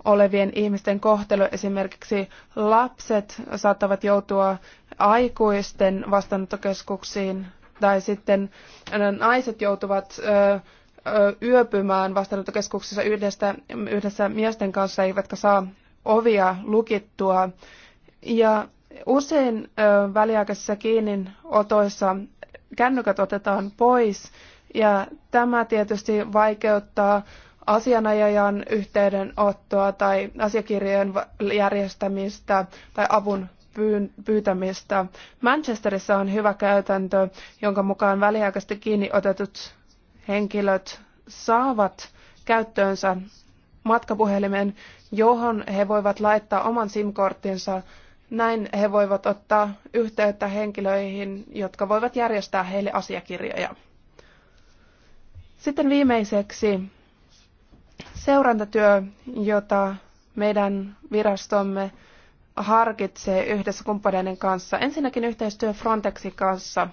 olevien ihmisten kohtelu. Esimerkiksi lapset saattavat joutua aikuisten vastaanottokeskuksiin tai sitten naiset joutuvat yöpymään vastaanottokeskuksissa yhdessä, yhdessä miesten kanssa, eivätkä saa ovia lukittua. Ja usein väliaikaisissa kiinniotoissa kännykät otetaan pois ja tämä tietysti vaikeuttaa asianajajan yhteydenottoa tai asiakirjojen järjestämistä tai avun pyytämistä. Manchesterissa on hyvä käytäntö, jonka mukaan väliaikaisesti kiinni otetut henkilöt saavat käyttöönsä matkapuhelimen, johon he voivat laittaa oman SIM-korttinsa. Näin he voivat ottaa yhteyttä henkilöihin, jotka voivat järjestää heille asiakirjoja. Sitten viimeiseksi seurantatyö, jota meidän virastomme harkitsee yhdessä kumppaneiden kanssa. Ensinnäkin yhteistyö Frontexin kanssa.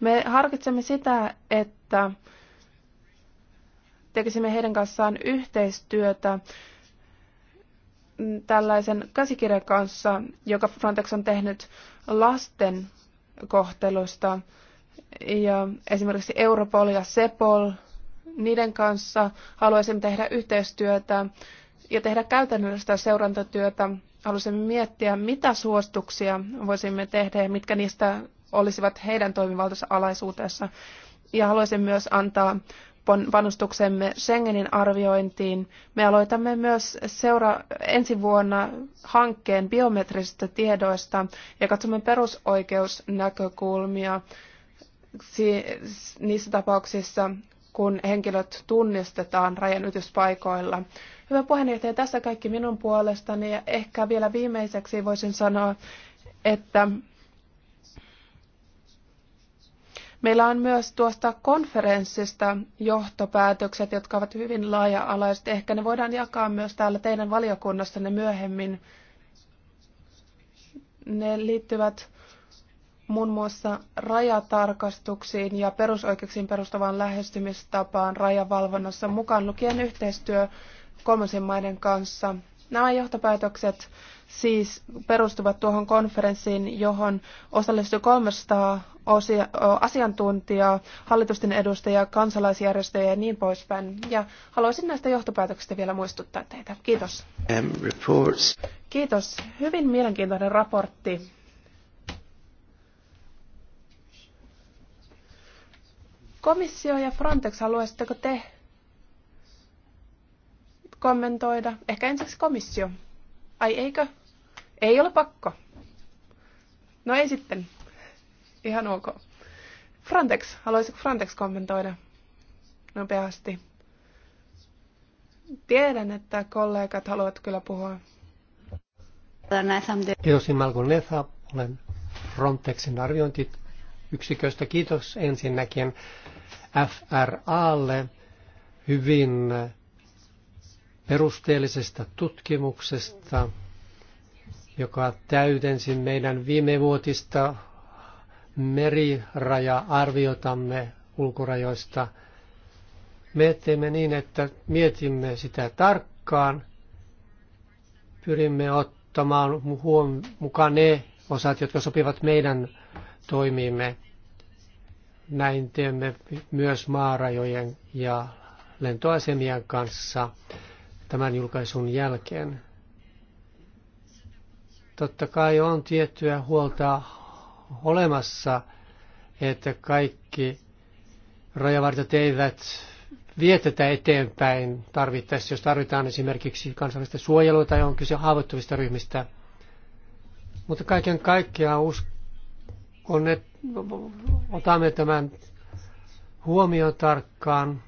Me harkitsemme sitä, että tekisimme heidän kanssaan yhteistyötä tällaisen käsikirjan kanssa, joka Frontex on tehnyt lasten kohtelusta. Ja esimerkiksi Europol ja Sepol niiden kanssa haluaisimme tehdä yhteistyötä ja tehdä käytännöllistä seurantatyötä. Haluaisimme miettiä, mitä suostuksia voisimme tehdä ja mitkä niistä olisivat heidän toimivaltansa alaisuudessa. Ja haluaisin myös antaa panostuksemme Schengenin arviointiin. Me aloitamme myös seura- ensi vuonna hankkeen biometrisistä tiedoista ja katsomme perusoikeusnäkökulmia niissä tapauksissa, kun henkilöt tunnistetaan rajan Hyvä puheenjohtaja, tässä kaikki minun puolestani ja ehkä vielä viimeiseksi voisin sanoa, että Meillä on myös tuosta konferenssista johtopäätökset, jotka ovat hyvin laaja-alaiset. Ehkä ne voidaan jakaa myös täällä teidän valiokunnassanne myöhemmin. Ne liittyvät muun muassa rajatarkastuksiin ja perusoikeuksiin perustuvaan lähestymistapaan rajavalvonnassa mukaan lukien yhteistyö kolmansien maiden kanssa. Nämä johtopäätökset siis perustuvat tuohon konferenssiin, johon osallistui 300 asiantuntijaa, hallitusten edustajia, kansalaisjärjestöjä ja niin poispäin. Ja haluaisin näistä johtopäätöksistä vielä muistuttaa teitä. Kiitos. Um, Kiitos. Hyvin mielenkiintoinen raportti. Komissio ja Frontex, haluaisitteko te kommentoida? Ehkä ensiksi komissio. Ai eikö? Ei ole pakko. No ei sitten. Ihan ok. Frontex, haluaisitko Frontex kommentoida nopeasti? Tiedän, että kollegat haluavat kyllä puhua.
Kiitos Malcolm Olen Frontexin arviointit yksiköstä. Kiitos ensinnäkin FRAlle hyvin perusteellisesta tutkimuksesta, joka täydensi meidän vuotista meriraja-arviotamme ulkorajoista. Me teemme niin, että mietimme sitä tarkkaan, pyrimme ottamaan mukaan ne osat, jotka sopivat meidän toimimme. Näin teemme myös maarajojen ja lentoasemien kanssa tämän julkaisun jälkeen. Totta kai on tiettyä huolta olemassa, että kaikki rajavartijat eivät vie tätä eteenpäin tarvittaessa, jos tarvitaan esimerkiksi kansallista suojelua tai on kyse haavoittuvista ryhmistä. Mutta kaiken kaikkiaan uskon, on, että otamme tämän huomioon tarkkaan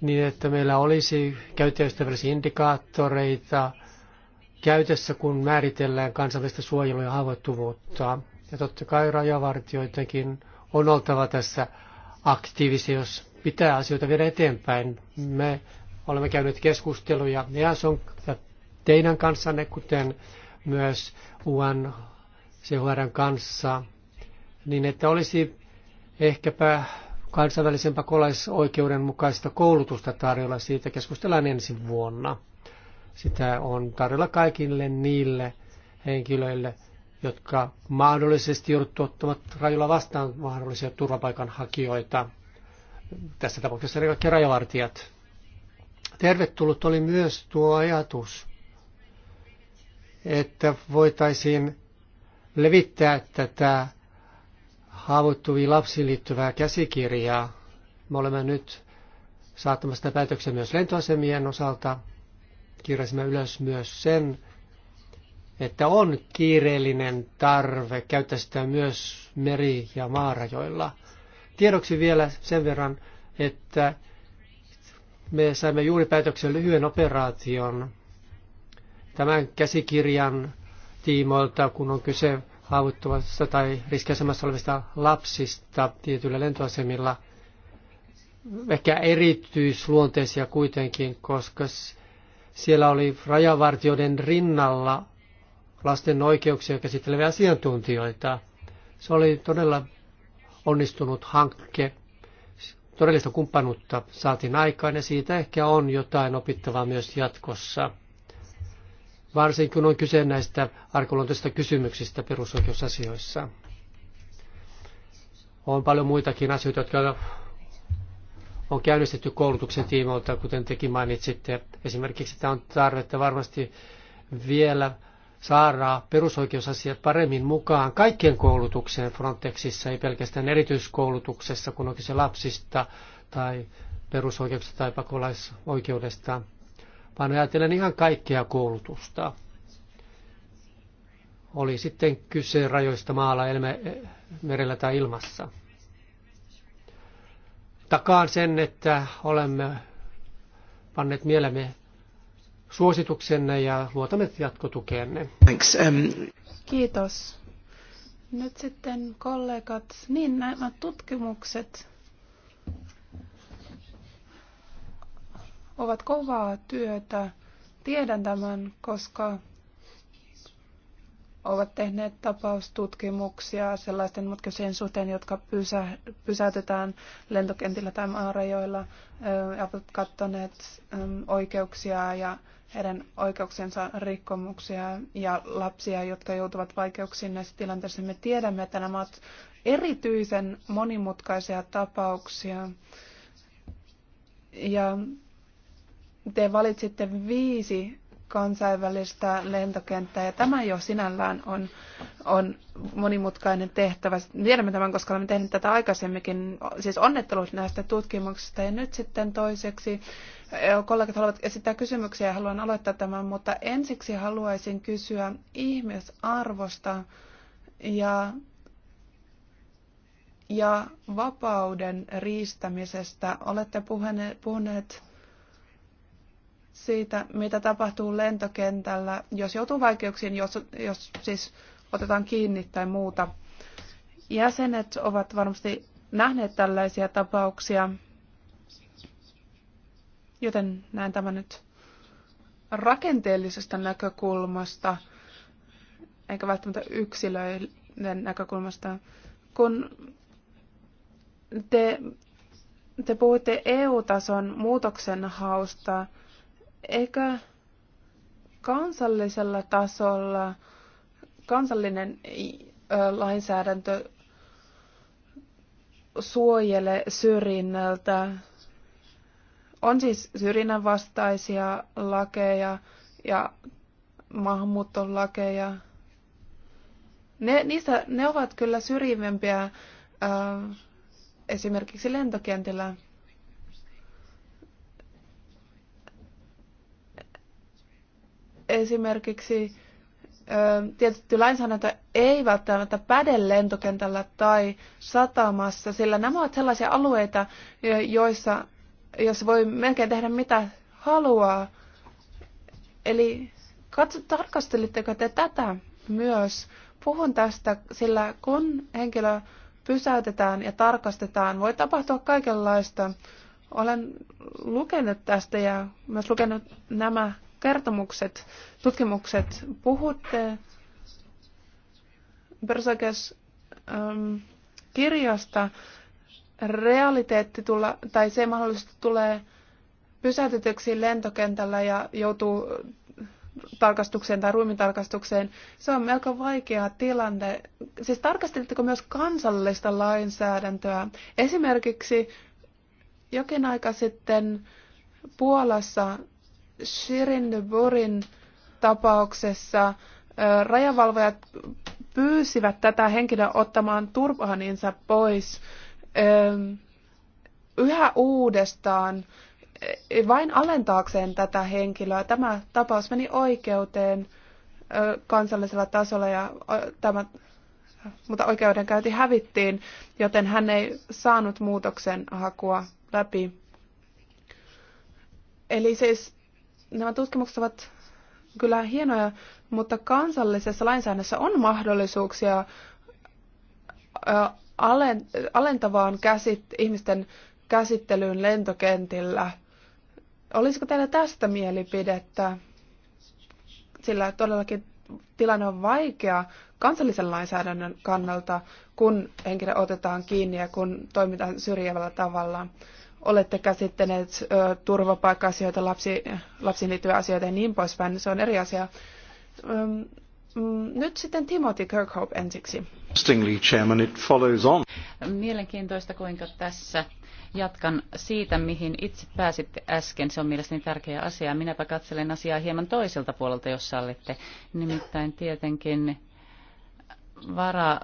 niin, että meillä olisi käyttäjäystävällisiä indikaattoreita käytössä, kun määritellään kansallista suojelua ja haavoittuvuutta. Ja totta kai rajavartioidenkin on oltava tässä aktiivisia, jos pitää asioita viedä eteenpäin. Me olemme käyneet keskusteluja EASON ja teidän kanssanne, kuten myös UN CHRn kanssa, niin että olisi ehkäpä kansainvälisen pakolaisoikeuden mukaista koulutusta tarjolla. Siitä keskustellaan ensi vuonna. Sitä on tarjolla kaikille niille henkilöille, jotka mahdollisesti joudut ottavat rajoilla vastaan mahdollisia turvapaikanhakijoita. Tässä tapauksessa eli kaikki rajavartijat. Tervetullut oli myös tuo ajatus, että voitaisiin levittää tätä haavoittuviin lapsiin liittyvää käsikirjaa. Me olemme nyt saattamassa sitä päätöksen myös lentoasemien osalta. Kirjasimme ylös myös sen, että on kiireellinen tarve käyttää sitä myös meri- ja maarajoilla. Tiedoksi vielä sen verran, että me saimme juuri päätöksen lyhyen operaation tämän käsikirjan tiimoilta, kun on kyse haavoittuvassa tai riskiasemassa olevista lapsista tietyillä lentoasemilla. Ehkä erityisluonteisia kuitenkin, koska siellä oli rajavartioiden rinnalla lasten oikeuksia käsitteleviä asiantuntijoita. Se oli todella onnistunut hankke. Todellista kumppanuutta saatiin aikaan ja siitä ehkä on jotain opittavaa myös jatkossa varsinkin kun on kyse näistä arkaluontoisista kysymyksistä perusoikeusasioissa. On paljon muitakin asioita, jotka on käynnistetty koulutuksen tiimoilta, kuten tekin mainitsitte. Esimerkiksi tämä on tarvetta varmasti vielä saada perusoikeusasiat paremmin mukaan kaikkien koulutukseen Frontexissa, ei pelkästään erityiskoulutuksessa, kun on kyse lapsista tai perusoikeuksista tai pakolaisoikeudesta vaan ajatellen ihan kaikkea koulutusta. Oli sitten kyse rajoista maalla, elme, merellä tai ilmassa. Takaan sen, että olemme panneet mielemme suosituksenne ja luotamme jatkotukeenne. Thanks, um...
Kiitos. Nyt sitten kollegat, niin nämä tutkimukset ovat kovaa työtä. Tiedän tämän, koska ovat tehneet tapaustutkimuksia sellaisten mutkien suhteen, jotka pysä, pysäytetään lentokentillä tai maarajoilla, ja ovat katsoneet oikeuksia ja heidän oikeuksensa rikkomuksia ja lapsia, jotka joutuvat vaikeuksiin näissä tilanteissa. Me tiedämme, että nämä ovat erityisen monimutkaisia tapauksia. Ja te valitsitte viisi kansainvälistä lentokenttää, ja tämä jo sinällään on, on monimutkainen tehtävä. Tiedämme tämän, koska olemme tehneet tätä aikaisemminkin, siis onnettelut näistä tutkimuksista, ja nyt sitten toiseksi eh, kollegat haluavat esittää kysymyksiä, ja haluan aloittaa tämän, mutta ensiksi haluaisin kysyä ihmisarvosta ja, ja vapauden riistämisestä. Olette puhuneet, puhuneet siitä, mitä tapahtuu lentokentällä, jos joutuu vaikeuksiin, jos, jos siis otetaan kiinni tai muuta. Jäsenet ovat varmasti nähneet tällaisia tapauksia, joten näen tämän nyt rakenteellisesta näkökulmasta, eikä välttämättä yksilöiden näkökulmasta. Kun te, te puhutte EU-tason muutoksen hausta, eikä kansallisella tasolla kansallinen lainsäädäntö suojele syrjinnältä. On siis syrjinnän vastaisia lakeja ja maahanmuuton lakeja. Ne, niissä, ne ovat kyllä syrjivämpiä äh, esimerkiksi lentokentillä. esimerkiksi tietty lainsäädäntö ei välttämättä päde lentokentällä tai satamassa, sillä nämä ovat sellaisia alueita, joissa, joissa voi melkein tehdä mitä haluaa. Eli katso, tarkastelitteko te tätä myös? Puhun tästä, sillä kun henkilö pysäytetään ja tarkastetaan, voi tapahtua kaikenlaista. Olen lukenut tästä ja myös lukenut nämä kertomukset, tutkimukset. Puhutte ähm, kirjasta Realiteetti tulla, tai se mahdollisesti tulee pysäytetyksi lentokentällä ja joutuu tarkastukseen tai ruumitarkastukseen. Se on melko vaikea tilanne. Siis tarkastelitteko myös kansallista lainsäädäntöä? Esimerkiksi jokin aika sitten Puolassa Shirin de Borin tapauksessa rajavalvojat pyysivät tätä henkilöä ottamaan turpahaninsa pois yhä uudestaan e, vain alentaakseen tätä henkilöä. Tämä tapaus meni oikeuteen kansallisella tasolla ja tämä, mutta oikeudenkäynti hävittiin, joten hän ei saanut muutoksen hakua läpi. Eli siis nämä tutkimukset ovat kyllä hienoja, mutta kansallisessa lainsäädännössä on mahdollisuuksia alentavaan käsit, ihmisten käsittelyyn lentokentillä. Olisiko teillä tästä mielipidettä? Sillä todellakin tilanne on vaikea kansallisen lainsäädännön kannalta, kun henkilö otetaan kiinni ja kun toimitaan syrjivällä tavalla olette käsittäneet turvapaikka-asioita, lapsi, lapsiin liittyviä asioita ja niin poispäin, niin se on eri asia. Mm,
nyt sitten Timothy Kirkhope ensiksi.
Chairman, it follows on.
Mielenkiintoista, kuinka tässä jatkan siitä, mihin itse pääsitte äsken. Se on mielestäni tärkeä asia. Minäpä katselen asiaa hieman toiselta puolelta, jos sallitte. Nimittäin tietenkin vara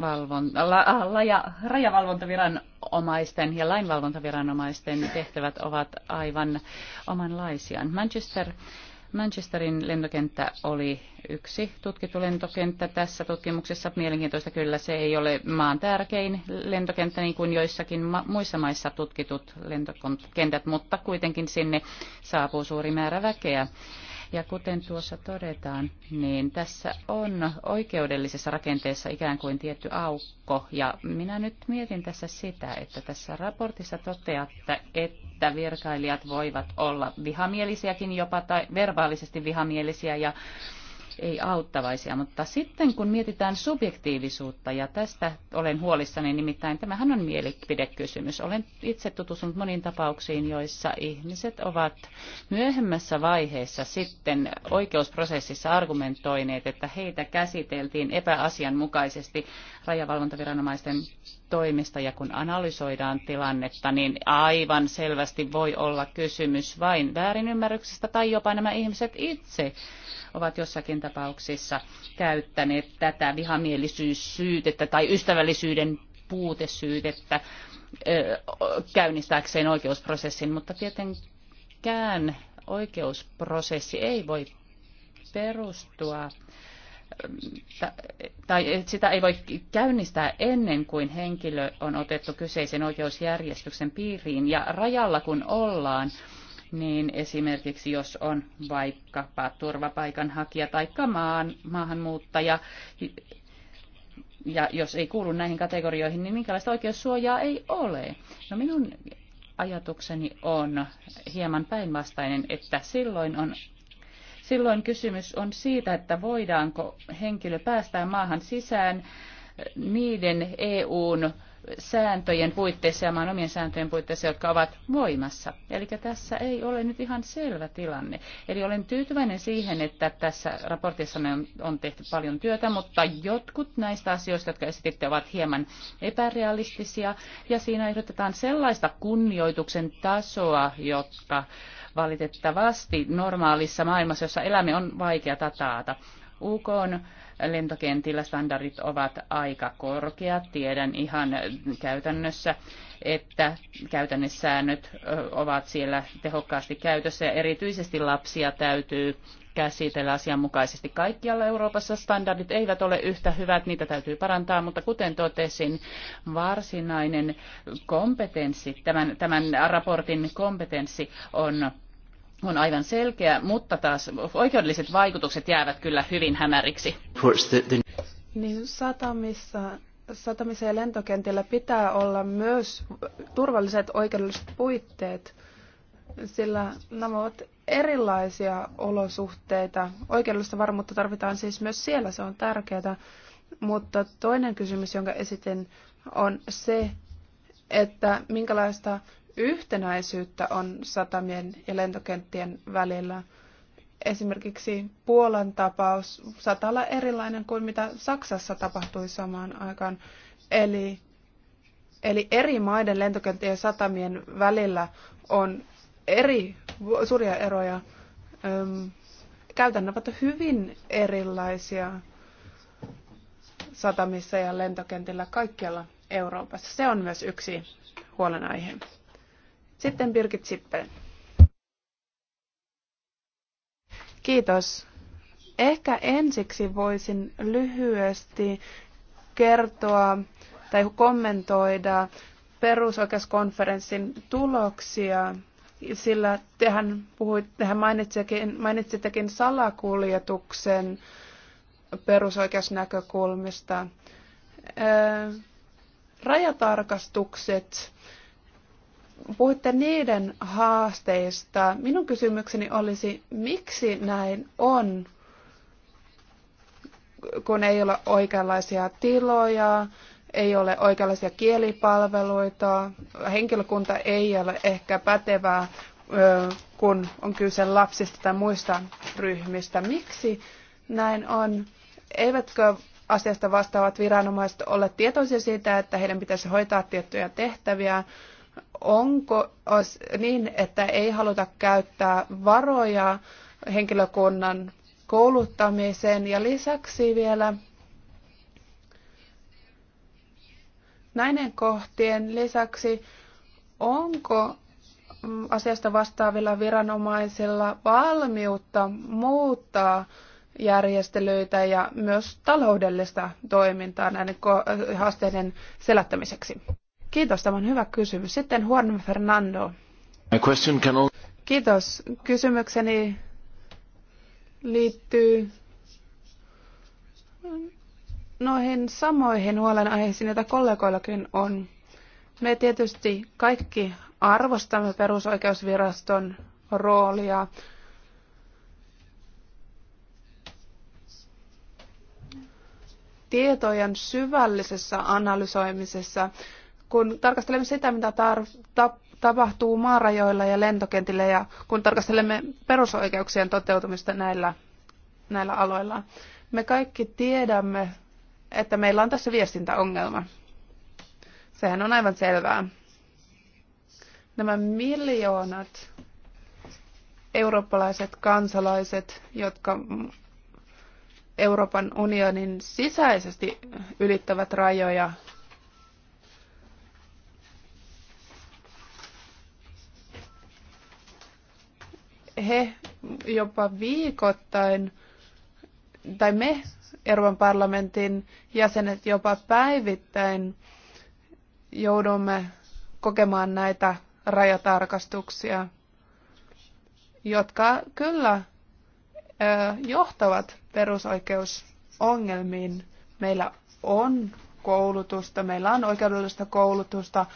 valvon, la, äh, la, ja, rajavalvontaviranomaisten ja lainvalvontaviranomaisten tehtävät ovat aivan omanlaisiaan. Manchester Manchesterin lentokenttä oli yksi tutkittu lentokenttä tässä tutkimuksessa. Mielenkiintoista kyllä se ei ole maan tärkein lentokenttä niin kuin joissakin ma- muissa maissa tutkitut lentokentät, mutta kuitenkin sinne saapuu suuri määrä väkeä. Ja kuten tuossa todetaan, niin tässä on oikeudellisessa rakenteessa ikään kuin tietty aukko. Ja minä nyt mietin tässä sitä, että tässä raportissa toteatte, että virkailijat voivat olla vihamielisiäkin jopa tai verbaalisesti vihamielisiä ja ei auttavaisia. Mutta sitten kun mietitään subjektiivisuutta, ja tästä olen huolissani, nimittäin tämähän on mielipidekysymys. Olen itse tutustunut moniin tapauksiin, joissa ihmiset ovat myöhemmässä vaiheessa sitten oikeusprosessissa argumentoineet, että heitä käsiteltiin epäasianmukaisesti rajavalvontaviranomaisten toimista ja kun analysoidaan tilannetta, niin aivan selvästi voi olla kysymys vain väärinymmärryksestä tai jopa nämä ihmiset itse ovat jossakin tapauksissa käyttäneet tätä vihamielisyyssyytettä tai ystävällisyyden puutesyytettä käynnistääkseen oikeusprosessin, mutta tietenkään oikeusprosessi ei voi perustua tai sitä ei voi käynnistää ennen kuin henkilö on otettu kyseisen oikeusjärjestyksen piiriin. Ja rajalla kun ollaan, niin esimerkiksi jos on vaikkapa turvapaikanhakija tai maan, maahanmuuttaja, ja jos ei kuulu näihin kategorioihin, niin minkälaista oikeussuojaa ei ole. No minun ajatukseni on hieman päinvastainen, että silloin on Silloin kysymys on siitä, että voidaanko henkilö päästää maahan sisään niiden EUn sääntöjen puitteissa ja maan omien sääntöjen puitteissa, jotka ovat voimassa. Eli tässä ei ole nyt ihan selvä tilanne. Eli olen tyytyväinen siihen, että tässä raportissa on, on tehty paljon työtä, mutta jotkut näistä asioista, jotka esititte, ovat hieman epärealistisia. Ja siinä ehdotetaan sellaista kunnioituksen tasoa, jotka Valitettavasti normaalissa maailmassa, jossa elämme, on vaikea taata. UK lentokentillä standardit ovat aika korkeat. Tiedän ihan käytännössä, että käytännössäännöt ovat siellä tehokkaasti käytössä ja erityisesti lapsia täytyy käsitellä asianmukaisesti. Kaikkialla Euroopassa standardit eivät ole yhtä hyvät, niitä täytyy parantaa, mutta kuten totesin, varsinainen kompetenssi, tämän, tämän raportin kompetenssi on on aivan selkeä, mutta taas oikeudelliset vaikutukset jäävät kyllä hyvin hämäriksi.
Niin satamissa, satamissa ja lentokentillä pitää olla myös turvalliset oikeudelliset puitteet, sillä nämä ovat erilaisia olosuhteita. Oikeudellista varmuutta tarvitaan siis myös siellä, se on tärkeää. Mutta toinen kysymys, jonka esitin, on se, että minkälaista yhtenäisyyttä on satamien ja lentokenttien välillä. Esimerkiksi Puolan tapaus saattaa olla erilainen kuin mitä Saksassa tapahtui samaan aikaan. Eli, eli eri maiden lentokenttien ja satamien välillä on eri suuria eroja. Öm, käytännöt ovat hyvin erilaisia satamissa ja lentokentillä kaikkialla Euroopassa. Se on myös yksi huolenaihe. Sitten Birgit Sippelen. Kiitos. Ehkä ensiksi voisin lyhyesti kertoa tai kommentoida perusoikeuskonferenssin tuloksia, sillä tehän, puhuit, tehän mainitsittekin, mainitsittekin salakuljetuksen perusoikeusnäkökulmista. Rajatarkastukset puhuitte niiden haasteista. Minun kysymykseni olisi, miksi näin on, kun ei ole oikeanlaisia tiloja, ei ole oikeanlaisia kielipalveluita, henkilökunta ei ole ehkä pätevää, kun on kyse lapsista tai muista ryhmistä. Miksi näin on? Eivätkö asiasta vastaavat viranomaiset ole tietoisia siitä, että heidän pitäisi hoitaa tiettyjä tehtäviä? onko niin, että ei haluta käyttää varoja henkilökunnan kouluttamiseen ja lisäksi vielä näiden kohtien lisäksi, onko mm, asiasta vastaavilla viranomaisilla valmiutta muuttaa järjestelyitä ja myös taloudellista toimintaa näiden haasteiden selättämiseksi? Kiitos, tämä on hyvä kysymys. Sitten Juan Fernando. Kiitos. Kysymykseni liittyy noihin samoihin huolenaiheisiin, joita kollegoillakin on. Me tietysti kaikki arvostamme perusoikeusviraston roolia. tietojen syvällisessä analysoimisessa kun tarkastelemme sitä, mitä tar- ta- tapahtuu maarajoilla ja lentokentillä ja kun tarkastelemme perusoikeuksien toteutumista näillä, näillä aloilla, me kaikki tiedämme, että meillä on tässä viestintäongelma. Sehän on aivan selvää. Nämä miljoonat eurooppalaiset kansalaiset, jotka Euroopan unionin sisäisesti ylittävät rajoja, he jopa viikoittain, tai me Euroopan parlamentin jäsenet jopa päivittäin joudumme kokemaan näitä rajatarkastuksia, jotka kyllä johtavat perusoikeusongelmiin. Meillä on koulutusta, meillä on oikeudellista koulutusta,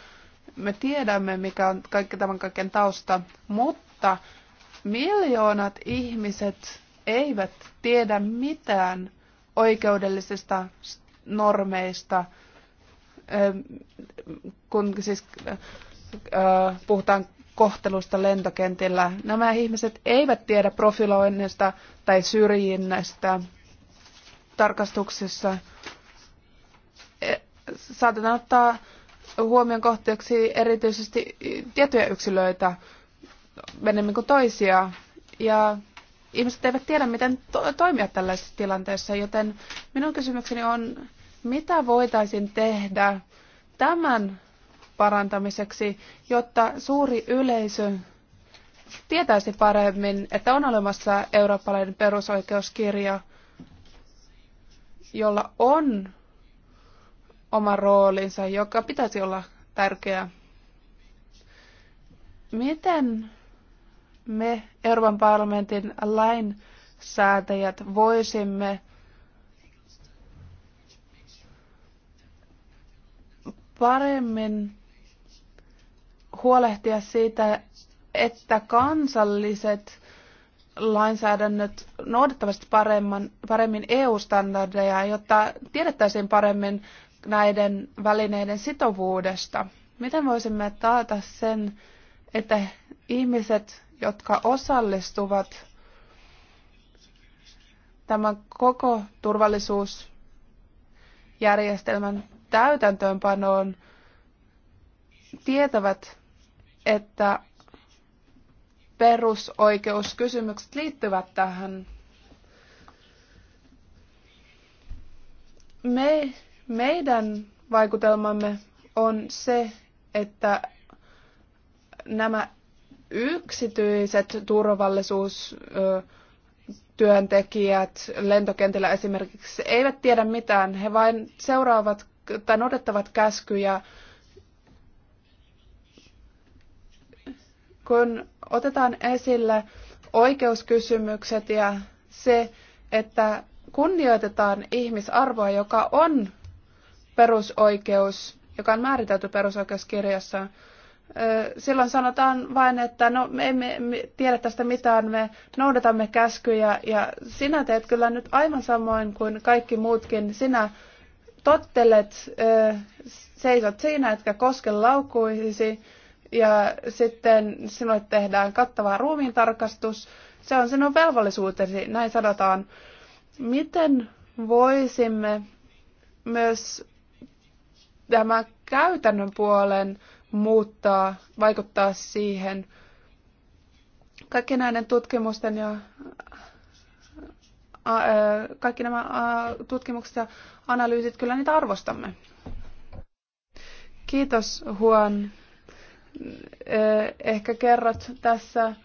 me tiedämme, mikä on kaikki tämän kaiken tausta, mutta Miljoonat ihmiset eivät tiedä mitään oikeudellisista normeista, ähm, kun siis äh, puhutaan kohtelusta lentokentillä. Nämä ihmiset eivät tiedä profiloinnista tai syrjinnästä tarkastuksessa. E, saatetaan ottaa huomion kohteeksi erityisesti tiettyjä yksilöitä, enemmän kuin toisia. Ja ihmiset eivät tiedä, miten to- toimia tällaisessa tilanteessa, joten minun kysymykseni on, mitä voitaisiin tehdä tämän parantamiseksi, jotta suuri yleisö tietäisi paremmin, että on olemassa eurooppalainen perusoikeuskirja, jolla on oma roolinsa, joka pitäisi olla tärkeä. Miten me Euroopan parlamentin lainsäätäjät voisimme paremmin huolehtia siitä, että kansalliset lainsäädännöt noudattavat paremmin, paremmin EU-standardeja, jotta tiedettäisiin paremmin näiden välineiden sitovuudesta. Miten voisimme taata sen, että ihmiset jotka osallistuvat tämän koko turvallisuusjärjestelmän täytäntöönpanoon, tietävät, että perusoikeuskysymykset liittyvät tähän. Me, meidän vaikutelmamme on se, että nämä yksityiset turvallisuustyöntekijät lentokentillä esimerkiksi eivät tiedä mitään. He vain seuraavat tai noudattavat käskyjä. Kun otetaan esille oikeuskysymykset ja se, että kunnioitetaan ihmisarvoa, joka on perusoikeus, joka on määritelty perusoikeuskirjassa, silloin sanotaan vain, että no me emme tiedä tästä mitään, me noudatamme käskyjä ja sinä teet kyllä nyt aivan samoin kuin kaikki muutkin. Sinä tottelet, seisot siinä, etkä koske laukkuisi ja sitten sinulle tehdään kattava ruumiintarkastus. Se on sinun velvollisuutesi, näin sanotaan. Miten voisimme myös tämä käytännön puolen muuttaa, vaikuttaa siihen. Kaikki näiden tutkimusten ja kaikki nämä tutkimukset ja analyysit, kyllä niitä arvostamme. Kiitos Huan. Ehkä kerrot tässä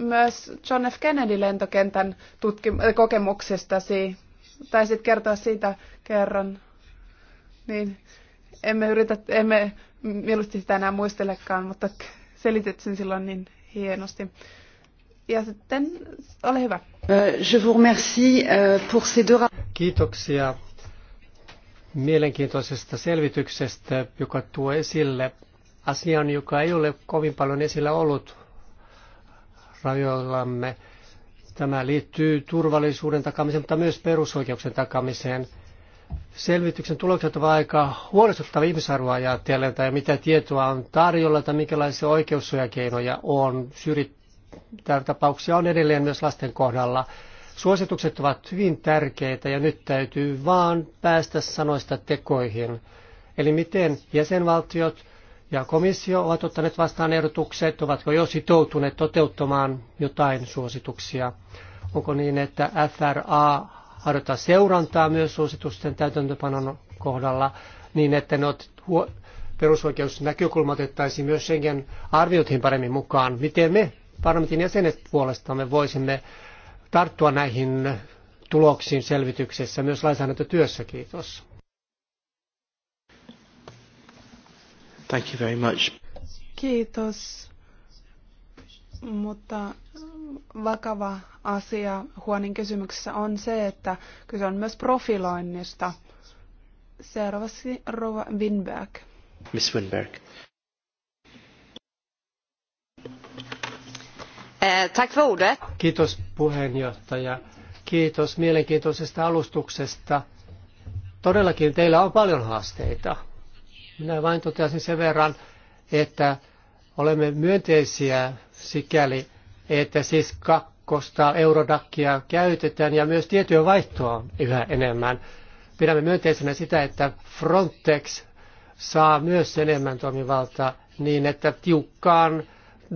myös John F. Kennedy-lentokentän tutkim- kokemuksestasi. Taisit kertoa siitä kerran. Niin emme yritä, emme mieluusti sitä enää muistelekaan, mutta selitit sen silloin niin hienosti. Ja sitten, ole
hyvä. Euh, je vous remercie euh, pour ces deux... Kiitoksia mielenkiintoisesta selvityksestä, joka tuo esille asian, joka ei ole kovin paljon esillä ollut rajoillamme. Tämä liittyy turvallisuuden takaamiseen, mutta myös perusoikeuksien takaamiseen – selvityksen tulokset ovat aika huolestuttavia ihmisarvoa ajatellen ja mitä tietoa on tarjolla tai minkälaisia oikeussuojakeinoja on. tapauksia on edelleen myös lasten kohdalla. Suositukset ovat hyvin tärkeitä ja nyt täytyy vaan päästä sanoista tekoihin. Eli miten jäsenvaltiot ja komissio ovat ottaneet vastaan ehdotukset, ovatko jo sitoutuneet toteuttamaan jotain suosituksia. Onko niin, että FRA harjoittaa seurantaa myös suositusten täytäntöpanon kohdalla niin, että ne perusoikeusnäkökulmat otettaisiin myös Schengen arvioitiin paremmin mukaan. Miten me parlamentin jäsenet puolestamme voisimme tarttua näihin tuloksiin selvityksessä myös lainsäädäntötyössä? Kiitos. Thank you very
much.
Kiitos. Mutta vakava asia Huonin kysymyksessä on se, että kyse on myös profiloinnista. Seuraavaksi Rova Winberg.
Miss Winberg.
Eh, Kiitos puheenjohtaja. Kiitos mielenkiintoisesta alustuksesta. Todellakin teillä on paljon haasteita. Minä vain toteasin sen verran, että olemme myönteisiä sikäli, että siis kakkosta eurodakkia käytetään ja myös tietojen vaihtoa yhä enemmän. Pidämme myönteisenä sitä, että Frontex saa myös enemmän toimivaltaa niin, että tiukkaan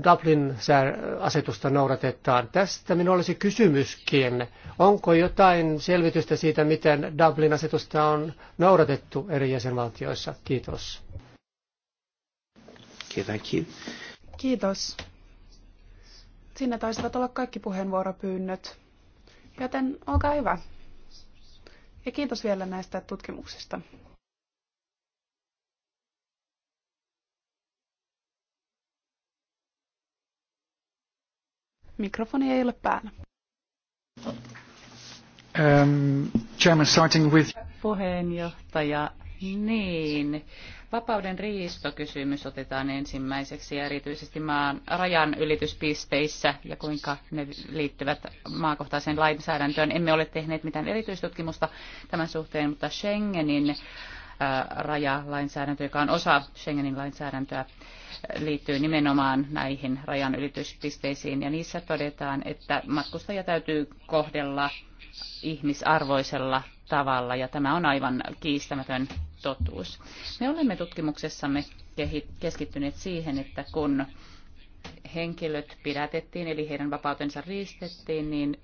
Dublin-asetusta noudatetaan. Tästä minulla olisi kysymyskin. Onko jotain selvitystä siitä, miten Dublin-asetusta on noudatettu eri jäsenvaltioissa? Kiitos.
thank you.
Kiitos. Siinä taisivat olla kaikki puheenvuoropyynnöt. Joten olkaa hyvä. Ja kiitos vielä näistä tutkimuksista.
Mikrofoni ei ole päällä. Um,
chairman, starting with...
Puheenjohtaja, niin. Vapauden riistokysymys otetaan ensimmäiseksi erityisesti maan rajan ylityspisteissä ja kuinka ne liittyvät maakohtaiseen lainsäädäntöön. Emme ole tehneet mitään erityistutkimusta tämän suhteen, mutta Schengenin äh, rajalainsäädäntö, joka on osa Schengenin lainsäädäntöä, liittyy nimenomaan näihin rajan ylityspisteisiin. Ja niissä todetaan, että matkustaja täytyy kohdella ihmisarvoisella tavalla, ja tämä on aivan kiistämätön totuus. Me olemme tutkimuksessamme keskittyneet siihen, että kun henkilöt pidätettiin, eli heidän vapautensa riistettiin, niin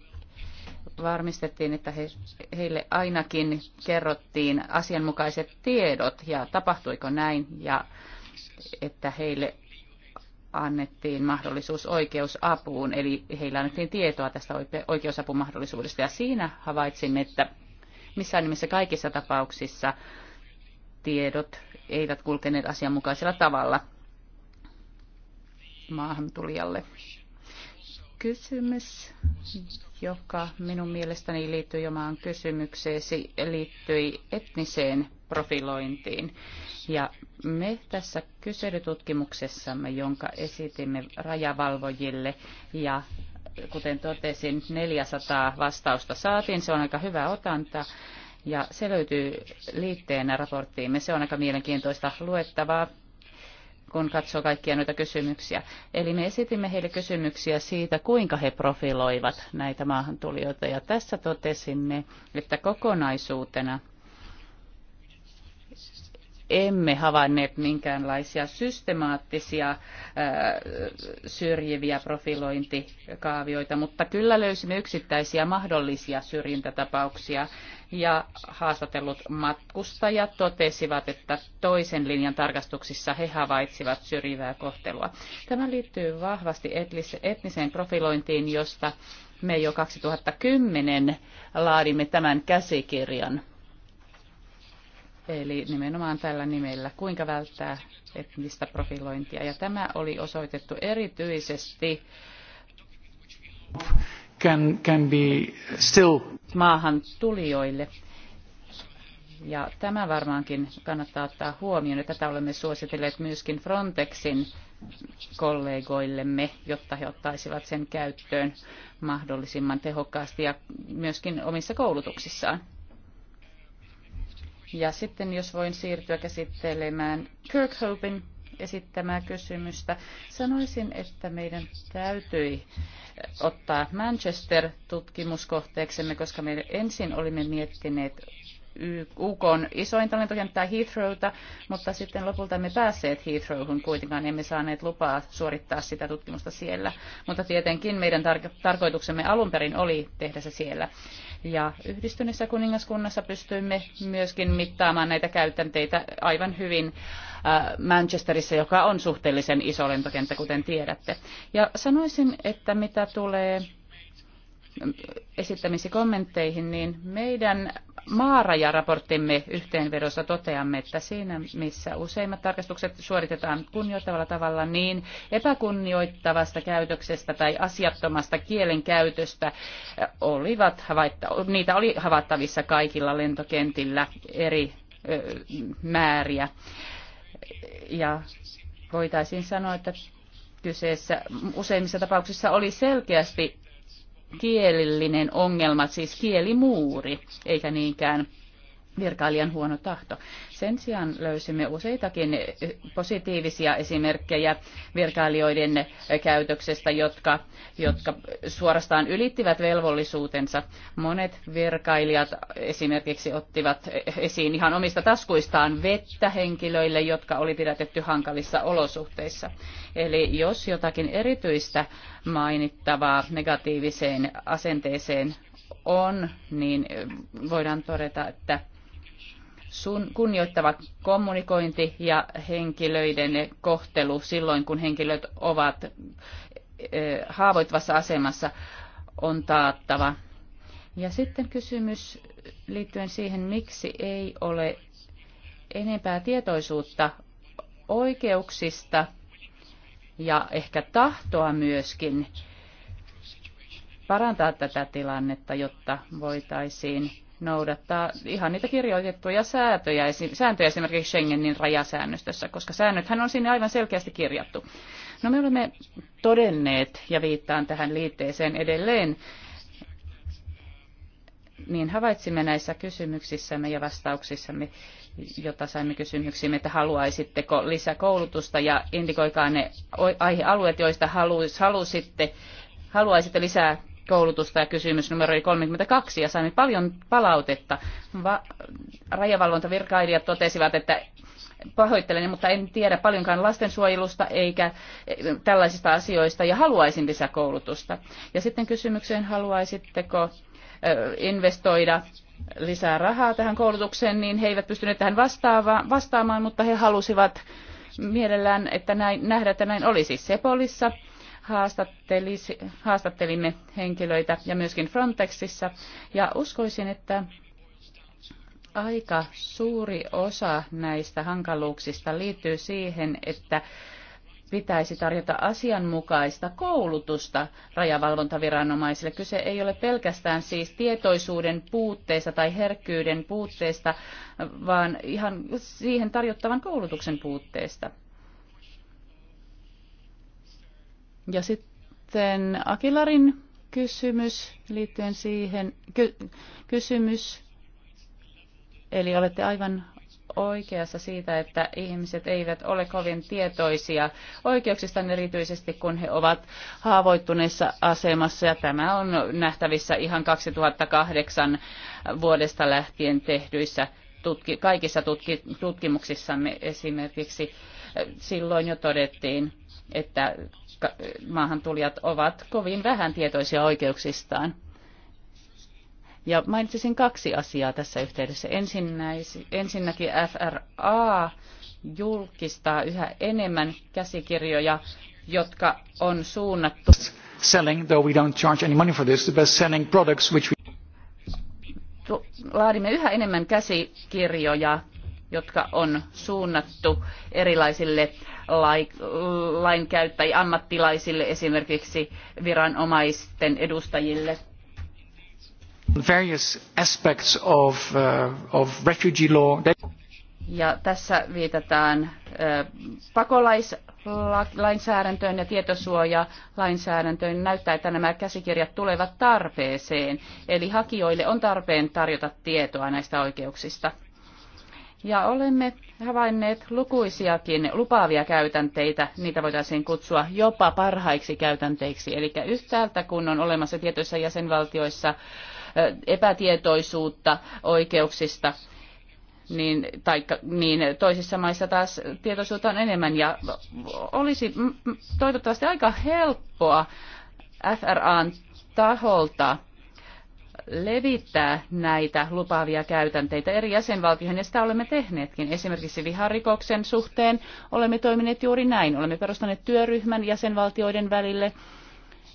varmistettiin, että he, heille ainakin kerrottiin asianmukaiset tiedot ja tapahtuiko näin ja että heille annettiin mahdollisuus oikeusapuun, eli heillä annettiin tietoa tästä oikeusapumahdollisuudesta. Ja siinä havaitsimme, että Missään nimessä kaikissa tapauksissa tiedot eivät kulkeneet asianmukaisella tavalla maahantulijalle. Kysymys, joka minun mielestäni liittyy omaan kysymykseesi, liittyi etniseen profilointiin. Ja me tässä kyselytutkimuksessamme, jonka esitimme rajavalvojille ja kuten totesin, 400 vastausta saatiin. Se on aika hyvä otanta. Ja se löytyy liitteenä raporttiimme. Se on aika mielenkiintoista luettavaa kun katsoo kaikkia noita kysymyksiä. Eli me esitimme heille kysymyksiä siitä, kuinka he profiloivat näitä maahantulijoita. Ja tässä totesimme, että kokonaisuutena emme havainneet minkäänlaisia systemaattisia syrjiviä profilointikaavioita, mutta kyllä löysimme yksittäisiä mahdollisia syrjintätapauksia ja haastatellut matkustajat totesivat, että toisen linjan tarkastuksissa he havaitsivat syrjivää kohtelua. Tämä liittyy vahvasti etniseen profilointiin, josta me jo 2010 laadimme tämän käsikirjan eli nimenomaan tällä nimellä, kuinka välttää etnistä profilointia. Ja tämä oli osoitettu erityisesti can, can be still. maahan tulijoille. Ja tämä varmaankin kannattaa ottaa huomioon, että tätä olemme suositelleet myöskin Frontexin kollegoillemme, jotta he ottaisivat sen käyttöön mahdollisimman tehokkaasti ja myöskin omissa koulutuksissaan. Ja sitten jos voin siirtyä käsittelemään Kirkhopin esittämää kysymystä, sanoisin, että meidän täytyi ottaa Manchester tutkimuskohteeksemme, koska me ensin olimme miettineet UK on isoin lentokenttää Heathrowta, mutta sitten lopulta emme päässeet Heathrowhun kuitenkaan, emme saaneet lupaa suorittaa sitä tutkimusta siellä. Mutta tietenkin meidän tar- tarkoituksemme alun perin oli tehdä se siellä. Ja yhdistyneessä kuningaskunnassa pystyimme myöskin mittaamaan näitä käytänteitä aivan hyvin äh, Manchesterissa, joka on suhteellisen iso lentokenttä, kuten tiedätte. Ja sanoisin, että mitä tulee esittämisi kommentteihin, niin meidän maarajaraporttimme yhteenvedossa toteamme, että siinä missä useimmat tarkastukset suoritetaan kunnioittavalla tavalla, niin epäkunnioittavasta käytöksestä tai asiattomasta kielenkäytöstä eh, olivat havaitta, niitä oli havaittavissa kaikilla lentokentillä eri ö, määriä. Ja voitaisiin sanoa, että kyseessä useimmissa tapauksissa oli selkeästi kielillinen ongelma, siis kielimuuri, eikä niinkään virkailijan huono tahto. Sen sijaan löysimme useitakin positiivisia esimerkkejä virkailijoiden käytöksestä, jotka, jotka suorastaan ylittivät velvollisuutensa. Monet virkailijat esimerkiksi ottivat esiin ihan omista taskuistaan vettä henkilöille, jotka oli pidätetty hankalissa olosuhteissa. Eli jos jotakin erityistä mainittavaa negatiiviseen asenteeseen on, niin voidaan todeta, että sun kunnioittava kommunikointi ja henkilöiden kohtelu silloin, kun henkilöt ovat haavoittuvassa asemassa, on taattava. Ja sitten kysymys liittyen siihen, miksi ei ole enempää tietoisuutta oikeuksista ja ehkä tahtoa myöskin parantaa tätä tilannetta, jotta voitaisiin noudattaa ihan niitä kirjoitettuja sääntöjä, sääntöjä esimerkiksi Schengenin rajasäännöstössä, koska säännöthän on sinne aivan selkeästi kirjattu. No me olemme todenneet, ja viittaan tähän liitteeseen edelleen, niin havaitsimme näissä kysymyksissämme ja vastauksissamme, jota saimme kysymyksiin, että haluaisitteko lisäkoulutusta ja indikoikaa ne aihealueet, joista haluaisitte lisää koulutusta ja kysymys numero oli 32 ja saimme paljon palautetta. Va- rajavalvontavirkailijat totesivat, että pahoittelen, mutta en tiedä paljonkaan lastensuojelusta eikä eh, tällaisista asioista ja haluaisin lisäkoulutusta. Ja sitten kysymykseen, haluaisitteko eh, investoida lisää rahaa tähän koulutukseen, niin he eivät pystyneet tähän vastaamaan, mutta he halusivat mielellään, että näin, nähdä, että näin olisi Sepolissa haastattelimme henkilöitä ja myöskin Frontexissa. Ja uskoisin, että aika suuri osa näistä hankaluuksista liittyy siihen, että pitäisi tarjota asianmukaista koulutusta rajavalvontaviranomaisille. Kyse ei ole pelkästään siis tietoisuuden puutteesta tai herkkyyden puutteesta, vaan ihan siihen tarjottavan koulutuksen puutteesta. Ja sitten Akilarin kysymys liittyen siihen, ky, kysymys, eli olette aivan oikeassa siitä, että ihmiset eivät ole kovin tietoisia oikeuksistaan erityisesti, kun he ovat haavoittuneessa asemassa. Ja tämä on nähtävissä ihan 2008 vuodesta lähtien tehdyissä tutki, kaikissa tutki, tutkimuksissamme esimerkiksi. Silloin jo todettiin, että maahantulijat ovat kovin vähän tietoisia oikeuksistaan. Ja mainitsisin kaksi asiaa tässä yhteydessä. Ensinnäkin FRA julkistaa yhä enemmän käsikirjoja, jotka on suunnattu
selling, though we don't charge any money for this, the best selling products which we
laadimme yhä enemmän käsikirjoja, jotka on suunnattu erilaisille lainkäyttäjille, ammattilaisille, esimerkiksi viranomaisten edustajille.
Various aspects of, uh, of refugee law.
Ja tässä viitataan uh, pakolaislainsäädäntöön ja tietosuojalainsäädäntöön. Näyttää, että nämä käsikirjat tulevat tarpeeseen, eli hakijoille on tarpeen tarjota tietoa näistä oikeuksista. Ja olemme havainneet lukuisiakin lupaavia käytänteitä, niitä voitaisiin kutsua jopa parhaiksi käytänteiksi. Eli yhtäältä kun on olemassa tietyissä jäsenvaltioissa epätietoisuutta oikeuksista, niin, tai, niin toisissa maissa taas tietoisuutta on enemmän ja olisi toivottavasti aika helppoa FRAn taholta levittää näitä lupaavia käytänteitä eri jäsenvaltioihin, ja sitä olemme tehneetkin. Esimerkiksi viharikoksen suhteen olemme toimineet juuri näin. Olemme perustaneet työryhmän jäsenvaltioiden välille,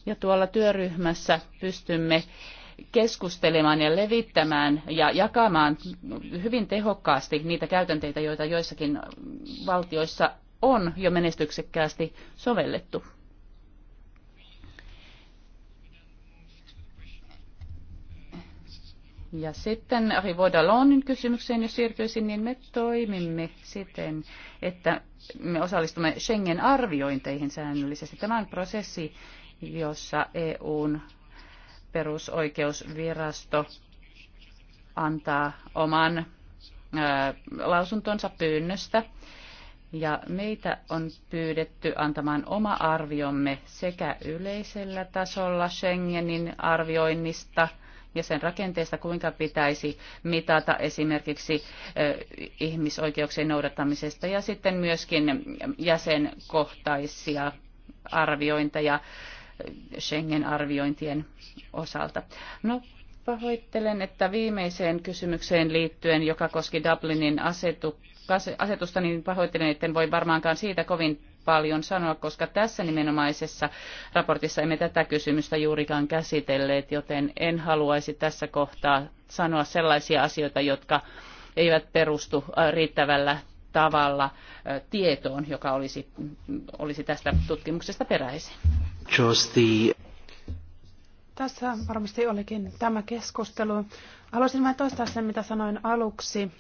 ja tuolla työryhmässä pystymme keskustelemaan ja levittämään ja jakamaan hyvin tehokkaasti niitä käytänteitä, joita joissakin valtioissa on jo menestyksekkäästi sovellettu. Ja sitten Rivodalonin kysymykseen, jos siirtyisin, niin me toimimme siten, että me osallistumme Schengen-arviointeihin säännöllisesti. Tämä on prosessi, jossa EUn perusoikeusvirasto antaa oman ää, lausuntonsa pyynnöstä. Ja meitä on pyydetty antamaan oma arviomme sekä yleisellä tasolla Schengenin arvioinnista – ja sen rakenteesta, kuinka pitäisi mitata esimerkiksi ihmisoikeuksien noudattamisesta ja sitten myöskin jäsenkohtaisia arviointeja Schengen-arviointien osalta. No, pahoittelen, että viimeiseen kysymykseen liittyen, joka koski Dublinin asetu, asetusta, niin pahoittelen, että en voi varmaankaan siitä kovin paljon sanoa, koska tässä nimenomaisessa raportissa emme tätä kysymystä juurikaan käsitelleet, joten en haluaisi tässä kohtaa sanoa sellaisia asioita, jotka eivät perustu äh, riittävällä tavalla äh, tietoon, joka olisi, olisi tästä tutkimuksesta peräisin.
Tässä varmasti olikin tämä keskustelu. Haluaisin vain toistaa sen, mitä sanoin aluksi.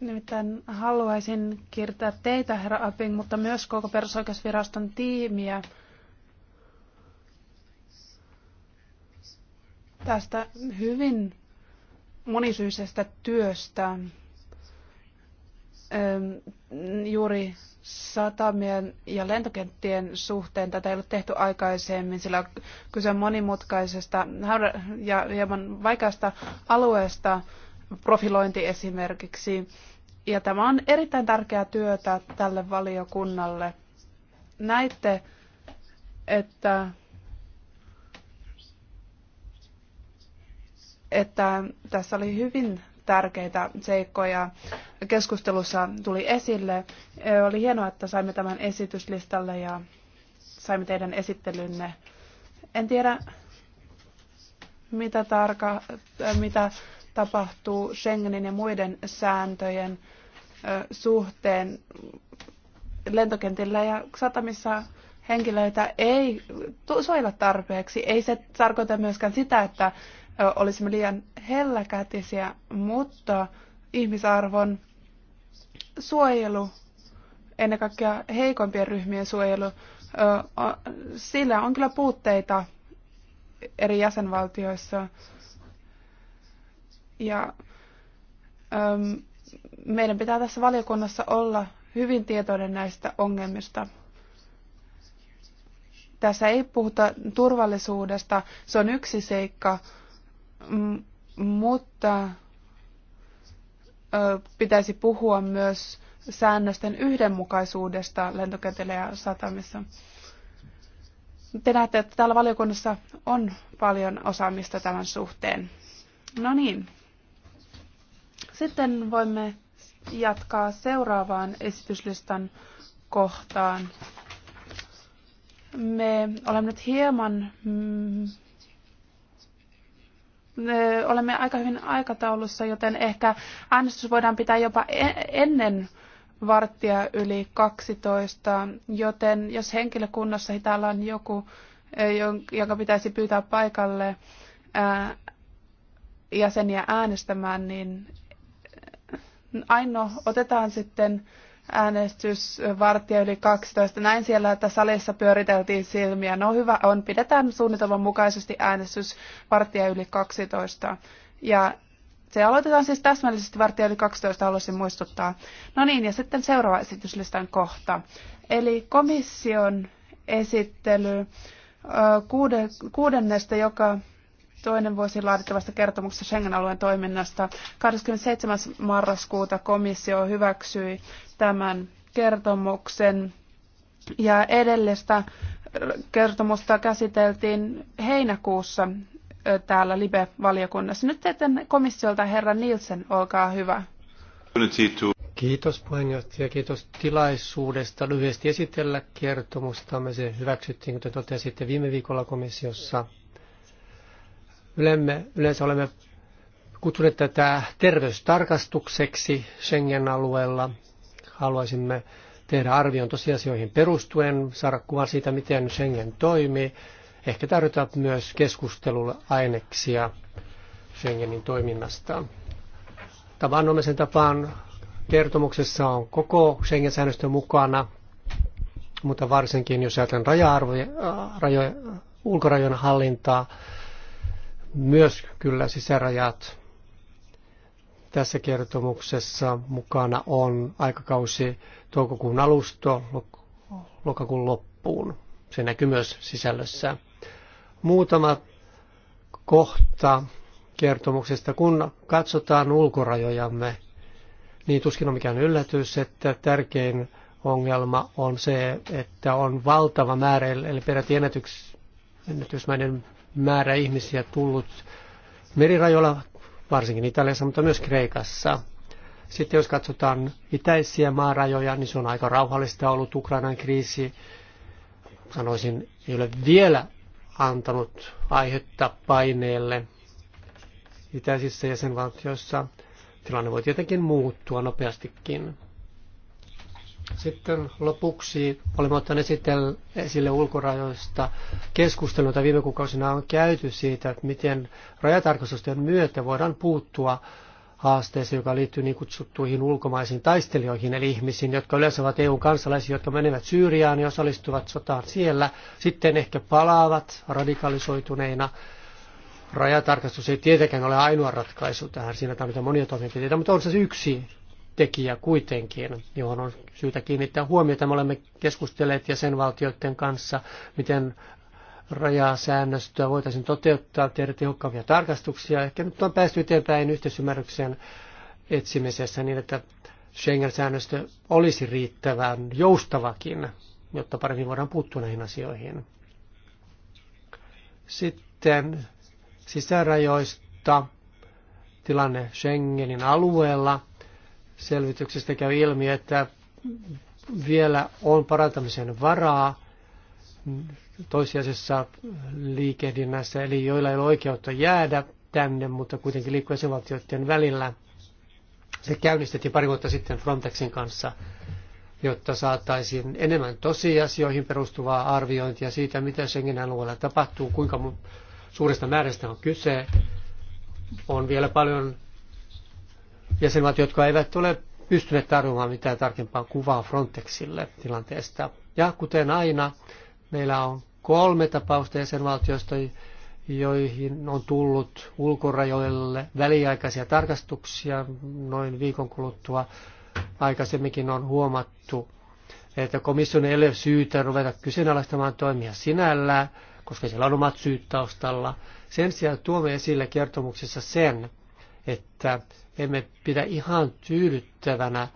Nimittäin haluaisin kiirtää teitä, herra Aping, mutta myös koko perusoikeusviraston tiimiä tästä hyvin monisyisestä työstä juuri satamien ja lentokenttien suhteen tätä ei ole tehty aikaisemmin, sillä kyse on monimutkaisesta ja hieman vaikeasta alueesta profilointi esimerkiksi. Ja tämä on erittäin tärkeää työtä tälle valiokunnalle. Näitte, että, että tässä oli hyvin tärkeitä seikkoja keskustelussa tuli esille. E, oli hienoa, että saimme tämän esityslistalle ja saimme teidän esittelynne. En tiedä, mitä, tarka, mitä tapahtuu Schengenin ja muiden sääntöjen suhteen lentokentillä ja satamissa henkilöitä ei suojella tarpeeksi. Ei se tarkoita myöskään sitä, että olisimme liian helläkätisiä, mutta ihmisarvon suojelu, ennen kaikkea heikompien ryhmien suojelu, sillä on kyllä puutteita eri jäsenvaltioissa. Ja äm, meidän pitää tässä valiokunnassa olla hyvin tietoinen näistä ongelmista. Tässä ei puhuta turvallisuudesta, se on yksi seikka, mutta ö, pitäisi puhua myös säännösten yhdenmukaisuudesta lentokentillä ja satamissa. Te näette, että täällä valiokunnassa on paljon osaamista tämän suhteen. No niin, sitten voimme jatkaa seuraavaan esityslistan kohtaan. Me olemme nyt hieman, mm, me olemme aika hyvin aikataulussa, joten ehkä äänestys voidaan pitää jopa e-, ennen varttia yli 12, joten jos henkilökunnassa täällä on joku, e, jonka pitäisi pyytää paikalle jäseniä äänestämään, niin Aino, otetaan sitten äänestys vartija yli 12. Näin siellä, että salissa pyöriteltiin silmiä. No hyvä on, pidetään suunnitelman mukaisesti äänestys vartija yli 12. Ja se aloitetaan siis täsmällisesti vartija yli 12, haluaisin muistuttaa. No niin, ja sitten seuraava esityslistan kohta. Eli komission esittely kuudennesta, joka toinen vuosi laadittavasta kertomuksesta Schengen-alueen toiminnasta. 27. marraskuuta komissio hyväksyi tämän kertomuksen ja edellistä kertomusta käsiteltiin heinäkuussa täällä Libe-valiokunnassa. Nyt teidän komissiolta herra Nielsen, olkaa hyvä.
Kiitos puheenjohtaja, kiitos tilaisuudesta lyhyesti esitellä Me Se hyväksyttiin, kuten totesitte viime viikolla komissiossa. Ylemme, yleensä olemme kutsuneet tätä terveystarkastukseksi Schengen-alueella. Haluaisimme tehdä arvion tosiasioihin perustuen, saada kuvan siitä, miten Schengen toimii. Ehkä tarvitaan myös keskustelulle aineksia Schengenin toiminnasta. Tavanomaisen tapaan kertomuksessa on koko schengen säännöstö mukana, mutta varsinkin jos ajatellaan raja-arvoja, ulkorajojen hallintaa, myös kyllä sisärajat tässä kertomuksessa mukana on aikakausi toukokuun alusta lokakuun loppuun. Se näkyy myös sisällössä. Muutama kohta kertomuksesta. Kun katsotaan ulkorajojamme, niin tuskin on mikään yllätys, että tärkein ongelma on se, että on valtava määrä, eli peräti ennätys, ennätysmäinen määrä ihmisiä tullut merirajoilla, varsinkin Italiassa, mutta myös Kreikassa. Sitten jos katsotaan itäisiä maarajoja, niin se on aika rauhallista ollut Ukrainan kriisi. Sanoisin, ei ole vielä antanut aihetta paineelle itäisissä jäsenvaltioissa. Tilanne voi tietenkin muuttua nopeastikin. Sitten lopuksi olemme ottaneet sitten esille ulkorajoista keskustelua, jota viime kuukausina on käyty siitä, että miten rajatarkastusten myötä voidaan puuttua haasteeseen, joka liittyy niin kutsuttuihin ulkomaisiin taistelijoihin, eli ihmisiin, jotka yleensä ovat EU-kansalaisia, jotka menevät Syyriaan ja osallistuvat sotaan siellä, sitten ehkä palaavat radikalisoituneina. Rajatarkastus ei tietenkään ole ainoa ratkaisu tähän, siinä tarvitaan monia toimenpiteitä, mutta on se yksi tekijä kuitenkin, johon on syytä kiinnittää huomiota. Me olemme keskustelleet jäsenvaltioiden kanssa, miten rajasäännöstöä voitaisiin toteuttaa, tehdä tehokkaampia tarkastuksia. Ehkä nyt on päästy eteenpäin yhteisymmärryksen etsimisessä niin, että Schengen-säännöstö olisi riittävän joustavakin, jotta paremmin voidaan puuttua näihin asioihin. Sitten sisärajoista tilanne Schengenin alueella – selvityksestä käy ilmi, että vielä on parantamisen varaa toisiasiassa liikehdinnässä, eli joilla ei ole oikeutta jäädä tänne, mutta kuitenkin liikkuu jäsenvaltioiden välillä. Se käynnistettiin pari vuotta sitten Frontexin kanssa, jotta saataisiin enemmän tosiasioihin perustuvaa arviointia siitä, mitä Schengen-alueella tapahtuu, kuinka suuresta määrästä on kyse. On vielä paljon jäsenmaat, jotka eivät ole pystyneet tarjoamaan mitään tarkempaa kuvaa Frontexille tilanteesta. Ja kuten aina, meillä on kolme tapausta jäsenvaltioista, joihin on tullut ulkorajoille väliaikaisia tarkastuksia noin viikon kuluttua. Aikaisemminkin on huomattu, että komission ei ole syytä ruveta kyseenalaistamaan toimia sinällään, koska siellä on omat syyt taustalla. Sen sijaan tuomme esille kertomuksessa sen, että emme pidä ihan tyydyttävänä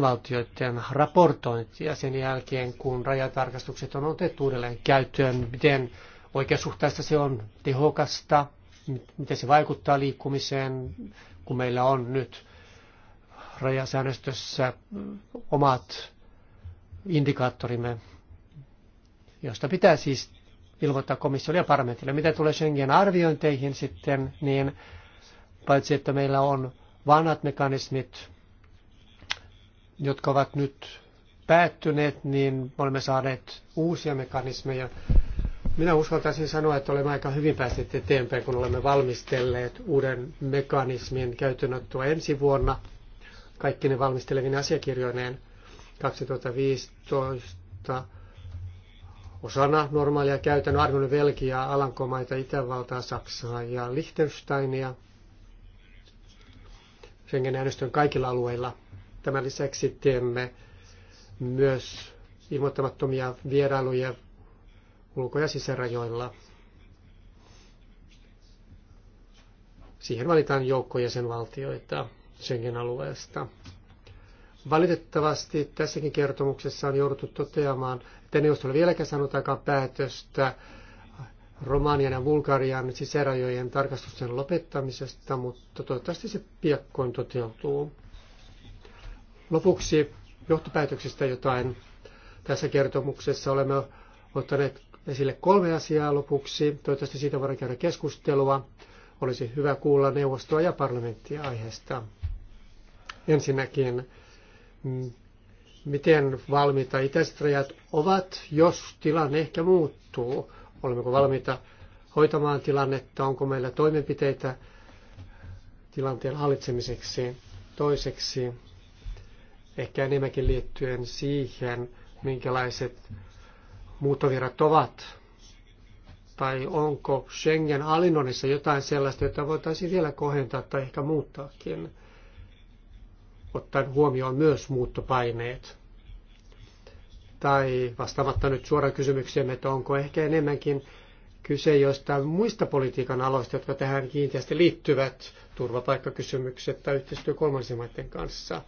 valtioiden raportointia sen jälkeen, kun rajatarkastukset on otettu uudelleen käyttöön, miten oikeasuhtaista se on tehokasta, miten se vaikuttaa liikkumiseen, kun meillä on nyt rajasäännöstössä omat indikaattorimme, josta pitää siis ilmoittaa komissiolle ja parlamentille. Mitä tulee Schengen arviointeihin sitten, niin paitsi että meillä on vanhat mekanismit, jotka ovat nyt päättyneet, niin olemme saaneet uusia mekanismeja. Minä uskaltaisin sanoa, että olemme aika hyvin päässeet eteenpäin, kun olemme valmistelleet uuden mekanismin käytönottoa ensi vuonna kaikki ne valmistelevin asiakirjoineen 2015 osana normaalia käytännön arvioinnin velkiä Alankomaita, Itävaltaa, Saksaa ja Liechtensteinia – Schengen-äänestön kaikilla alueilla. Tämän lisäksi teemme myös ilmoittamattomia vierailuja ulko- ja sisärajoilla. Siihen valitaan joukko jäsenvaltioita Schengen-alueesta. Valitettavasti tässäkin kertomuksessa on jouduttu toteamaan, että neuvostolla vieläkään sanotaankaan päätöstä Romanian ja Bulgarian sisärajojen tarkastusten lopettamisesta, mutta toivottavasti se piakkoin toteutuu. Lopuksi johtopäätöksistä jotain. Tässä kertomuksessa olemme ottaneet esille kolme asiaa lopuksi. Toivottavasti siitä voidaan käydä keskustelua. Olisi hyvä kuulla neuvostoa ja parlamenttia aiheesta. Ensinnäkin, miten valmiita itäiset rajat ovat, jos tilanne ehkä muuttuu – olemmeko valmiita hoitamaan tilannetta, onko meillä toimenpiteitä tilanteen hallitsemiseksi. Toiseksi ehkä enemmänkin liittyen siihen, minkälaiset muuttovirrat ovat, tai onko Schengen hallinnoinnissa jotain sellaista, jota voitaisiin vielä kohentaa tai ehkä muuttaakin, ottaen huomioon myös muuttopaineet tai vastaamatta nyt suoraan kysymykseen, että onko ehkä enemmänkin kyse jostain muista politiikan aloista, jotka tähän kiinteästi liittyvät, turvapaikkakysymykset tai yhteistyö kolmansien maiden kanssa.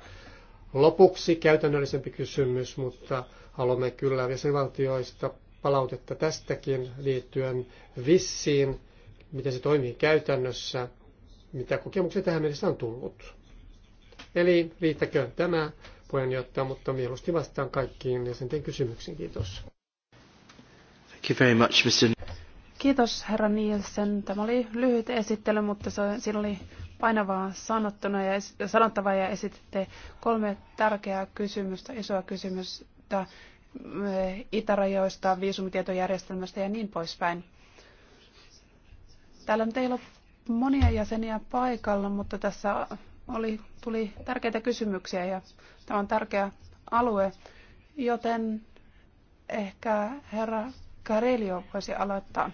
Lopuksi käytännöllisempi kysymys, mutta haluamme kyllä jäsenvaltioista palautetta tästäkin liittyen vissiin, miten se toimii käytännössä, mitä kokemuksia tähän mennessä on tullut. Eli riittäkö tämä puheenjohtaja, mutta mieluusti vastaan kaikkiin jäsenten kysymyksiin. Kiitos.
Thank you very much, Mr.
Kiitos herra Nielsen. Tämä oli lyhyt esittely, mutta se, siinä oli painavaa sanottuna ja, sanottavaa ja esititte kolme tärkeää kysymystä, isoa kysymystä itärajoista, viisumitietojärjestelmästä ja niin poispäin. Täällä nyt ei monia jäseniä paikalla, mutta tässä oli, tuli tärkeitä kysymyksiä ja tämä on tärkeä alue, joten ehkä herra Carelio voisi
aloittaa.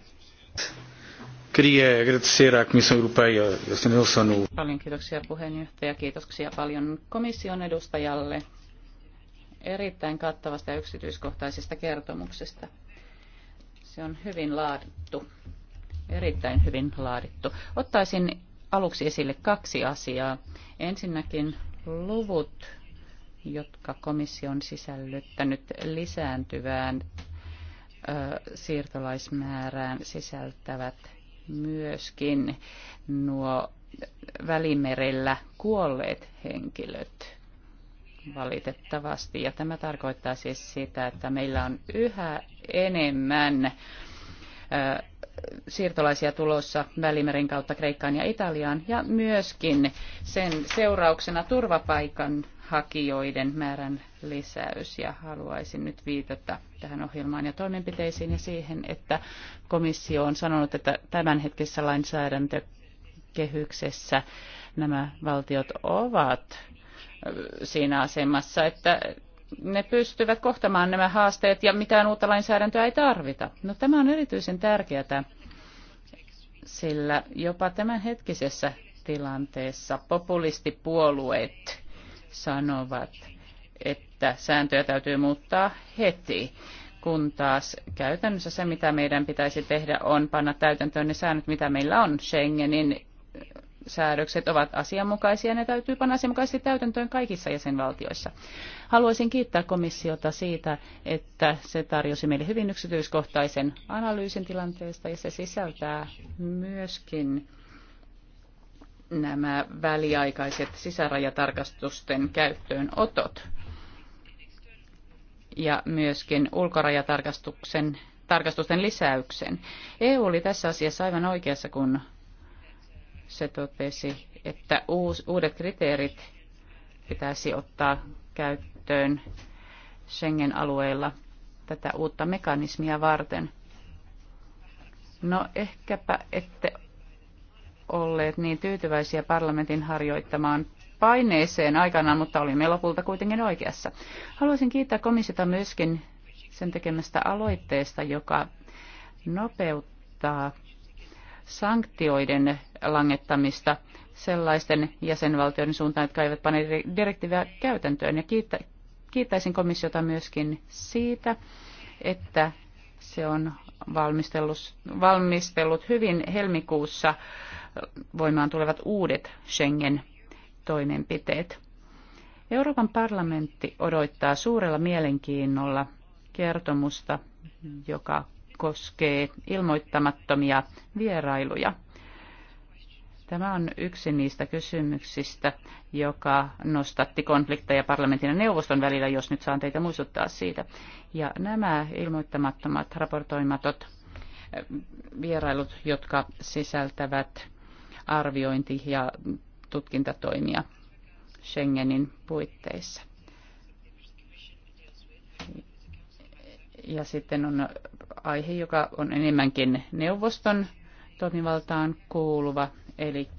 Queria agradecer à Comissão Europeia e ao
Paljon kiitoksia puheenjohtaja, kiitoksia paljon komission edustajalle erittäin kattavasta ja yksityiskohtaisesta kertomuksesta. Se on hyvin laadittu, erittäin hyvin laadittu. Ottaisin aluksi esille kaksi asiaa. Ensinnäkin luvut, jotka komissio on sisällyttänyt lisääntyvään siirtolaismäärään sisältävät myöskin nuo välimerellä kuolleet henkilöt valitettavasti. Ja tämä tarkoittaa siis sitä, että meillä on yhä enemmän siirtolaisia tulossa Välimeren kautta Kreikkaan ja Italiaan ja myöskin sen seurauksena turvapaikan hakijoiden määrän lisäys ja haluaisin nyt viitata tähän ohjelmaan ja toimenpiteisiin ja siihen, että komissio on sanonut, että tämänhetkisessä lainsäädäntökehyksessä nämä valtiot ovat äh, siinä asemassa, että ne pystyvät kohtamaan nämä haasteet ja mitään uutta lainsäädäntöä ei tarvita. No tämä on erityisen tärkeää, sillä jopa tämänhetkisessä tilanteessa populistipuolueet sanovat, että sääntöjä täytyy muuttaa heti, kun taas käytännössä se, mitä meidän pitäisi tehdä, on panna täytäntöön ne säännöt, mitä meillä on Schengenin säädökset ovat asianmukaisia ja ne täytyy panna asianmukaisesti täytäntöön kaikissa jäsenvaltioissa. Haluaisin kiittää komissiota siitä, että se tarjosi meille hyvin yksityiskohtaisen analyysin tilanteesta ja se sisältää myöskin nämä väliaikaiset sisärajatarkastusten käyttöönotot ja myöskin ulkorajatarkastuksen tarkastusten lisäyksen. EU oli tässä asiassa aivan oikeassa, kun se totesi, että uus, uudet kriteerit pitäisi ottaa käyttöön Schengen-alueella tätä uutta mekanismia varten. No ehkäpä ette olleet niin tyytyväisiä parlamentin harjoittamaan paineeseen aikanaan, mutta olimme lopulta kuitenkin oikeassa. Haluaisin kiittää komissiota myöskin sen tekemästä aloitteesta, joka nopeuttaa sanktioiden langettamista sellaisten jäsenvaltioiden suuntaan, jotka eivät pane direktiiviä käytäntöön. Ja kiittä, kiittäisin komissiota myöskin siitä, että se on valmistellut, valmistellut hyvin helmikuussa voimaan tulevat uudet Schengen-toimenpiteet. Euroopan parlamentti odottaa suurella mielenkiinnolla kertomusta, joka koskee ilmoittamattomia vierailuja. Tämä on yksi niistä kysymyksistä, joka nostatti konflikteja parlamentin ja neuvoston välillä, jos nyt saan teitä muistuttaa siitä. Ja nämä ilmoittamattomat, raportoimatot äh, vierailut, jotka sisältävät arviointi- ja tutkintatoimia Schengenin puitteissa. Ja sitten on aihe, joka on enemmänkin neuvoston toimivaltaan kuuluva Eli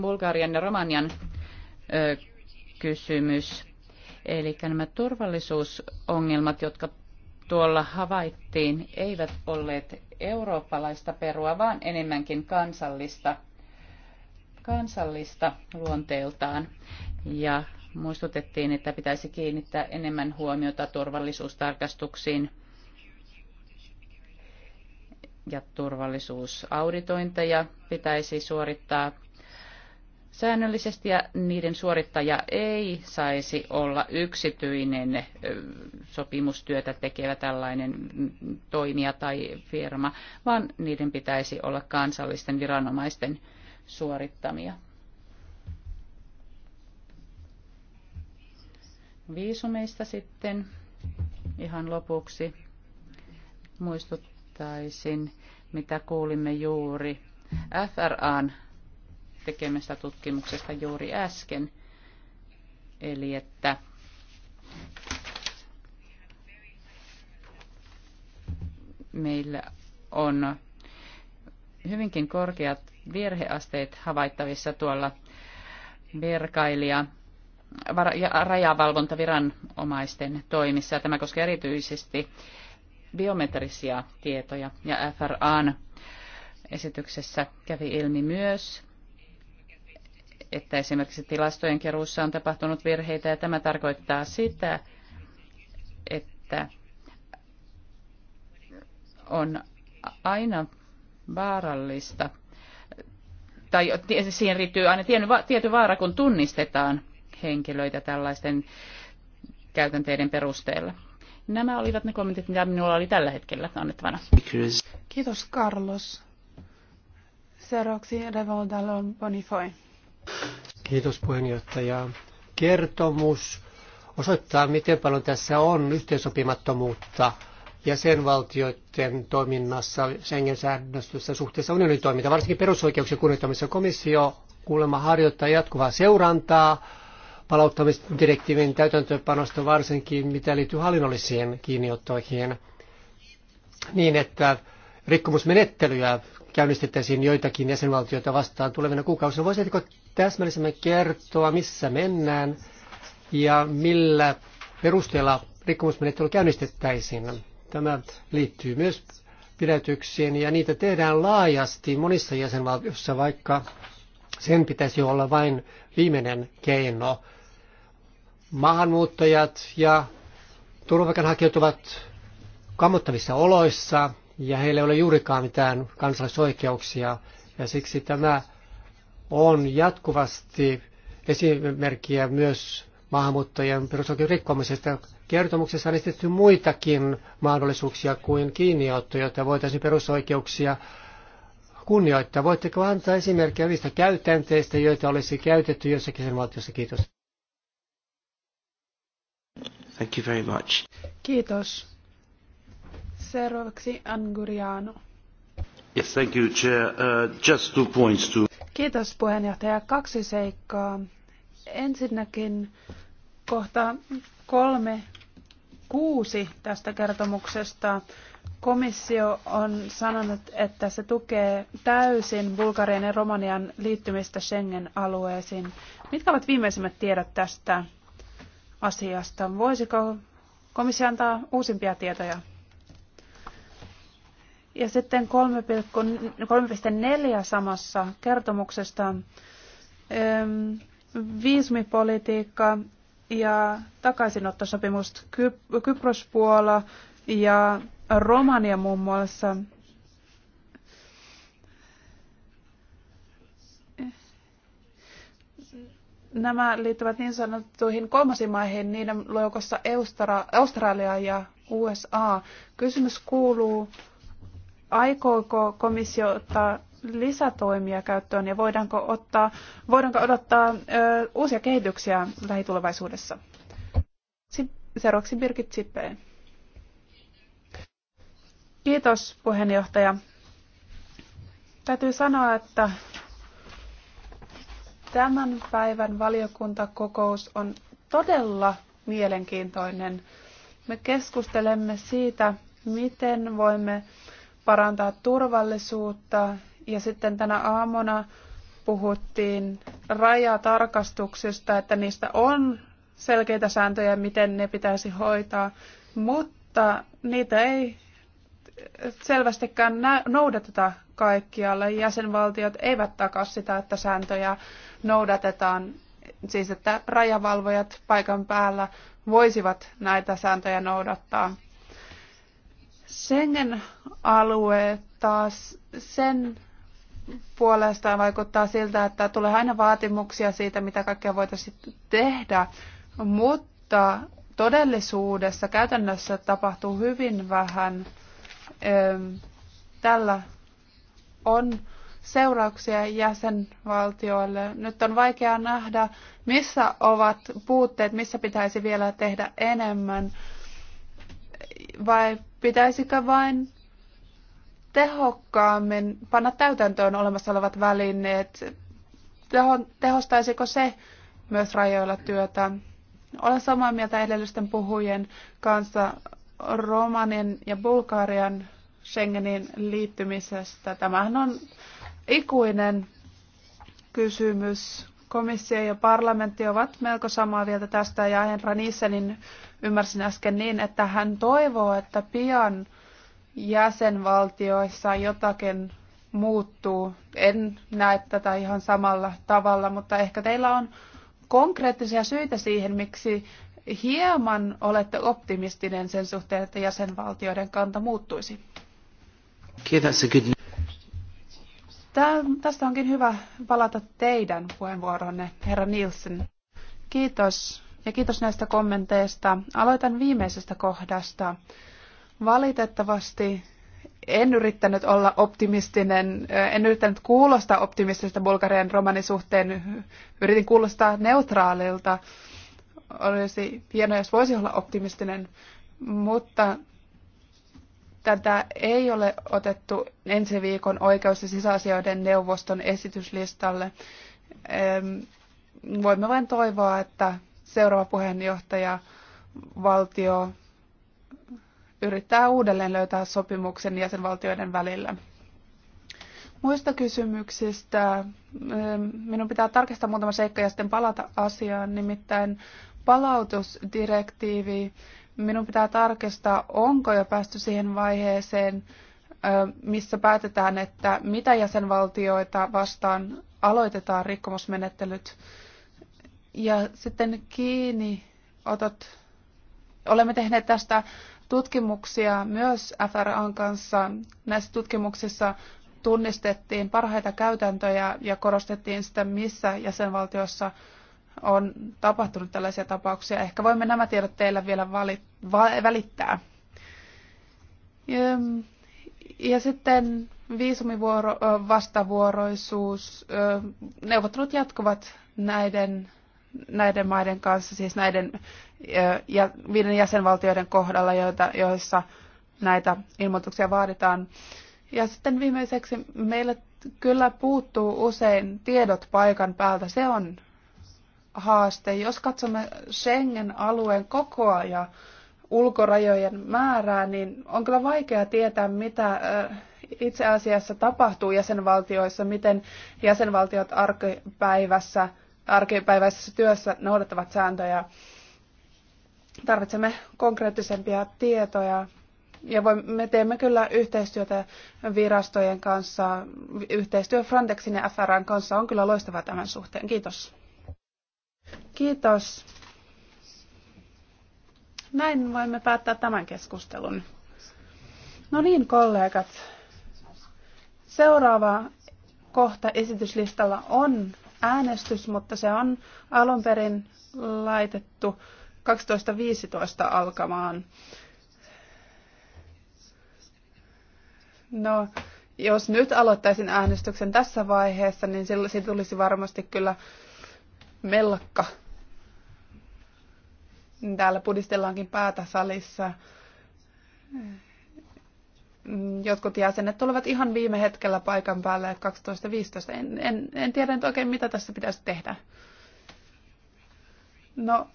Bulgarian ja Romanian ö, kysymys. Eli nämä turvallisuusongelmat, jotka tuolla havaittiin, eivät olleet eurooppalaista perua, vaan enemmänkin kansallista, kansallista luonteeltaan. Ja muistutettiin, että pitäisi kiinnittää enemmän huomiota turvallisuustarkastuksiin ja turvallisuusauditointeja pitäisi suorittaa säännöllisesti ja niiden suorittaja ei saisi olla yksityinen sopimustyötä tekevä tällainen toimija tai firma, vaan niiden pitäisi olla kansallisten viranomaisten suorittamia viisumeista sitten ihan lopuksi muistuttaisin, mitä kuulimme juuri FRAn tekemästä tutkimuksesta juuri äsken. Eli että meillä on hyvinkin korkeat virheasteet havaittavissa tuolla verkailija rajavalvontaviranomaisten toimissa. Tämä koskee erityisesti biometrisiä tietoja ja FRAn esityksessä kävi ilmi myös, että esimerkiksi tilastojen keruussa on tapahtunut virheitä ja tämä tarkoittaa sitä, että on aina vaarallista tai siihen riittyy aina tietty vaara, kun tunnistetaan henkilöitä tällaisten käytänteiden perusteella. Nämä olivat ne kommentit, mitä minulla oli tällä hetkellä annettavana.
Kiitos Carlos. Seuraavaksi Revoldalon Bonifoy.
Kiitos puheenjohtaja. Kertomus osoittaa, miten paljon tässä on yhteensopimattomuutta jäsenvaltioiden toiminnassa Schengen-säännöstössä suhteessa unionin toiminta, varsinkin perusoikeuksien kunnioittamisessa. Komissio kuulemma harjoittaa jatkuvaa seurantaa palauttamisdirektiivin täytäntöönpanosta varsinkin, mitä liittyy hallinnollisiin kiinniottoihin, niin että rikkomusmenettelyä käynnistettäisiin joitakin jäsenvaltioita vastaan tulevina kuukausina. Voisitko täsmällisemmin kertoa, missä mennään ja millä perusteella rikkomusmenettely käynnistettäisiin? Tämä liittyy myös pidätyksiin ja niitä tehdään laajasti monissa jäsenvaltioissa, vaikka sen pitäisi olla vain viimeinen keino maahanmuuttajat ja turvapaikanhakijat ovat kammottavissa oloissa ja heillä ei ole juurikaan mitään kansalaisoikeuksia. Ja siksi tämä on jatkuvasti esimerkkiä myös maahanmuuttajien rikkomisesta. Kertomuksessa on esitetty muitakin mahdollisuuksia kuin kiinniotto, jotta voitaisiin perusoikeuksia kunnioittaa. Voitteko antaa esimerkkejä niistä käytänteistä, joita olisi käytetty jossakin sen valtiossa? Kiitos.
Thank you very much.
Kiitos. Seuraavaksi Anguriano.
Yes, thank you, Chair. Uh, just two points to...
Kiitos puheenjohtaja. Kaksi seikkaa. Ensinnäkin kohta kolme kuusi tästä kertomuksesta. Komissio on sanonut, että se tukee täysin Bulgarian ja Romanian liittymistä Schengen-alueisiin. Mitkä ovat viimeisimmät tiedot tästä? asiasta. Voisiko komissio antaa uusimpia tietoja? Ja sitten 3.4 samassa kertomuksesta viisumipolitiikka ja takaisinottosopimus Kypros, Puola ja Romania muun muassa – Nämä liittyvät niin sanottuihin kolmasiin maihin, niiden joukossa Australia ja USA. Kysymys kuuluu, aikooko komissio ottaa lisätoimia käyttöön ja voidaanko, ottaa, voidaanko odottaa ö, uusia kehityksiä lähitulevaisuudessa? Seuraavaksi Birgit Sippele. Kiitos puheenjohtaja. Täytyy sanoa, että Tämän päivän valiokuntakokous on todella mielenkiintoinen. Me keskustelemme siitä, miten voimme parantaa turvallisuutta ja sitten tänä aamuna puhuttiin rajatarkastuksista, että niistä on selkeitä sääntöjä, miten ne pitäisi hoitaa, mutta niitä ei selvästikään noudateta kaikkialle. Jäsenvaltiot eivät takaa sitä, että sääntöjä noudatetaan, siis että rajavalvojat paikan päällä voisivat näitä sääntöjä noudattaa. Schengen-alue taas sen puolestaan vaikuttaa siltä, että tulee aina vaatimuksia siitä, mitä kaikkea voitaisiin tehdä, mutta todellisuudessa, käytännössä tapahtuu hyvin vähän tällä on seurauksia jäsenvaltioille. Nyt on vaikea nähdä, missä ovat puutteet, missä pitäisi vielä tehdä enemmän. Vai pitäisikö vain tehokkaammin panna täytäntöön olemassa olevat välineet? tehostaisiko se myös rajoilla työtä? Olen samaa mieltä edellisten puhujien kanssa Romanin ja Bulgarian Schengenin liittymisestä. Tämähän on ikuinen kysymys. Komissio ja parlamentti ovat melko samaa mieltä tästä ja Henra Nissenin ymmärsin äsken niin, että hän toivoo, että pian jäsenvaltioissa jotakin muuttuu. En näe tätä ihan samalla tavalla, mutta ehkä teillä on konkreettisia syitä siihen, miksi hieman olette optimistinen sen suhteen, että jäsenvaltioiden kanta muuttuisi. Tää, tästä onkin hyvä palata teidän puheenvuoronne, herra Nielsen. Kiitos ja kiitos näistä kommenteista. Aloitan viimeisestä kohdasta. Valitettavasti en yrittänyt olla optimistinen, en yrittänyt kuulostaa optimistista Bulgarian romanin suhteen, yritin kuulostaa neutraalilta. Olisi hienoa, jos voisi olla optimistinen, mutta Tätä ei ole otettu ensi viikon oikeus- ja sisäasioiden neuvoston esityslistalle. Voimme vain toivoa, että seuraava puheenjohtaja valtio yrittää uudelleen löytää sopimuksen jäsenvaltioiden välillä. Muista kysymyksistä. Minun pitää tarkistaa muutama seikka ja sitten palata asiaan, nimittäin palautusdirektiivi Minun pitää tarkistaa, onko jo päästy siihen vaiheeseen, missä päätetään, että mitä jäsenvaltioita vastaan aloitetaan rikkomusmenettelyt. Ja sitten kiinni otot. Olemme tehneet tästä tutkimuksia myös FRAn kanssa. Näissä tutkimuksissa tunnistettiin parhaita käytäntöjä ja korostettiin sitä, missä jäsenvaltiossa on tapahtunut tällaisia tapauksia. Ehkä voimme nämä tiedot teillä vielä vali, va, välittää. Ja, ja sitten viisumivuoro, vastavuoroisuus, neuvottelut jatkuvat näiden, näiden maiden kanssa, siis näiden ja viiden jäsenvaltioiden kohdalla, joita, joissa näitä ilmoituksia vaaditaan. Ja sitten viimeiseksi meillä kyllä puuttuu usein tiedot paikan päältä. Se on haaste. Jos katsomme Schengen-alueen kokoa ja ulkorajojen määrää, niin on kyllä vaikea tietää, mitä itse asiassa tapahtuu jäsenvaltioissa, miten jäsenvaltiot arkipäivässä, arkipäiväisessä työssä noudattavat sääntöjä. Tarvitsemme konkreettisempia tietoja ja me teemme kyllä yhteistyötä virastojen kanssa. Yhteistyö Frontexin ja FRN kanssa on kyllä loistava tämän suhteen. Kiitos. Kiitos. Näin voimme päättää tämän keskustelun. No niin, kollegat. Seuraava kohta esityslistalla on äänestys, mutta se on alun perin laitettu 12.15 alkamaan. No, jos nyt aloittaisin äänestyksen tässä vaiheessa, niin silloin siitä tulisi varmasti kyllä mellakka. Täällä pudistellaankin päätä salissa. Jotkut jäsenet tulevat ihan viime hetkellä paikan päälle 12.15. En, en, en tiedä nyt oikein, mitä tässä pitäisi tehdä. No,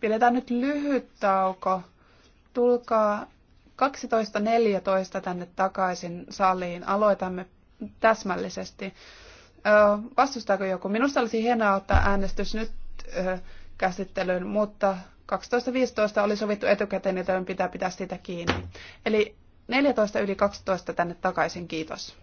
pidetään nyt lyhyt tauko. Tulkaa 12.14 tänne takaisin saliin. Aloitamme täsmällisesti vastustaako joku? Minusta olisi hienoa ottaa äänestys nyt käsittelyyn, mutta 12.15 oli sovittu etukäteen, joten pitää pitää sitä kiinni. Eli 14 yli 12 tänne takaisin, kiitos.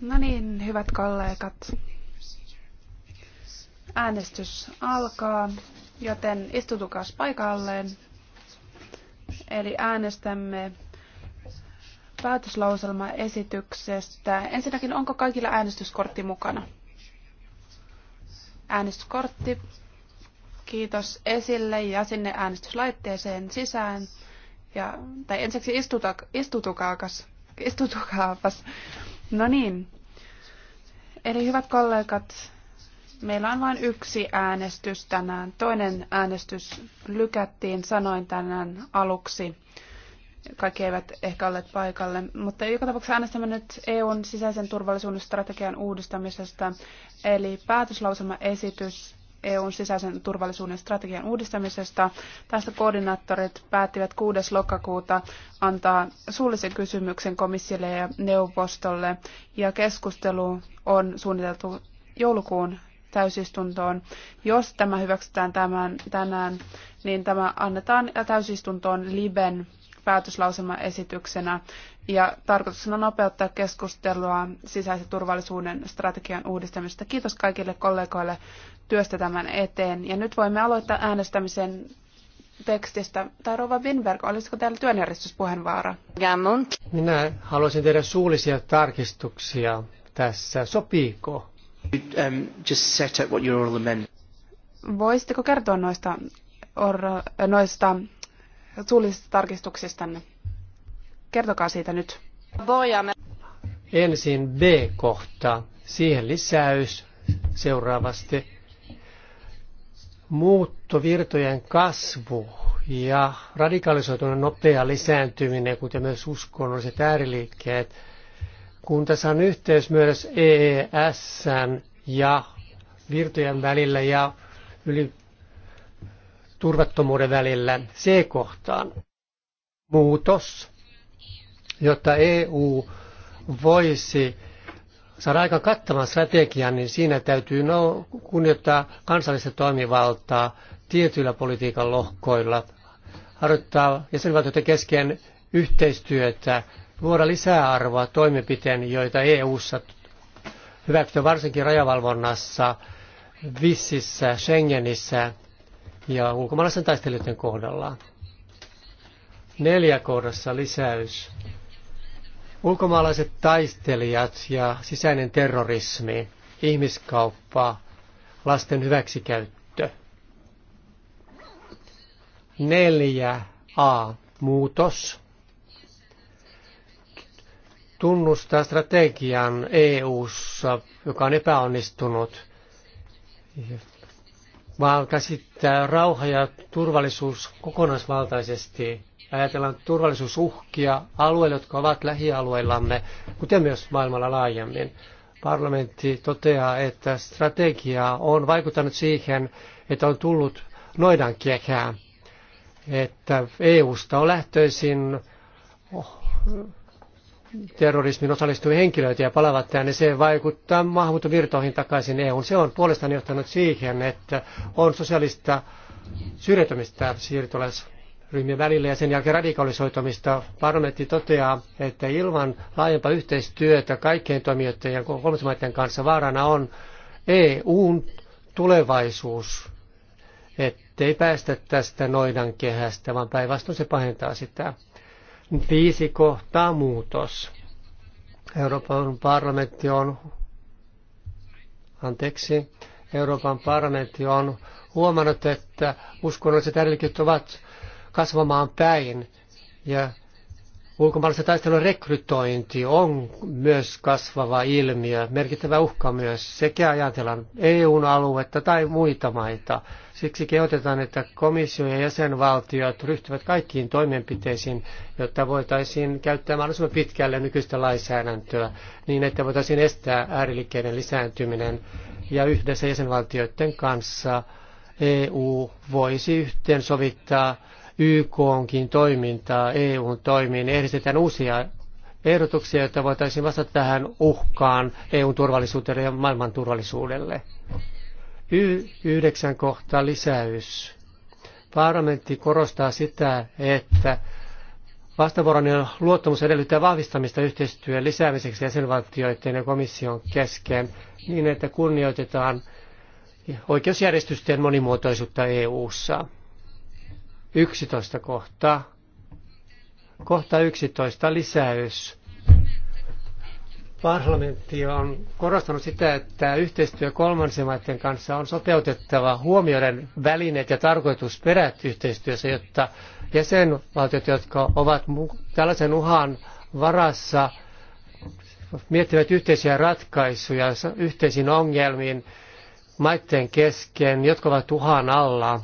No niin, hyvät kollegat. Äänestys alkaa, joten istutukaa paikalleen. Eli äänestämme päätöslauselmaesityksestä. Ensinnäkin, onko kaikilla äänestyskortti mukana? Äänestyskortti. Kiitos esille ja sinne äänestyslaitteeseen sisään. Ja, tai ensiksi istuta, istutukaakas istutukaapas. No niin. Eli hyvät kollegat, meillä on vain yksi äänestys tänään. Toinen äänestys lykättiin, sanoin tänään aluksi. Kaikki eivät ehkä olleet paikalle, mutta joka tapauksessa äänestämme nyt EUn sisäisen turvallisuuden strategian uudistamisesta, eli esitys. EUn sisäisen turvallisuuden strategian uudistamisesta. Tästä koordinaattorit päättivät 6. lokakuuta antaa suullisen kysymyksen komissiolle ja neuvostolle, ja keskustelu on suunniteltu joulukuun täysistuntoon. Jos tämä hyväksytään tämän, tänään, niin tämä annetaan täysistuntoon Liben esityksenä ja tarkoituksena nopeuttaa keskustelua sisäisen turvallisuuden strategian uudistamisesta. Kiitos kaikille kollegoille työstä tämän eteen. Ja nyt voimme aloittaa äänestämisen tekstistä. Tai Rova Winberg, olisiko täällä työnjärjestyspuheenvaara?
Minä haluaisin tehdä suullisia tarkistuksia tässä. Sopiiko? Um,
Voisitteko kertoa noista, or, noista suullisista tarkistuksista? Kertokaa siitä nyt.
Ensin B-kohta, siihen lisäys seuraavasti muuttovirtojen kasvu ja radikalisoitunut nopea lisääntyminen, kuten myös uskonnolliset ääriliikkeet, kun tässä on yhteys myös EES ja virtojen välillä ja yli turvattomuuden välillä C-kohtaan. Muutos, jotta EU voisi saada aika kattavan strategian, niin siinä täytyy no, kunnioittaa kansallista toimivaltaa tietyillä politiikan lohkoilla, harjoittaa jäsenvaltioiden kesken yhteistyötä, luoda lisäarvoa toimenpiteen, joita EU-ssa hyväksytään varsinkin rajavalvonnassa, Vississä, Schengenissä ja ulkomaalaisten taistelijoiden kohdalla. Neljä kohdassa lisäys Ulkomaalaiset taistelijat ja sisäinen terrorismi, ihmiskauppa, lasten hyväksikäyttö. Neljä A. Muutos. Tunnustaa strategian EUssa, joka on epäonnistunut, vaan käsittää rauha ja turvallisuus kokonaisvaltaisesti ajatellaan turvallisuusuhkia alueilla, jotka ovat lähialueillamme, kuten myös maailmalla laajemmin. Parlamentti toteaa, että strategia on vaikuttanut siihen, että on tullut noidan kehää, että EUsta on lähtöisin terrorismin osallistuvia henkilöitä ja palavat tänne. Se vaikuttaa maahanmuuttovirtoihin takaisin EUn. Se on puolestaan johtanut siihen, että on sosiaalista syrjäytymistä siirtolaisuudessa ryhmien välillä ja sen jälkeen radikalisoitumista. Parlamentti toteaa, että ilman laajempaa yhteistyötä kaikkien toimijoiden ja kolmansmaiden kanssa vaarana on EUn tulevaisuus, ettei päästä tästä noidan kehästä, vaan päinvastoin se pahentaa sitä. Viisi kohtaa muutos. Euroopan parlamentti on, anteeksi, Euroopan parlamentti on huomannut, että uskonnolliset ärlikyt ovat kasvamaan päin ja ulkomaalaisen taistelun rekrytointi on myös kasvava ilmiö, merkittävä uhka myös sekä ajatellaan EUn aluetta tai muita maita. Siksi kehotetaan, että komissio ja jäsenvaltiot ryhtyvät kaikkiin toimenpiteisiin, jotta voitaisiin käyttää mahdollisimman pitkälle nykyistä lainsäädäntöä niin, että voitaisiin estää ääriliikkeiden lisääntyminen ja yhdessä jäsenvaltioiden kanssa EU voisi yhteensovittaa sovittaa YK onkin toimintaa, EUn toimiin, niin edistetään uusia ehdotuksia, joita voitaisiin vastata tähän uhkaan EUn turvallisuudelle ja maailman turvallisuudelle. Y9 kohta lisäys. Parlamentti korostaa sitä, että Vastavuoroinen luottamus edellyttää vahvistamista yhteistyön lisäämiseksi jäsenvaltioiden ja komission kesken niin, että kunnioitetaan oikeusjärjestysten monimuotoisuutta EU-ssa. 11 kohta. Kohta 11 lisäys. Parlamentti on korostanut sitä, että yhteistyö kolmansien maiden kanssa on sopeutettava huomioiden välineet ja tarkoitusperät yhteistyössä, jotta jäsenvaltiot, jotka ovat tällaisen uhan varassa, miettivät yhteisiä ratkaisuja yhteisiin ongelmiin maiden kesken, jotka ovat uhan alla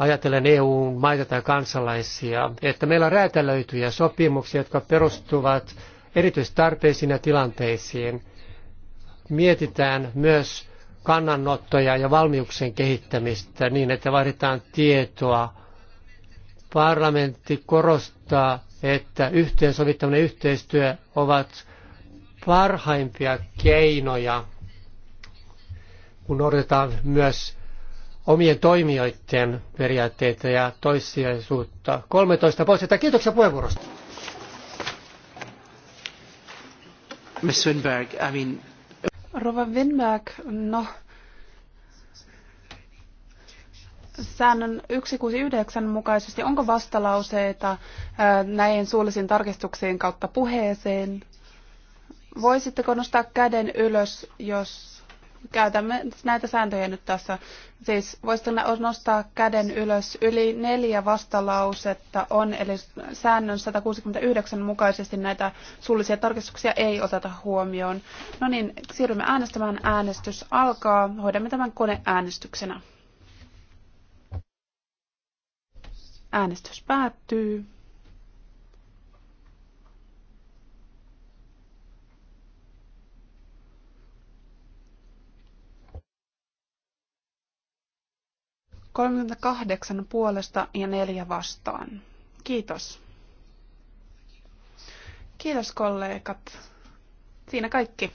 ajatellen EU-maita tai kansalaisia, että meillä on räätälöityjä sopimuksia, jotka perustuvat erityistarpeisiin ja tilanteisiin. Mietitään myös kannanottoja ja valmiuksien kehittämistä niin, että vaaditaan tietoa. Parlamentti korostaa, että yhteensovittaminen ja yhteistyö ovat parhaimpia keinoja, kun odotetaan myös omien toimijoiden periaatteita ja toissijaisuutta. 13 pois. Kiitoksia puheenvuorosta. Miss Winberg, I mean...
Rova Winberg, no... Säännön 169 mukaisesti onko vastalauseita äh, näihin suullisiin tarkistuksiin kautta puheeseen? Voisitteko nostaa käden ylös, jos käytämme näitä sääntöjä nyt tässä. Siis voisitko nostaa käden ylös. Yli neljä vastalausetta on, eli säännön 169 mukaisesti näitä suullisia tarkistuksia ei oteta huomioon. No niin, siirrymme äänestämään. Äänestys alkaa. Hoidamme tämän koneäänestyksenä. Äänestys päättyy. 38 puolesta ja 4 vastaan. Kiitos. Kiitos kollegat. Siinä kaikki.